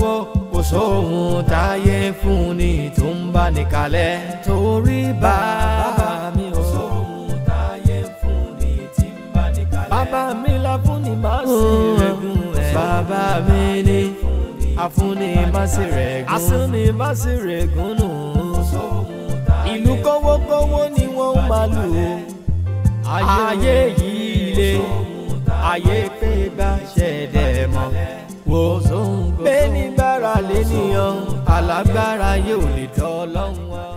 wo kò sóhun táyé fúnni tó ń bá nìkalẹ̀ torí mi ò sóhun táyé fúnni tí ń bá bàbá mi la fúnni máa ń sìn mm. rẹ̀ gùn bàbá mi ni àfúnni bá sì rẹ̀ gún àsúnni bá sì rẹ̀ gún nù. ìlú kọ́wọ́kọ́wọ́ ni wọ́n ń bá lù ó ayé yìí le ayé pé bá ṣẹ̀dẹ̀ mọ́ wò bẹ́ẹ̀ ni gbára lé nìyàn alágbára yóò lè tọ́ ọlọ́run